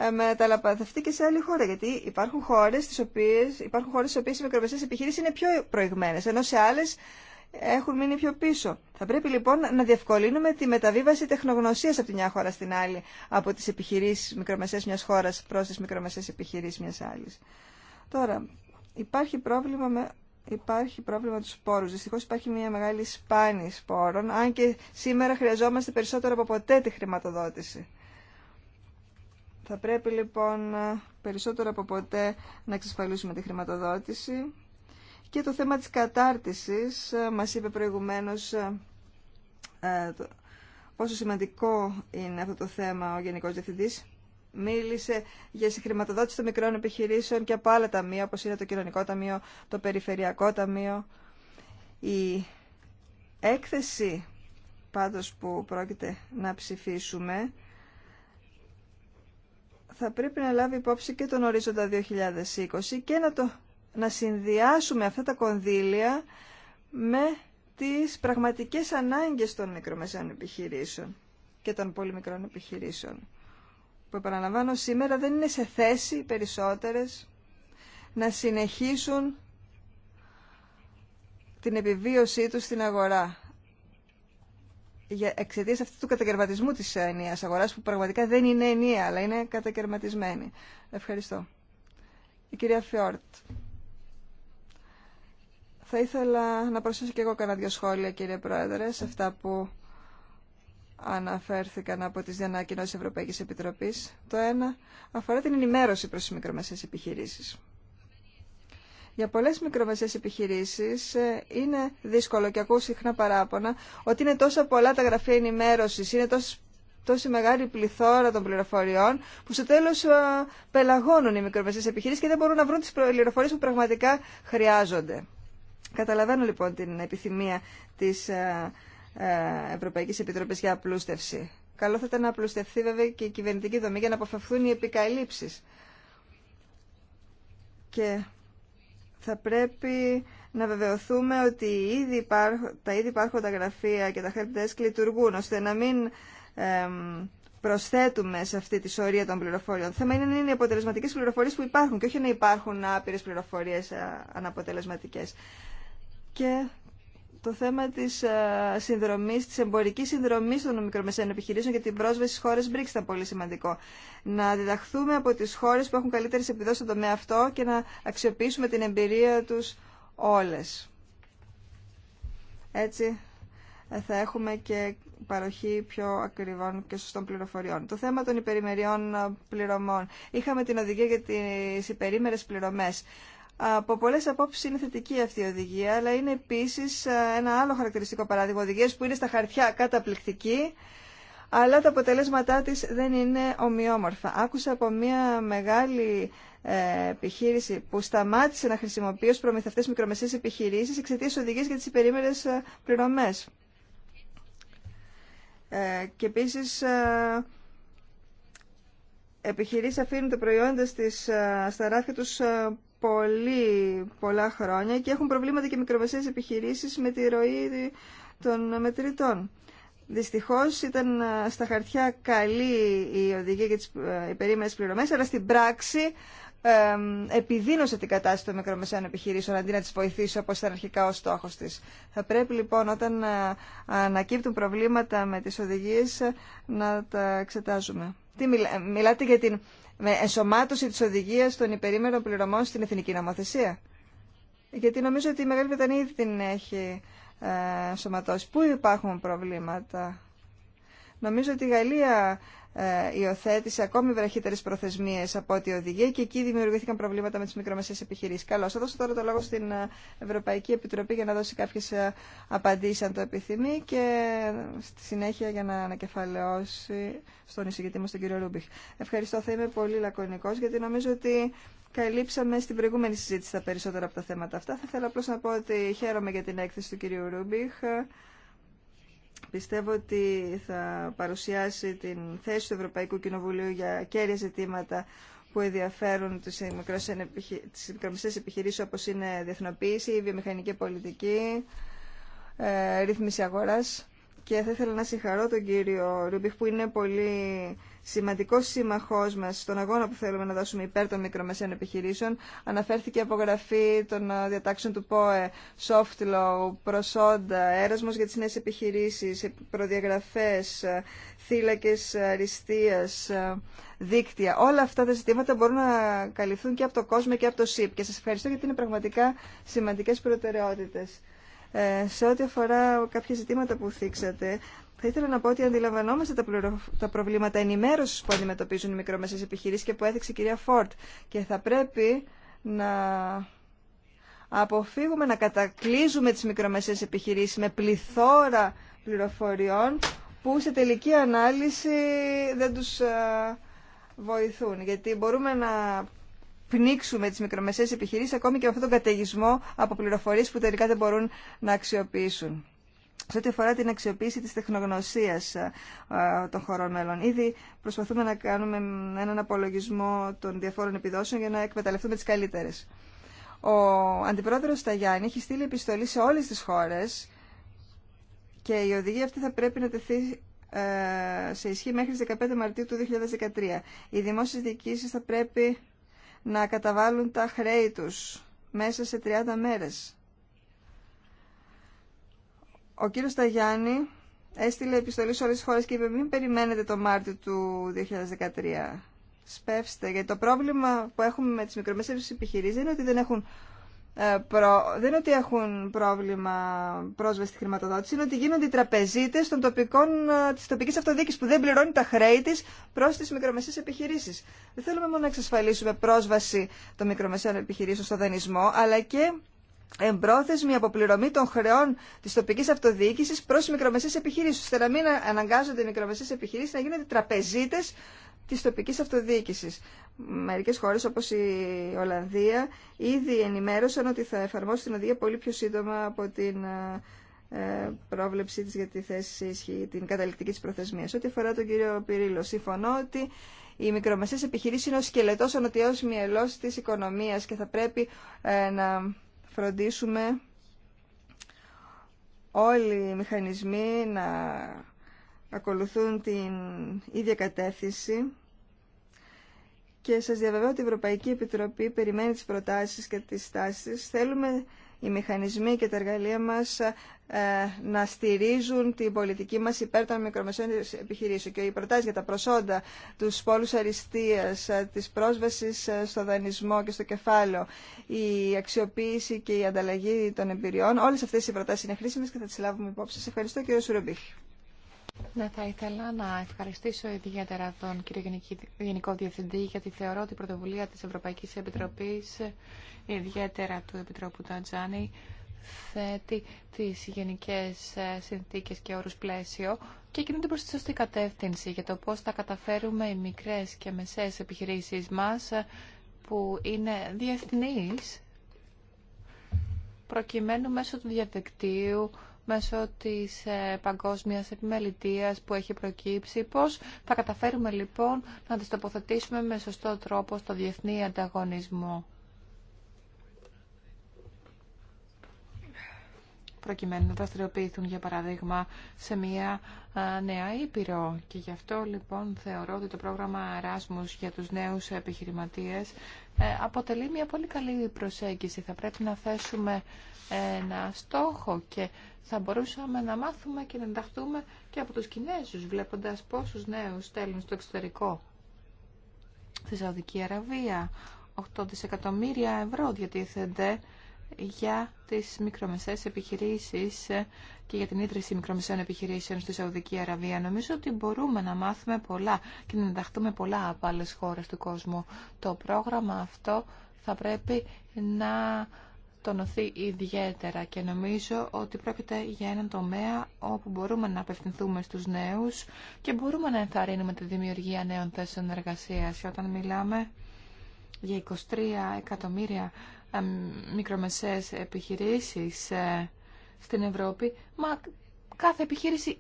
ε, μεταλαπαθευτεί και σε άλλη χώρα. Γιατί υπάρχουν χώρε στις οποίες, οι μικρομεσαίες επιχειρήσει είναι πιο προηγμένε, ενώ σε άλλε έχουν μείνει πιο πίσω. Θα πρέπει λοιπόν να διευκολύνουμε τη μεταβίβαση τεχνογνωσία από τη μια χώρα στην άλλη, από τι επιχειρήσει μικρομεσαίες μια χώρα προ τι μικρομεσαίες επιχειρήσει μια άλλη. Τώρα, υπάρχει πρόβλημα με... Υπάρχει πρόβλημα του σπόρου. Δυστυχώ υπάρχει μια μεγάλη σπάνη σπόρων, αν και σήμερα χρειαζόμαστε περισσότερο από ποτέ τη χρηματοδότηση. Θα πρέπει λοιπόν περισσότερο από ποτέ να εξασφαλίσουμε τη χρηματοδότηση. Και το θέμα της κατάρτισης, ε, μας είπε προηγουμένως ε, ε, πόσο σημαντικό είναι αυτό το θέμα ο Γενικός Διευθυντής. Μίλησε για συγχρηματοδότηση των μικρών επιχειρήσεων και από άλλα ταμεία, όπως είναι το Κοινωνικό Ταμείο, το Περιφερειακό Ταμείο. Η έκθεση πάντως που πρόκειται να ψηφίσουμε θα πρέπει να λάβει υπόψη και τον ορίζοντα 2020 και να, το, να συνδυάσουμε αυτά τα κονδύλια με τις πραγματικές ανάγκες των μικρομεσαίων επιχειρήσεων και των πολύ μικρών επιχειρήσεων που επαναλαμβάνω σήμερα δεν είναι σε θέση περισσότερες να συνεχίσουν την επιβίωσή τους στην αγορά εξαιτία αυτού του κατακαιρματισμού τη ενιαία αγορά, που πραγματικά δεν είναι ενιαία, αλλά είναι κατακαιρματισμένη. Ευχαριστώ. Η κυρία Φιόρτ. Θα ήθελα να προσθέσω και εγώ κανένα δύο σχόλια κύριε Πρόεδρε σε αυτά που αναφέρθηκαν από τις διανακοινώσεις Ευρωπαϊκής Επιτροπής. Το ένα αφορά την ενημέρωση προς τις μικρομεσαίες επιχειρήσεις. Για πολλές μικρομεσαίες επιχειρήσεις ε, είναι δύσκολο και ακούω συχνά παράπονα ότι είναι τόσο πολλά τα γραφεία ενημέρωσης, είναι τόσο τόση μεγάλη πληθώρα των πληροφοριών που στο τέλο ε, πελαγώνουν οι μικρομεσαίες επιχειρήσεις και δεν μπορούν να βρουν τις πληροφορίες που πραγματικά χρειάζονται. Καταλαβαίνω λοιπόν την επιθυμία τη ε, Ευρωπαϊκής Επιτροπής για απλούστευση. Καλό θα ήταν να απλουστευτεί βέβαια και η κυβερνητική δομή για να αποφευθούν οι επικαλύψει θα πρέπει να βεβαιωθούμε ότι ήδη υπάρχ, τα ήδη υπάρχοντα γραφεία και τα helpdesk λειτουργούν, ώστε να μην προσθέτουμε σε αυτή τη σωρία των πληροφοριών. Το θέμα είναι να είναι οι αποτελεσματικέ πληροφορίε που υπάρχουν και όχι να υπάρχουν άπειρε πληροφορίε αναποτελεσματικέ. Και το θέμα της ε, συνδρομής, της εμπορικής συνδρομής των μικρομεσαίων επιχειρήσεων και την πρόσβαση στις χώρες BRICS ήταν πολύ σημαντικό. Να διδαχθούμε από τις χώρες που έχουν καλύτερες επιδόσεις στον τομέα αυτό και να αξιοποιήσουμε την εμπειρία τους όλες. Έτσι ε, θα έχουμε και παροχή πιο ακριβών και σωστών πληροφοριών. Το θέμα των υπερημεριών ε, πληρωμών. Είχαμε την οδηγία για τις υπερήμερες πληρωμές από πολλέ απόψει είναι θετική αυτή η οδηγία, αλλά είναι επίση ε, ένα άλλο χαρακτηριστικό παράδειγμα οδηγία που είναι στα χαρτιά καταπληκτική, αλλά τα αποτελέσματά της δεν είναι ομοιόμορφα. Άκουσα από μια μεγάλη ε, επιχείρηση που σταμάτησε να χρησιμοποιεί ως προμηθευτέ μικρομεσαίες επιχειρήσει εξαιτία οδηγία για τις υπερήμερες ε, πληρωμές. και επίσης επιχειρήσεις αφήνουν τα προϊόντα στις, στα ράφια τους πολύ πολλά χρόνια και έχουν προβλήματα και μικρομεσαίες επιχειρήσεις με τη ροή των μετρητών. Δυστυχώς ήταν ε, στα χαρτιά καλή η οδηγία για τις υπερήμενε ε, πληρωμές, αλλά στην πράξη ε, επιδίνωσε την κατάσταση των μικρομεσαίων επιχειρήσεων αντί να τις βοηθήσει όπως ήταν αρχικά ο στόχος της. Θα πρέπει λοιπόν όταν ανακύπτουν προβλήματα με τις οδηγίες να τα εξετάζουμε. Τι μιλάτε για την με ενσωμάτωση τη οδηγία των υπερήμερων πληρωμών στην εθνική νομοθεσία. Γιατί νομίζω ότι η Μεγάλη Βρετανία ήδη την έχει ε, ενσωματώσει. Πού υπάρχουν προβλήματα. Νομίζω ότι η Γαλλία ε, υιοθέτησε ακόμη βραχύτερε προθεσμίε από ό,τι οδηγεί και εκεί δημιουργήθηκαν προβλήματα με τι μικρομεσαίε επιχειρήσει. Καλώ. Θα δώσω τώρα το λόγο στην ε, Ευρωπαϊκή Επιτροπή για να δώσει κάποιε απαντήσει, αν το επιθυμεί, και ε, στη συνέχεια για να ανακεφαλαιώσει στον εισηγητή μα τον κύριο Ρούμπιχ. Ευχαριστώ. Θα είμαι πολύ λακωνικό, γιατί νομίζω ότι καλύψαμε στην προηγούμενη συζήτηση τα περισσότερα από τα θέματα αυτά. Θα ήθελα απλώ να πω ότι χαίρομαι για την έκθεση του κυρίου Ρούμπιχ. Πιστεύω ότι θα παρουσιάσει την θέση του Ευρωπαϊκού Κοινοβουλίου για κέρια ζητήματα που ενδιαφέρουν τις μικρομεσαίες επιχειρήσεις όπως είναι διεθνοποίηση, βιομηχανική πολιτική, ε, ρύθμιση αγοράς. Και θα ήθελα να συγχαρώ τον κύριο Ρουμπιχ που είναι πολύ σημαντικό σύμμαχός μας στον αγώνα που θέλουμε να δώσουμε υπέρ των μικρομεσαίων επιχειρήσεων. Αναφέρθηκε απογραφή των ε, διατάξεων του ΠΟΕ, soft law, προσόντα, έρασμος για τις νέες επιχειρήσεις, προδιαγραφές, ε, θύλακες αριστείας, ε, δίκτυα. Όλα αυτά τα ζητήματα μπορούν να καλυφθούν και από το κόσμο και από το ΣΥΠ. Και σας ευχαριστώ γιατί είναι πραγματικά σημαντικές προτεραιότητες. Ε, σε ό,τι αφορά κάποια ζητήματα που θίξατε, θα ήθελα να πω ότι αντιλαμβανόμαστε τα, τα προβλήματα ενημέρωση που αντιμετωπίζουν οι μικρομεσαίες επιχειρήσεις και που έθιξε η κυρία Φόρτ. Και θα πρέπει να αποφύγουμε να κατακλείζουμε τις μικρομεσαίες επιχειρήσεις με πληθώρα πληροφοριών που σε τελική ανάλυση δεν τους ε, βοηθούν. Γιατί μπορούμε να πνίξουμε τις μικρομεσαίες επιχειρήσεις ακόμη και με αυτόν τον καταιγισμό από πληροφορίες που τελικά δεν μπορούν να αξιοποιήσουν. Σε ό,τι αφορά την αξιοποίηση της τεχνογνωσίας ε, των χωρών μέλων, ήδη προσπαθούμε να κάνουμε έναν απολογισμό των διαφόρων επιδόσεων για να εκμεταλλευτούμε τις καλύτερες. Ο Αντιπρόεδρος Σταγιάννη έχει στείλει επιστολή σε όλες τις χώρες και η οδηγία αυτή θα πρέπει να τεθεί ε, σε ισχύ μέχρι τις 15 Μαρτίου του 2013. Οι δημόσιες διοικήσεις θα πρέπει να καταβάλουν τα χρέη τους μέσα σε 30 μέρες. Ο κύριος Σταγιάννη έστειλε επιστολή σε όλες τις χώρες και είπε μην περιμένετε το Μάρτιο του 2013. Σπεύστε, γιατί το πρόβλημα που έχουμε με τις μικρομεσαίες επιχειρήσεις είναι ότι δεν έχουν ε, προ... δεν είναι ότι έχουν πρόβλημα πρόσβαση στη χρηματοδότηση, είναι ότι γίνονται οι τραπεζίτες των τοπικών, ε, της τοπικής αυτοδίκης που δεν πληρώνει τα χρέη της προς τις μικρομεσαίες επιχειρήσεις. Δεν θέλουμε μόνο να εξασφαλίσουμε πρόσβαση των μικρομεσαίων επιχειρήσεων στο δανεισμό, αλλά και εμπρόθεσμη αποπληρωμή των χρεών της τοπικής αυτοδιοίκησης προς τι μικρομεσαίες επιχειρήσεις, ώστε να μην αναγκάζονται οι μικρομεσαίες επιχειρήσεις να γίνονται τραπεζίτες της τοπικής αυτοδιοίκησης. Μερικές χώρες όπως η Ολλανδία ήδη ενημέρωσαν ότι θα εφαρμόσουν την οδηγία πολύ πιο σύντομα από την ε, πρόβλεψή της για τη θέση ισχύ, την καταληκτική της προθεσμίας. Ό,τι αφορά τον κύριο Πυρίλο, συμφωνώ ότι οι μικρομεσαίες επιχειρήσεις είναι ο σκελετός, ο μυελός της οικονομίας και θα πρέπει ε, να φροντίσουμε όλοι οι μηχανισμοί να ακολουθούν την ίδια κατεύθυνση και σα διαβεβαιώ ότι η Ευρωπαϊκή Επιτροπή περιμένει τις προτάσεις και τις τάσει. Θέλουμε οι μηχανισμοί και τα εργαλεία μας ε, να στηρίζουν την πολιτική μας υπέρ των μικρομεσαίων επιχειρήσεων και οι προτάσει για τα προσόντα, του πόλου αριστείας, ε, τη πρόσβαση ε, στο δανεισμό και στο κεφάλαιο, η αξιοποίηση και η ανταλλαγή των εμπειριών. Όλε αυτέ οι προτάσει είναι χρήσιμε και θα τι λάβουμε υπόψη. Σας ευχαριστώ κύριε Σουρεμπίχη. Ναι, θα ήθελα να ευχαριστήσω ιδιαίτερα τον κύριο Γενικό Διευθυντή γιατί θεωρώ ότι η πρωτοβουλία της Ευρωπαϊκής Επιτροπής, ιδιαίτερα του Επιτρόπου Τατζάνη, θέτει τις γενικές ε, συνθήκες και όρους πλαίσιο και κινούνται προς τη σωστή κατεύθυνση για το πώς θα καταφέρουμε οι μικρές και μεσαίες επιχειρήσεις μας ε, που είναι διεθνείς προκειμένου μέσω του διαδικτύου μέσω της ε, παγκόσμιας επιμελητίας που έχει προκύψει. Πώς θα καταφέρουμε λοιπόν να τις τοποθετήσουμε με σωστό τρόπο στο διεθνή ανταγωνισμό. προκειμένου να δραστηριοποιηθούν, για παράδειγμα, σε μια νέα ήπειρο. Και γι' αυτό, λοιπόν, θεωρώ ότι το πρόγραμμα Erasmus για τους νέους επιχειρηματίες ε, αποτελεί μια πολύ καλή προσέγγιση. Θα πρέπει να θέσουμε ένα στόχο και θα μπορούσαμε να μάθουμε και να ενταχθούμε και από τους Κινέζους, βλέποντας πόσους νέους στέλνουν στο εξωτερικό. Στη Σαουδική Αραβία, 8 δισεκατομμύρια ευρώ διατίθενται για τις μικρομεσαίες επιχειρήσεις και για την ίδρυση μικρομεσαίων επιχειρήσεων στη Σαουδική Αραβία. Νομίζω ότι μπορούμε να μάθουμε πολλά και να ενταχθούμε πολλά από άλλες χώρες του κόσμου. Το πρόγραμμα αυτό θα πρέπει να τονωθεί ιδιαίτερα και νομίζω ότι πρόκειται για έναν τομέα όπου μπορούμε να απευθυνθούμε στους νέους και μπορούμε να ενθαρρύνουμε τη δημιουργία νέων θέσεων εργασίας. Όταν μιλάμε για 23 εκατομμύρια ε, μικρομεσαίες επιχειρήσεις ε, στην Ευρώπη, μα κάθε επιχείρηση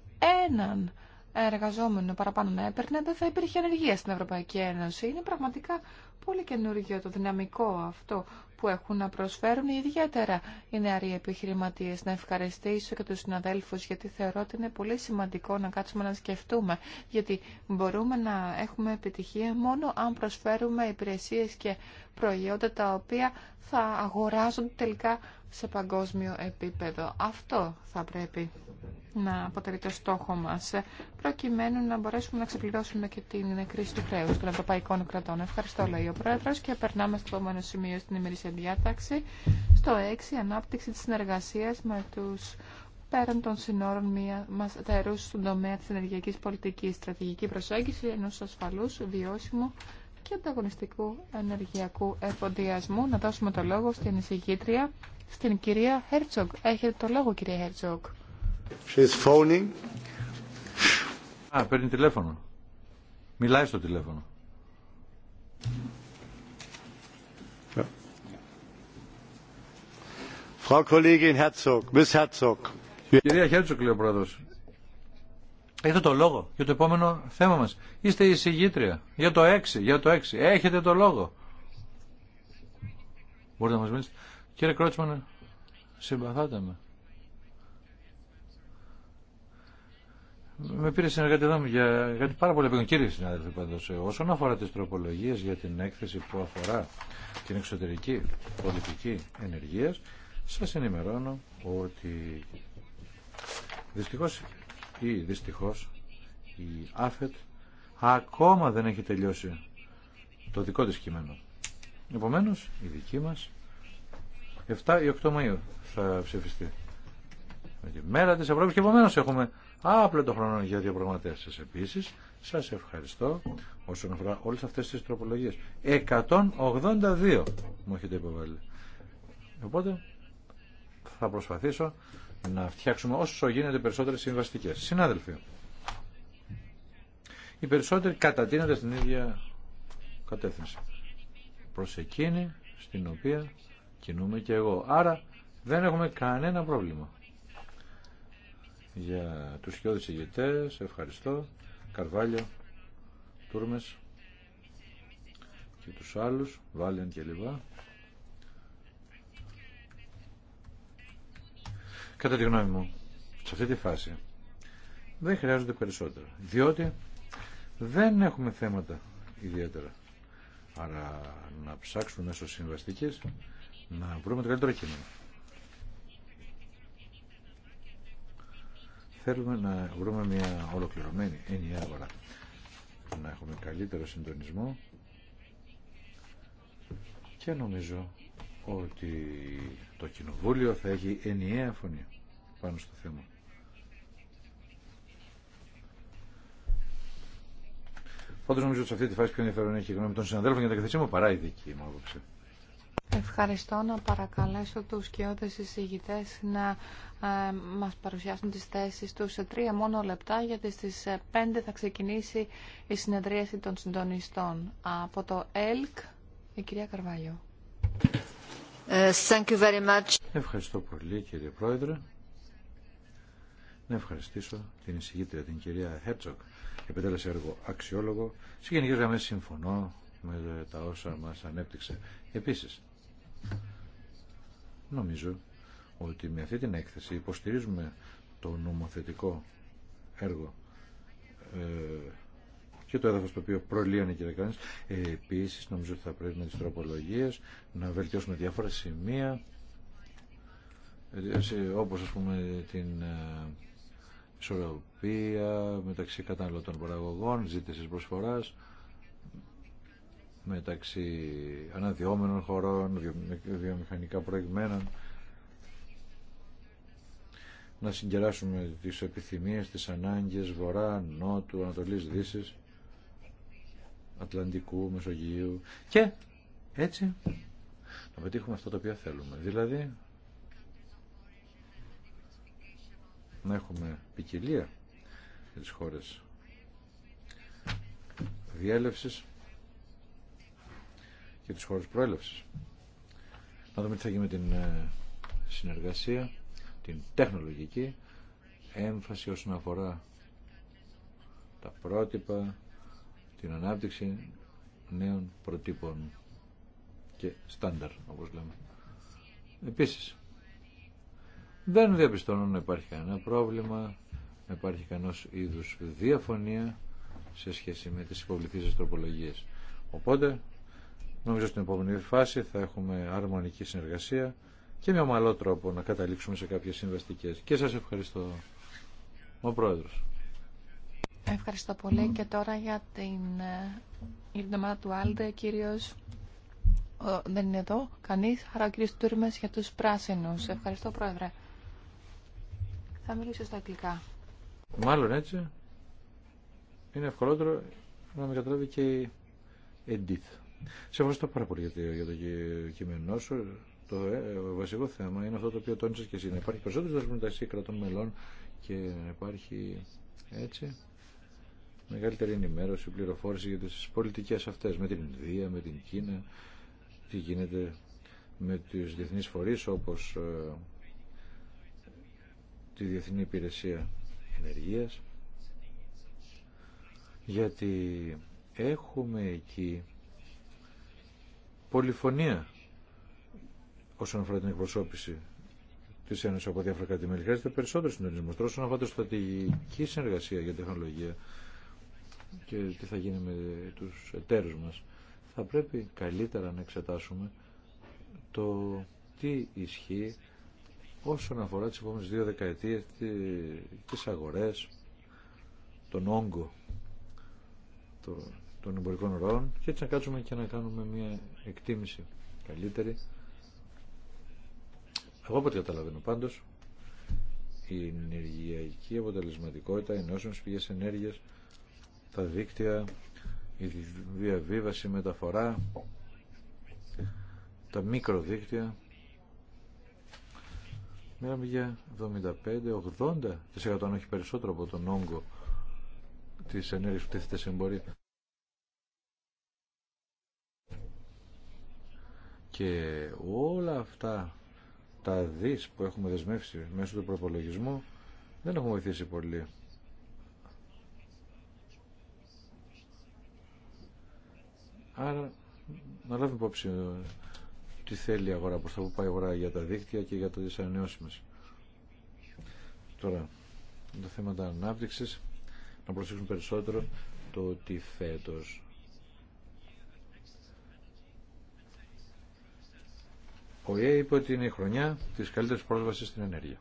έναν εργαζόμενο παραπάνω να έπαιρνε, δεν θα υπήρχε ενεργεία στην Ευρωπαϊκή Ένωση. Είναι πραγματικά πολύ καινούργιο το δυναμικό αυτό που έχουν να προσφέρουν ιδιαίτερα οι νεαροί επιχειρηματίε. Να ευχαριστήσω και του συναδέλφου, γιατί θεωρώ ότι είναι πολύ σημαντικό να κάτσουμε να σκεφτούμε. Γιατί μπορούμε να έχουμε επιτυχία μόνο αν προσφέρουμε υπηρεσίε και προϊόντα τα οποία θα αγοράζονται τελικά σε παγκόσμιο επίπεδο. Αυτό θα πρέπει να αποτελεί το στόχο μα, προκειμένου να μπορέσουμε να ξεπληρώσουμε και την κρίση του χρέου των ευρωπαϊκών κρατών. Ευχαριστώ, λέει ο πρόεδρο και περνάμε στο επόμενο σημείο στην ημερήσια διάταξη, στο 6, ανάπτυξη τη συνεργασία με του πέραν των συνόρων μία μας εταιρούς στον τομέα της ενεργειακής πολιτικής, στρατηγική προσέγγιση ενός ασφαλούς, βιώσιμου και ανταγωνιστικού ενεργειακού εφοδιασμού. Να δώσουμε το λόγο στην εισηγήτρια, στην κυρία Χέρτσογκ. Έχετε το λόγο, κυρία Χέρτσογκ. She's phoning. Α, παίρνει τηλέφωνο. Μιλάει στο τηλέφωνο. Frau Kollegin Herzog, Miss Herzog. Κυρία Χέρτσοκ, λέει ο πρόεδρο. Έχετε το λόγο για το επόμενο θέμα μα. Είστε η συγγήτρια για το 6. Για το 6. Έχετε το λόγο. Μπορείτε να μα μιλήσετε. Κύριε Κρότσμαν, συμπαθάτε με. με πήρε συνεργάτη εδώ για κάτι πάρα πολύ επίγον. Κύριε συνάδελφοι, πάντως, ε, όσον αφορά τις τροπολογίες για την έκθεση που αφορά την εξωτερική πολιτική ενεργείας, σας ενημερώνω ότι δυστυχώς ή δυστυχώς η ΑΦΕΤ ακόμα δεν έχει τελειώσει το δικό της κείμενο. Επομένως, η δική μας 7 ή 8 Μαΐου θα ψηφιστεί. Με τη μέρα της Ευρώπης και επομένως έχουμε το χρόνο για σας επίσης. Σας ευχαριστώ όσον αφορά όλες αυτές τις τροπολογίες. 182 μου έχετε υποβάλει. Οπότε θα προσπαθήσω να φτιάξουμε όσο γίνεται περισσότερες συμβαστικές. Συνάδελφοι, οι περισσότεροι κατατείνονται στην ίδια κατεύθυνση. Προς εκείνη στην οποία κινούμε και εγώ. Άρα δεν έχουμε κανένα πρόβλημα για τους χιώδεις ηγετές. Ευχαριστώ. Καρβάλιο, Τούρμες και τους άλλους, Βάλεν και λοιπά. Κατά τη γνώμη μου, σε αυτή τη φάση δεν χρειάζονται περισσότερα, διότι δεν έχουμε θέματα ιδιαίτερα. Άρα να ψάξουμε μέσω συμβαστικής να βρούμε το καλύτερο κείμενο. θέλουμε να βρούμε μια ολοκληρωμένη ενιαία αγορά. Να έχουμε καλύτερο συντονισμό και νομίζω ότι το Κοινοβούλιο θα έχει ενιαία φωνή πάνω στο θέμα. Πάντως νομίζω ότι σε αυτή τη φάση πιο ενδιαφέρον έχει η γνώμη των συναδέλφων για τα καθεσία μου παρά η δική μου άποψη. Ευχαριστώ να παρακαλέσω τους όντες εισηγητές να ε, μας παρουσιάσουν τις θέσεις τους σε τρία μόνο λεπτά γιατί στις ε, πέντε θα ξεκινήσει η συνεδρίαση των συντονιστών. Από το ΕΛΚ, η κυρία Καρβάλιο. Ε, thank you very much. Ευχαριστώ πολύ κύριε Πρόεδρε. Να ευχαριστήσω την εισηγήτρια την κυρία Χέρτσοκ. Επιτέλεσε έργο αξιόλογο. Συγενικές συμφωνώ με τα όσα μας ανέπτυξε. Επίσης, Νομίζω ότι με αυτή την έκθεση υποστηρίζουμε το νομοθετικό έργο ε, και το έδαφος το οποίο προλύωνε κύριε Κάνης. Ε, νομίζω ότι θα πρέπει με τις τροπολογίες να βελτιώσουμε διάφορα σημεία όπω ε, όπως ας πούμε την ε, ισορροπία μεταξύ καταναλωτών παραγωγών, ζήτησης προσφοράς μεταξύ αναδυόμενων χωρών, βιομηχανικά προηγμένων, να συγκεράσουμε τις επιθυμίες, τις ανάγκες Βορρά, Νότου, Ανατολής, Δύσης, Ατλαντικού, Μεσογείου και έτσι να πετύχουμε αυτό το οποίο θέλουμε. Δηλαδή να έχουμε ποικιλία για τις χώρες διέλευσης και τις χώρες προέλευσης. Να δούμε τι θα γίνει με την ε, συνεργασία, την τεχνολογική έμφαση όσον αφορά τα πρότυπα, την ανάπτυξη νέων προτύπων και στάνταρ, όπως λέμε. Επίσης, δεν διαπιστώνω να υπάρχει κανένα πρόβλημα, να υπάρχει κανός είδους διαφωνία σε σχέση με τις υποβληθήσεις τροπολογίες. Οπότε, Νομίζω στην επόμενη φάση θα έχουμε αρμονική συνεργασία και με ομαλό τρόπο να καταλήξουμε σε κάποιες συμβαστικές. Και σας ευχαριστώ, ο Πρόεδρος. Ευχαριστώ πολύ και τώρα για την εβδομάδα του Άλντε, κύριος δεν είναι εδώ κανείς, αλλά ο κύριος Τούρμες για τους πράσινους. Ευχαριστώ, Πρόεδρε. Θα μιλήσω στα αγγλικά. Μάλλον έτσι είναι ευκολότερο να με καταλάβει και η Edith. Σε ευχαριστώ πάρα πολύ για το κείμενό σου. Το ε, βασικό θέμα είναι αυτό το οποίο τόνισε και εσύ. Να υπάρχει περισσότερο κρατών μελών και να υπάρχει έτσι μεγαλύτερη ενημέρωση, πληροφόρηση για τις πολιτικές αυτές με την Ινδία, με την Κίνα, τι γίνεται με τις διεθνείς φορείς όπως ε, τη Διεθνή Υπηρεσία Ενεργείας γιατί έχουμε εκεί πολυφωνία όσον αφορά την εκπροσώπηση τη Ένωση από διάφορα Χρειάζεται περισσότερο συντονισμό. Τώρα, όσον αφορά τη στρατηγική συνεργασία για τεχνολογία και τι θα γίνει με του εταίρου μα, θα πρέπει καλύτερα να εξετάσουμε το τι ισχύει όσον αφορά τις επόμενες δύο δεκαετίες τις αγορές, τον όγκο των εμπορικών ροών και έτσι να κάτσουμε και να κάνουμε μια εκτίμηση καλύτερη. Εγώ από ό,τι καταλαβαίνω πάντως η ενεργειακή αποτελεσματικότητα, οι νόσιμες πηγές ενέργειας, τα δίκτυα, η διαβίβαση, η μεταφορά, τα μικροδίκτυα. Μιλάμε για 75-80% αν όχι περισσότερο από τον όγκο της ενέργειας που τίθεται σε εμπορία. και όλα αυτά τα δις που έχουμε δεσμεύσει μέσω του προπολογισμού δεν έχουν βοηθήσει πολύ. Άρα να λάβουμε υπόψη τι θέλει η αγορά, πώς θα πάει η αγορά για τα δίκτυα και για τις μας. Τώρα, τα θέματα ανάπτυξης, να προσέξουμε περισσότερο το ότι φέτος Ο ΕΕ είπε ότι είναι η χρονιά τη καλύτερη πρόσβαση στην ενέργεια.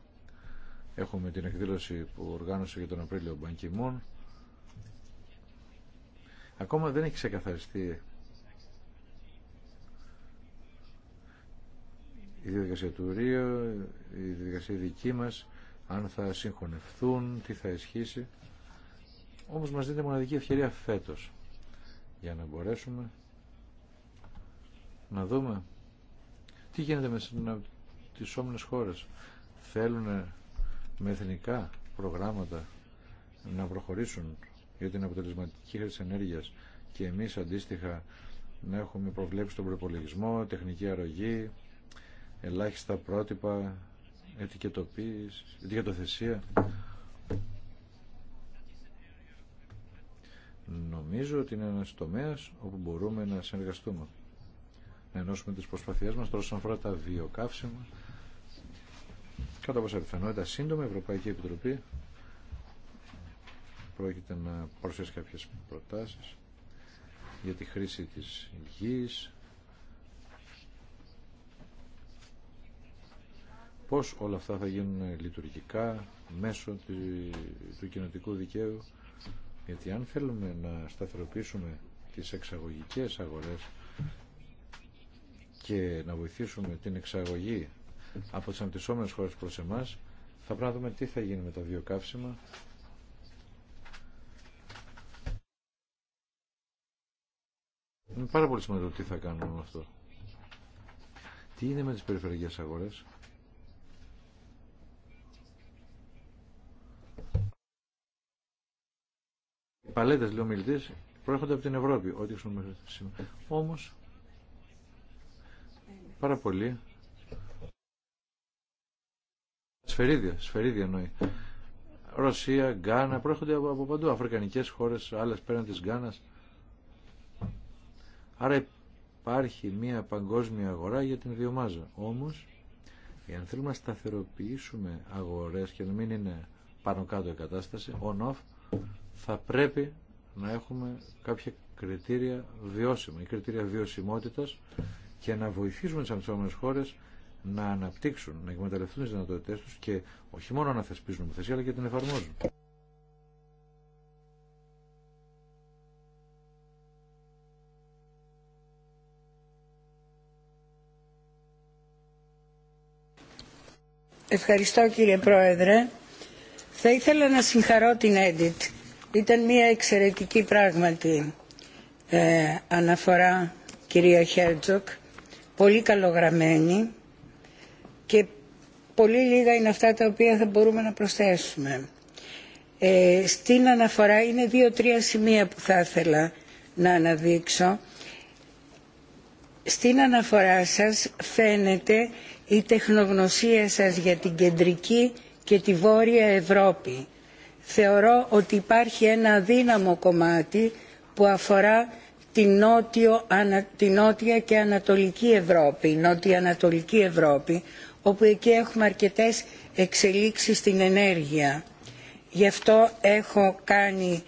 Έχουμε την εκδήλωση που οργάνωσε για τον Απρίλιο ο Μπανκιμών. Ακόμα δεν έχει ξεκαθαριστεί η διαδικασία του Ρίο, η διαδικασία δική μας, αν θα συγχωνευτούν, τι θα ισχύσει. Όμως μας δίνεται μοναδική ευκαιρία φέτος για να μπορέσουμε να δούμε τι γίνεται με τις αναπτυσσόμενες χώρες. Θέλουν με εθνικά προγράμματα να προχωρήσουν για την αποτελεσματική χρήση ενέργειας και εμείς αντίστοιχα να έχουμε προβλέψει τον προπολογισμό, τεχνική αρρωγή, ελάχιστα πρότυπα, ετικετοποίηση, ετικετοθεσία. Νομίζω ότι είναι ένας τομέας όπου μπορούμε να συνεργαστούμε να ενώσουμε τις προσπαθειές μας τώρα σαν φορά τα βιοκαύσιμα. Κατά πάσα πιθανότητα σύντομα η Ευρωπαϊκή Επιτροπή πρόκειται να παρουσιάσει κάποιες προτάσεις για τη χρήση της γης, πώς όλα αυτά θα γίνουν λειτουργικά μέσω του κοινοτικού δικαίου γιατί αν θέλουμε να σταθεροποιήσουμε τις εξαγωγικές αγορές και να βοηθήσουμε την εξαγωγή από τι αντισώμενε χώρε προς εμάς, θα πρέπει να δούμε τι θα γίνει με τα βιοκαύσιμα. Είναι πάρα πολύ σημαντικό τι θα κάνουμε με αυτό. Τι είναι με τις περιφερειακές αγορές. Οι παλέτες, λέει ο μιλητής, προέρχονται από την Ευρώπη, ό,τι έχουμε σήμερα. Όμως, πάρα πολύ. Σφαιρίδια, σφαιρίδια εννοεί. Ρωσία, Γκάνα, προέρχονται από, από παντού. Αφρικανικές χώρες, άλλε πέραν τη Γκάνας. Άρα υπάρχει μια παγκόσμια αγορά για την βιομάζα. Όμως, εάν θέλουμε να σταθεροποιήσουμε αγορές και να μην είναι πάνω κάτω η κατάσταση, on-off, θα πρέπει να έχουμε κάποια κριτήρια βιώσιμα ή κριτήρια βιωσιμότητας και να βοηθήσουμε τι ανθρώπινε χώρες να αναπτύξουν, να εκμεταλλευτούν τι δυνατότητέ του και όχι μόνο να θεσπίζουν νομοθεσία αλλά και την εφαρμόζουν. Ευχαριστώ κύριε Πρόεδρε. Θα ήθελα να συγχαρώ την Edit. Ήταν μια εξαιρετική πράγματι ε, αναφορά κυρία Χέρτζοκ πολύ καλογραμμένη και πολύ λίγα είναι αυτά τα οποία θα μπορούμε να προσθέσουμε. Ε, στην αναφορά είναι δύο-τρία σημεία που θα ήθελα να αναδείξω. Στην αναφορά σας φαίνεται η τεχνογνωσία σας για την κεντρική και τη βόρεια Ευρώπη. Θεωρώ ότι υπάρχει ένα δύναμο κομμάτι που αφορά την, νότιο, την νότια και ανατολική Ευρώπη, νότια-ανατολική Ευρώπη, όπου εκεί έχουμε αρκετές εξελίξεις στην ενέργεια. Γι' αυτό έχω κάνει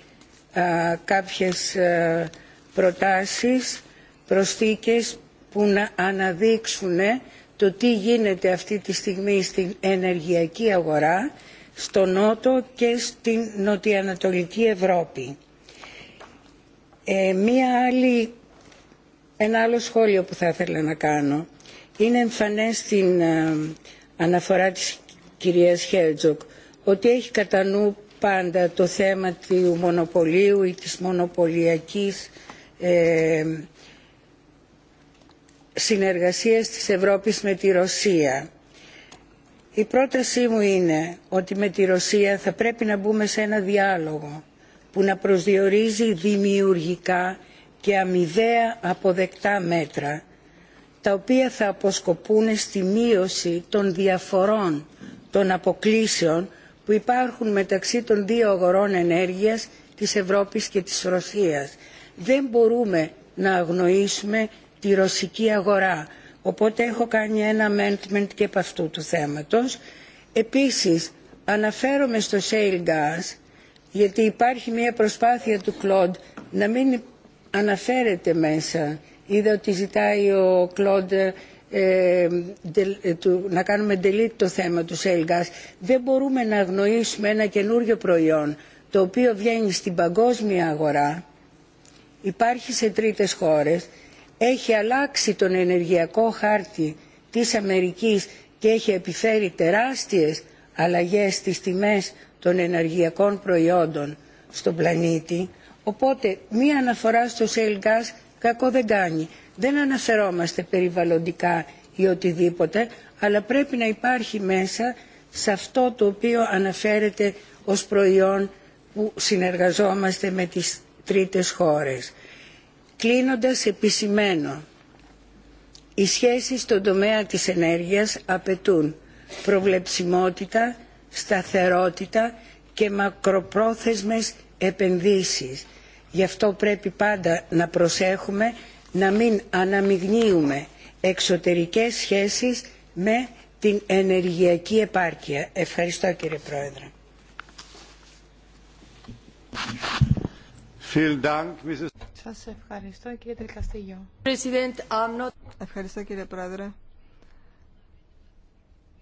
α, κάποιες ε, προτάσεις, προσθήκες που να αναδείξουν ε, το τι γίνεται αυτή τη στιγμή στην ενεργειακή αγορά, στο Νότο και στην Νοτιοανατολική Ευρώπη. Ε, μία άλλη, ένα άλλο σχόλιο που θα ήθελα να κάνω είναι εμφανές στην ε, αναφορά της κυρίας Χέρτζοκ ότι έχει κατά νου πάντα το θέμα του μονοπωλίου ή της μονοπωλιακής ε, συνεργασίας της Ευρώπης με τη Ρωσία. Η πρότασή μου είναι ότι με τη Ρωσία θα πρέπει να μπούμε σε ένα διάλογο που να προσδιορίζει δημιουργικά και αμοιβαία αποδεκτά μέτρα τα οποία θα αποσκοπούν στη μείωση των διαφορών των αποκλήσεων που υπάρχουν μεταξύ των δύο αγορών ενέργειας της Ευρώπης και της Ρωσίας. Δεν μπορούμε να αγνοήσουμε τη ρωσική αγορά. Οπότε έχω κάνει ένα amendment και από αυτού του θέματος. Επίσης αναφέρομαι στο shale gas γιατί υπάρχει μια προσπάθεια του Κλοντ να μην αναφέρεται μέσα. Είδα ότι ζητάει ο Κλοντ ε, ε, να κάνουμε delete το θέμα του shale Δεν μπορούμε να αγνοήσουμε ένα καινούριο προϊόν το οποίο βγαίνει στην παγκόσμια αγορά, υπάρχει σε τρίτες χώρες, έχει αλλάξει τον ενεργειακό χάρτη της Αμερικής και έχει επιφέρει τεράστιες αλλαγές στις τιμές των ενεργειακών προϊόντων στον πλανήτη οπότε μία αναφορά στο shale gas κακό δεν κάνει. Δεν αναφερόμαστε περιβαλλοντικά ή οτιδήποτε αλλά πρέπει να υπάρχει μέσα σε αυτό το οποίο αναφέρεται ως προϊόν που συνεργαζόμαστε με τις τρίτες χώρες. Κλείνοντας επισημένο, οι σχέσεις στον τομέα της ενέργειας απαιτούν προβλεψιμότητα, σταθερότητα και μακροπρόθεσμες επενδύσεις. Γι' αυτό πρέπει πάντα να προσέχουμε να μην αναμειγνύουμε εξωτερικές σχέσεις με την ενεργειακή επάρκεια. Ευχαριστώ κύριε Πρόεδρε. Σας ευχαριστώ κύριε Τρικαστήγιο. Ευχαριστώ κύριε Πρόεδρε.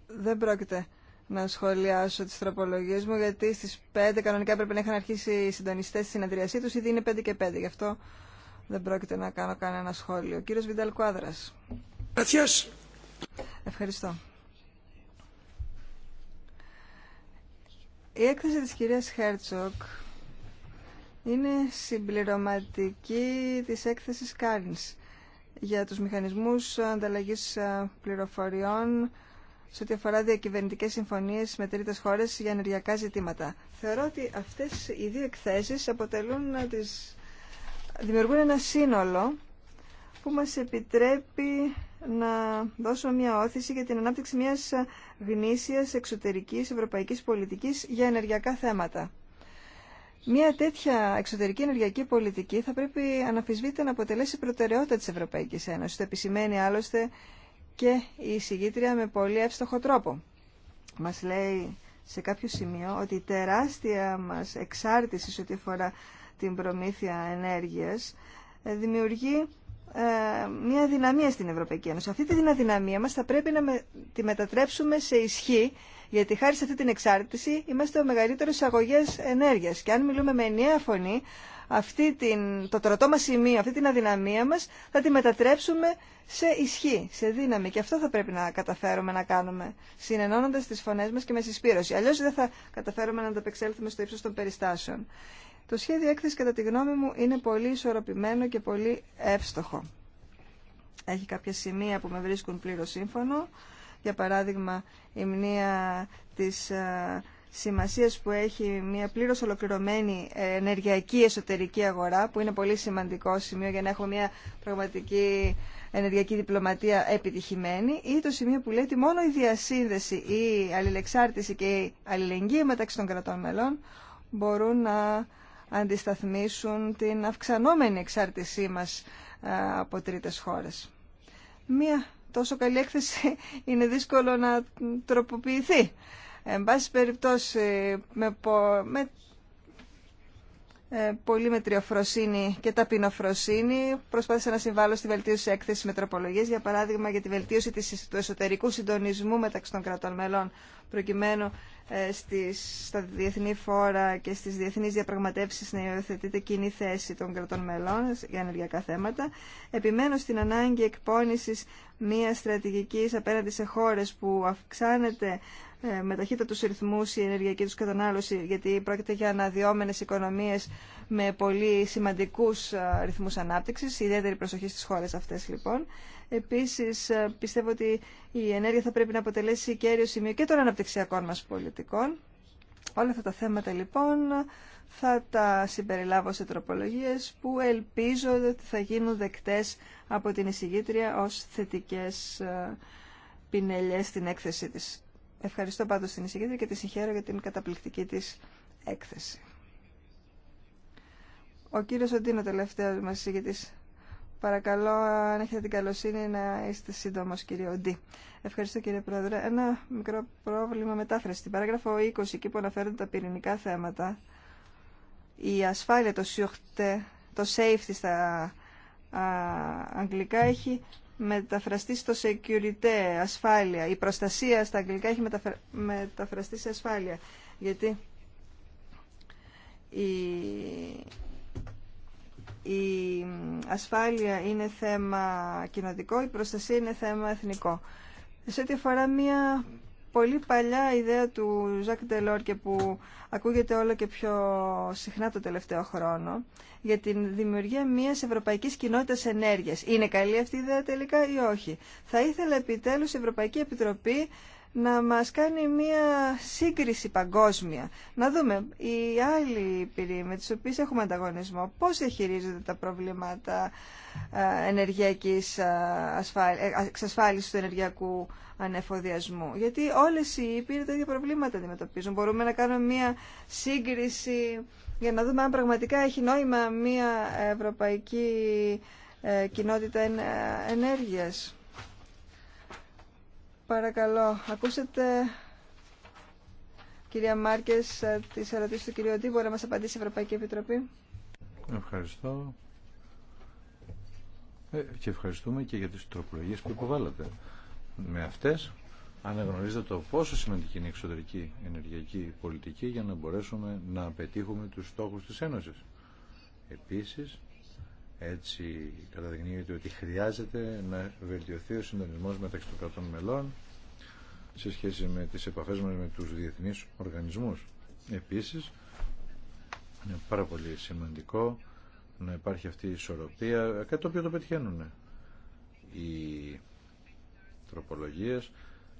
Δεν πρόκειται να σχολιάσω τις τροπολογίες μου, γιατί στις 5 κανονικά πρέπει να είχαν αρχίσει οι συντονιστές στη συνεδριασή τους, ήδη είναι 5 και 5, γι' αυτό δεν πρόκειται να κάνω κανένα σχόλιο. Κύριος Βινταλ Κουάδρας. Ευχαριστώ. Η έκθεση της κυρίας Χέρτσοκ είναι συμπληρωματική της έκθεσης Κάρνς για τους μηχανισμούς ανταλλαγής ε, πληροφοριών σε ό,τι αφορά διακυβερνητικέ συμφωνίε με τρίτε χώρε για ενεργειακά ζητήματα. Θεωρώ ότι αυτέ οι δύο εκθέσει αποτελούν ε, τις... δημιουργούν ένα σύνολο που μας επιτρέπει να δώσουμε μια όθηση για την ανάπτυξη μιας γνήσιας εξωτερικής ευρωπαϊκής πολιτικής για ενεργειακά θέματα. Μια τέτοια εξωτερική ενεργειακή πολιτική θα πρέπει αναφυσβήτητα να αποτελέσει προτεραιότητα της Ευρωπαϊκής Ένωσης. Το επισημαίνει άλλωστε και η εισηγήτρια με πολύ εύστοχο τρόπο. Μας λέει σε κάποιο σημείο ότι η τεράστια μας εξάρτηση σε ό,τι αφορά την προμήθεια ενέργειας ε, δημιουργεί ε, μια δυναμία στην Ευρωπαϊκή Ένωση. Αυτή την δυναμία μας θα πρέπει να τη μετατρέψουμε σε ισχύ, γιατί χάρη σε αυτή την εξάρτηση είμαστε ο μεγαλύτερος αγωγές ενέργειας. Και αν μιλούμε με ενιαία φωνή, αυτή την, το τρωτό μας σημείο, αυτή την αδυναμία μας θα τη μετατρέψουμε σε ισχύ, σε δύναμη. Και αυτό θα πρέπει να καταφέρουμε να κάνουμε, συνενώνοντας τις φωνές μας και με συσπήρωση. Αλλιώς δεν θα καταφέρουμε να ανταπεξέλθουμε στο ύψος των περιστάσεων. Το σχέδιο έκθεση κατά τη γνώμη μου είναι πολύ ισορροπημένο και πολύ εύστοχο. Έχει κάποια σημεία που με βρίσκουν πλήρως σύμφωνο. Για παράδειγμα, η μνήα της ε, σημασίας που έχει μια πλήρως ολοκληρωμένη ενεργειακή εσωτερική αγορά, που είναι πολύ σημαντικό σημείο για να έχουμε μια πραγματική ενεργειακή διπλωματία επιτυχημένη, ή το σημείο που λέει ότι μόνο η διασύνδεση, η αλληλεξάρτηση η και η αλληλεγγύη μεταξύ των κρατών μελών μπορούν να αντισταθμίσουν την αυξανόμενη εξάρτησή μας από τρίτες χώρες. Μία τόσο καλή έκθεση (laughs) είναι δύσκολο να τροποποιηθεί. Εν πάση περιπτώσει, με, με ε, πολύ μετριοφροσύνη και ταπεινοφροσύνη προσπάθησα να συμβάλλω στη βελτίωση έκθεση μετροπολογία, για παράδειγμα για τη βελτίωση της, του εσωτερικού συντονισμού μεταξύ των κρατών μελών προκειμένου ε, στις, στα διεθνή φόρα και στις διεθνείς διαπραγματεύσεις να υιοθετείται κοινή θέση των κρατών μελών για ενεργειακά θέματα. Επιμένω στην ανάγκη εκπόνησης μιας στρατηγικής απέναντι σε χώρες που αυξάνεται ε, με ταχύτητα ρυθμούς η ενεργειακή του κατανάλωση γιατί πρόκειται για αναδυόμενες οικονομίες με πολύ σημαντικούς ε, ρυθμούς ανάπτυξης ιδιαίτερη προσοχή στις χώρες αυτές λοιπόν Επίσης, ε, πιστεύω ότι η ενέργεια θα πρέπει να αποτελέσει κέριο σημείο και των αναπτυξιακών μα πολιτικών. Όλα αυτά τα θέματα λοιπόν θα τα συμπεριλάβω σε τροπολογίες που ελπίζω ότι θα γίνουν δεκτές από την εισηγήτρια ως θετικές ε, πινελιές στην έκθεσή της. Ευχαριστώ πάντως την εισηγήτρια και τη συγχαίρω για την καταπληκτική της έκθεση. Ο κύριος Παρακαλώ, αν έχετε την καλοσύνη, να είστε σύντομο, κύριε Οντή. Ευχαριστώ, κύριε Πρόεδρε. Ένα μικρό πρόβλημα μετάφραση. Στην παράγραφο 20, εκεί που αναφέρονται τα πυρηνικά θέματα, η ασφάλεια, το σιωχτέ, το safety στα αγγλικά έχει μεταφραστεί στο security, ασφάλεια. Η προστασία στα αγγλικά έχει μεταφραστεί σε ασφάλεια. Γιατί η η ασφάλεια είναι θέμα κοινοτικό, η προστασία είναι θέμα εθνικό. Σε ό,τι αφορά μια πολύ παλιά ιδέα του Ζακ τελόρ και που ακούγεται όλο και πιο συχνά το τελευταίο χρόνο για την δημιουργία μιας Ευρωπαϊκής Κοινότητας Ενέργειας. Είναι καλή αυτή η ιδέα τελικά ή όχι. Θα ήθελα επιτέλους η Ευρωπαϊκή Επιτροπή να μας κάνει μία σύγκριση παγκόσμια. Να δούμε οι άλλοι πυροί με τις οποίες έχουμε ανταγωνισμό, πώς διαχειρίζονται τα προβλήματα ε, ενεργειακής ε, ε, εξασφάλισης του ενεργειακού ανεφοδιασμού. Γιατί όλες οι πυροί τα ίδια προβλήματα αντιμετωπίζουν. Μπορούμε να κάνουμε μία σύγκριση για να δούμε αν πραγματικά έχει νόημα μία ευρωπαϊκή κοινότητα ενέργειας. Παρακαλώ, ακούσατε κυρία Μάρκες τις ερωτήσεις του κυρίου Οντή. Μπορεί να μας απαντήσει η Ευρωπαϊκή Επιτροπή. Ευχαριστώ. Ε, και ευχαριστούμε και για τις τροπολογίες που υποβάλλατε. Με αυτές αναγνωρίζετε το πόσο σημαντική είναι η εξωτερική ενεργειακή πολιτική για να μπορέσουμε να πετύχουμε τους στόχους της Ένωσης. Επίσης, έτσι καταδεικνύεται ότι χρειάζεται να βελτιωθεί ο συντονισμός μεταξύ των κρατών μελών σε σχέση με τις επαφές μας με τους διεθνείς οργανισμούς. Επίσης, είναι πάρα πολύ σημαντικό να υπάρχει αυτή η ισορροπία, κάτι το οποίο το πετυχαίνουν οι τροπολογίες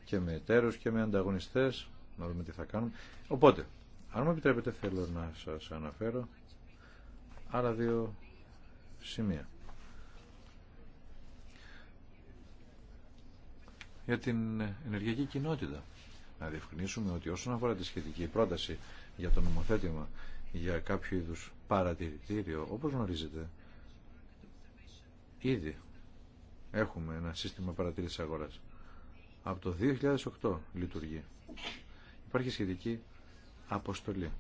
και με εταίρους και με ανταγωνιστές, να δούμε τι θα κάνουν. Οπότε, αν μου επιτρέπετε θέλω να σας αναφέρω άλλα δύο σημεία. Για την ενεργειακή κοινότητα. Να διευκρινίσουμε ότι όσον αφορά τη σχετική πρόταση για το νομοθέτημα για κάποιο είδους παρατηρητήριο, όπως γνωρίζετε, ήδη έχουμε ένα σύστημα παρατήρησης αγοράς. Από το 2008 λειτουργεί. Υπάρχει σχετική αποστολή.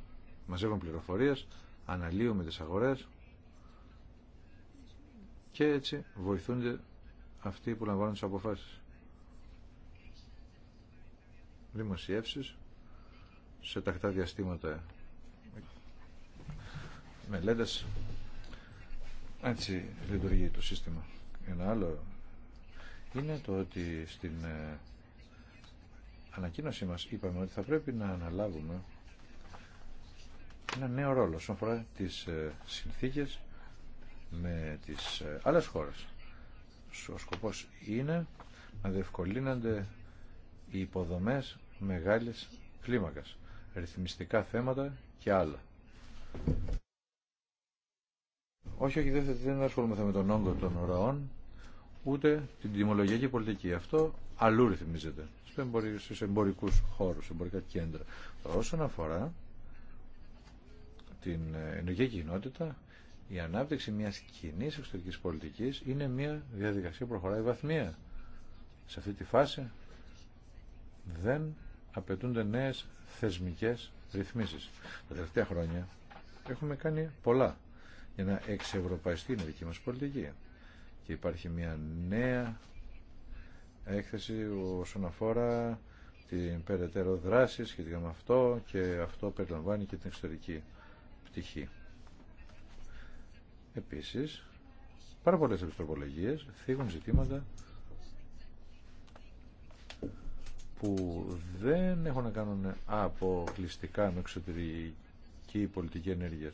Μαζεύουμε πληροφορίες, αναλύουμε τις αγορές, και έτσι βοηθούνται αυτοί που λαμβάνουν τις αποφάσεις. Δημοσιεύσεις σε τακτά διαστήματα μελέτες έτσι λειτουργεί το σύστημα. Ένα άλλο είναι το ότι στην ε, ανακοίνωσή μας είπαμε ότι θα πρέπει να αναλάβουμε ένα νέο ρόλο όσον αφορά τις ε, συνθήκες με τις ε, άλλες χώρες. Ο σκοπός είναι να διευκολύνονται οι υποδομές μεγάλης κλίμακας, ρυθμιστικά θέματα και άλλα. Όχι, όχι, δεν ασχολούμαστε με τον όγκο των ροών, ούτε την τιμολογιακή πολιτική. Αυτό αλλού ρυθμίζεται, στους εμπορικούς χώρους, εμπορικά κέντρα. Όσον αφορά την ε, ενεργειακή κοινότητα, η ανάπτυξη μιας κοινή εξωτερικής πολιτικής είναι μια διαδικασία που προχωράει βαθμία. Σε αυτή τη φάση δεν απαιτούνται νέες θεσμικές ρυθμίσεις. Τα τελευταία χρόνια έχουμε κάνει πολλά για να εξευρωπαϊστεί η δική μας πολιτική. Και υπάρχει μια νέα έκθεση όσον αφορά την περαιτέρω δράση σχετικά με αυτό και αυτό περιλαμβάνει και την εξωτερική πτυχή. Επίσης, πάρα πολλές επιστροπολογίες θίγουν ζητήματα που δεν έχουν να κάνουν αποκλειστικά με εξωτερική πολιτική ενέργεια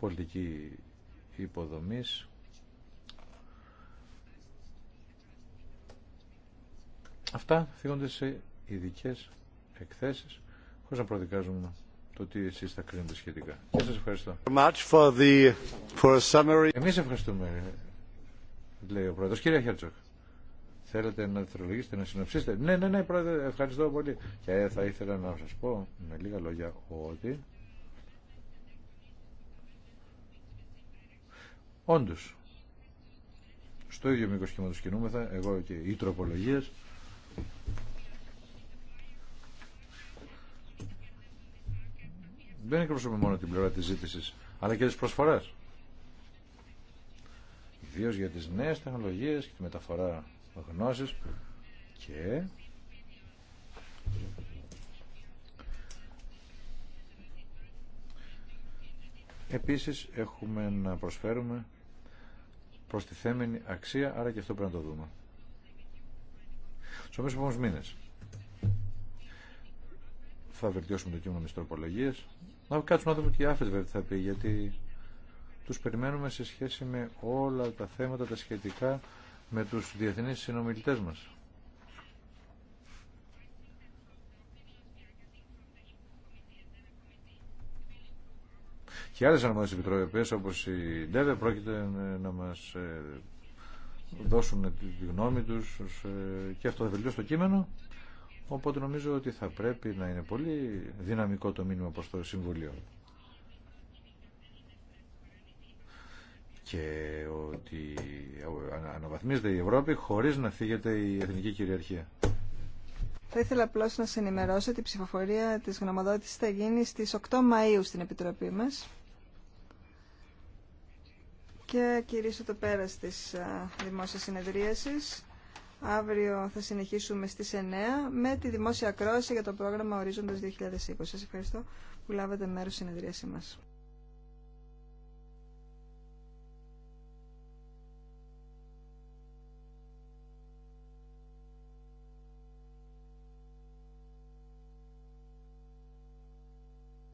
πολιτική υποδομής, Αυτά θίγονται σε ειδικέ εκθέσεις, χωρίς να προδικάζουμε το ότι εσεί θα κρίνετε σχετικά. Και σας ευχαριστώ. For the, for summary. Εμείς ευχαριστούμε, λέει ο Πρόεδρος. Κύριε Χέρτσοκ, θέλετε να δευτερολογήσετε, να συνοψίσετε. Ναι, ναι, ναι, Πρόεδρε, ευχαριστώ πολύ. Και θα ήθελα να σας πω με λίγα λόγια ότι... Όντω. στο ίδιο μήκο κύματος κινούμεθα, εγώ και οι τροπολογίε. δεν εκπροσωπεί μόνο την πλευρά της ζήτησης, αλλά και της προσφοράς. Ιδίως για τις νέες τεχνολογίες και τη μεταφορά γνώσης και Επίσης έχουμε να προσφέρουμε προστιθέμενη αξία, άρα και αυτό πρέπει να το δούμε. Στους επόμενους μήνες θα βελτιώσουμε το κείμενο με τροπολογίε. Να κάτσουμε να δούμε τι βέβαια θα πει, γιατί τους περιμένουμε σε σχέση με όλα τα θέματα τα σχετικά με τους διεθνείς συνομιλητέ μας. Και άλλες αρμόδιες επιτροπέ όπως η ΝΤΕΒΕ πρόκειται να μας ε, δώσουν τη γνώμη τους ε, και αυτό θα βελτιώσει το κείμενο. Οπότε νομίζω ότι θα πρέπει να είναι πολύ δυναμικό το μήνυμα προς το Συμβουλίο. Και ότι αναβαθμίζεται η Ευρώπη χωρίς να φύγεται η εθνική κυριαρχία. Θα ήθελα απλώ να σα ενημερώσω ότι η ψηφοφορία της γνωμοδότησης θα γίνει στις 8 Μαΐου στην Επιτροπή μας Και κυρίως το πέρα τη δημόσια συνεδρίασης Αύριο θα συνεχίσουμε στις 9 με τη δημόσια κρόση για το πρόγραμμα Ορίζοντας 2020. Σας ευχαριστώ που λάβατε μέρος στην συνεδρίαση μας.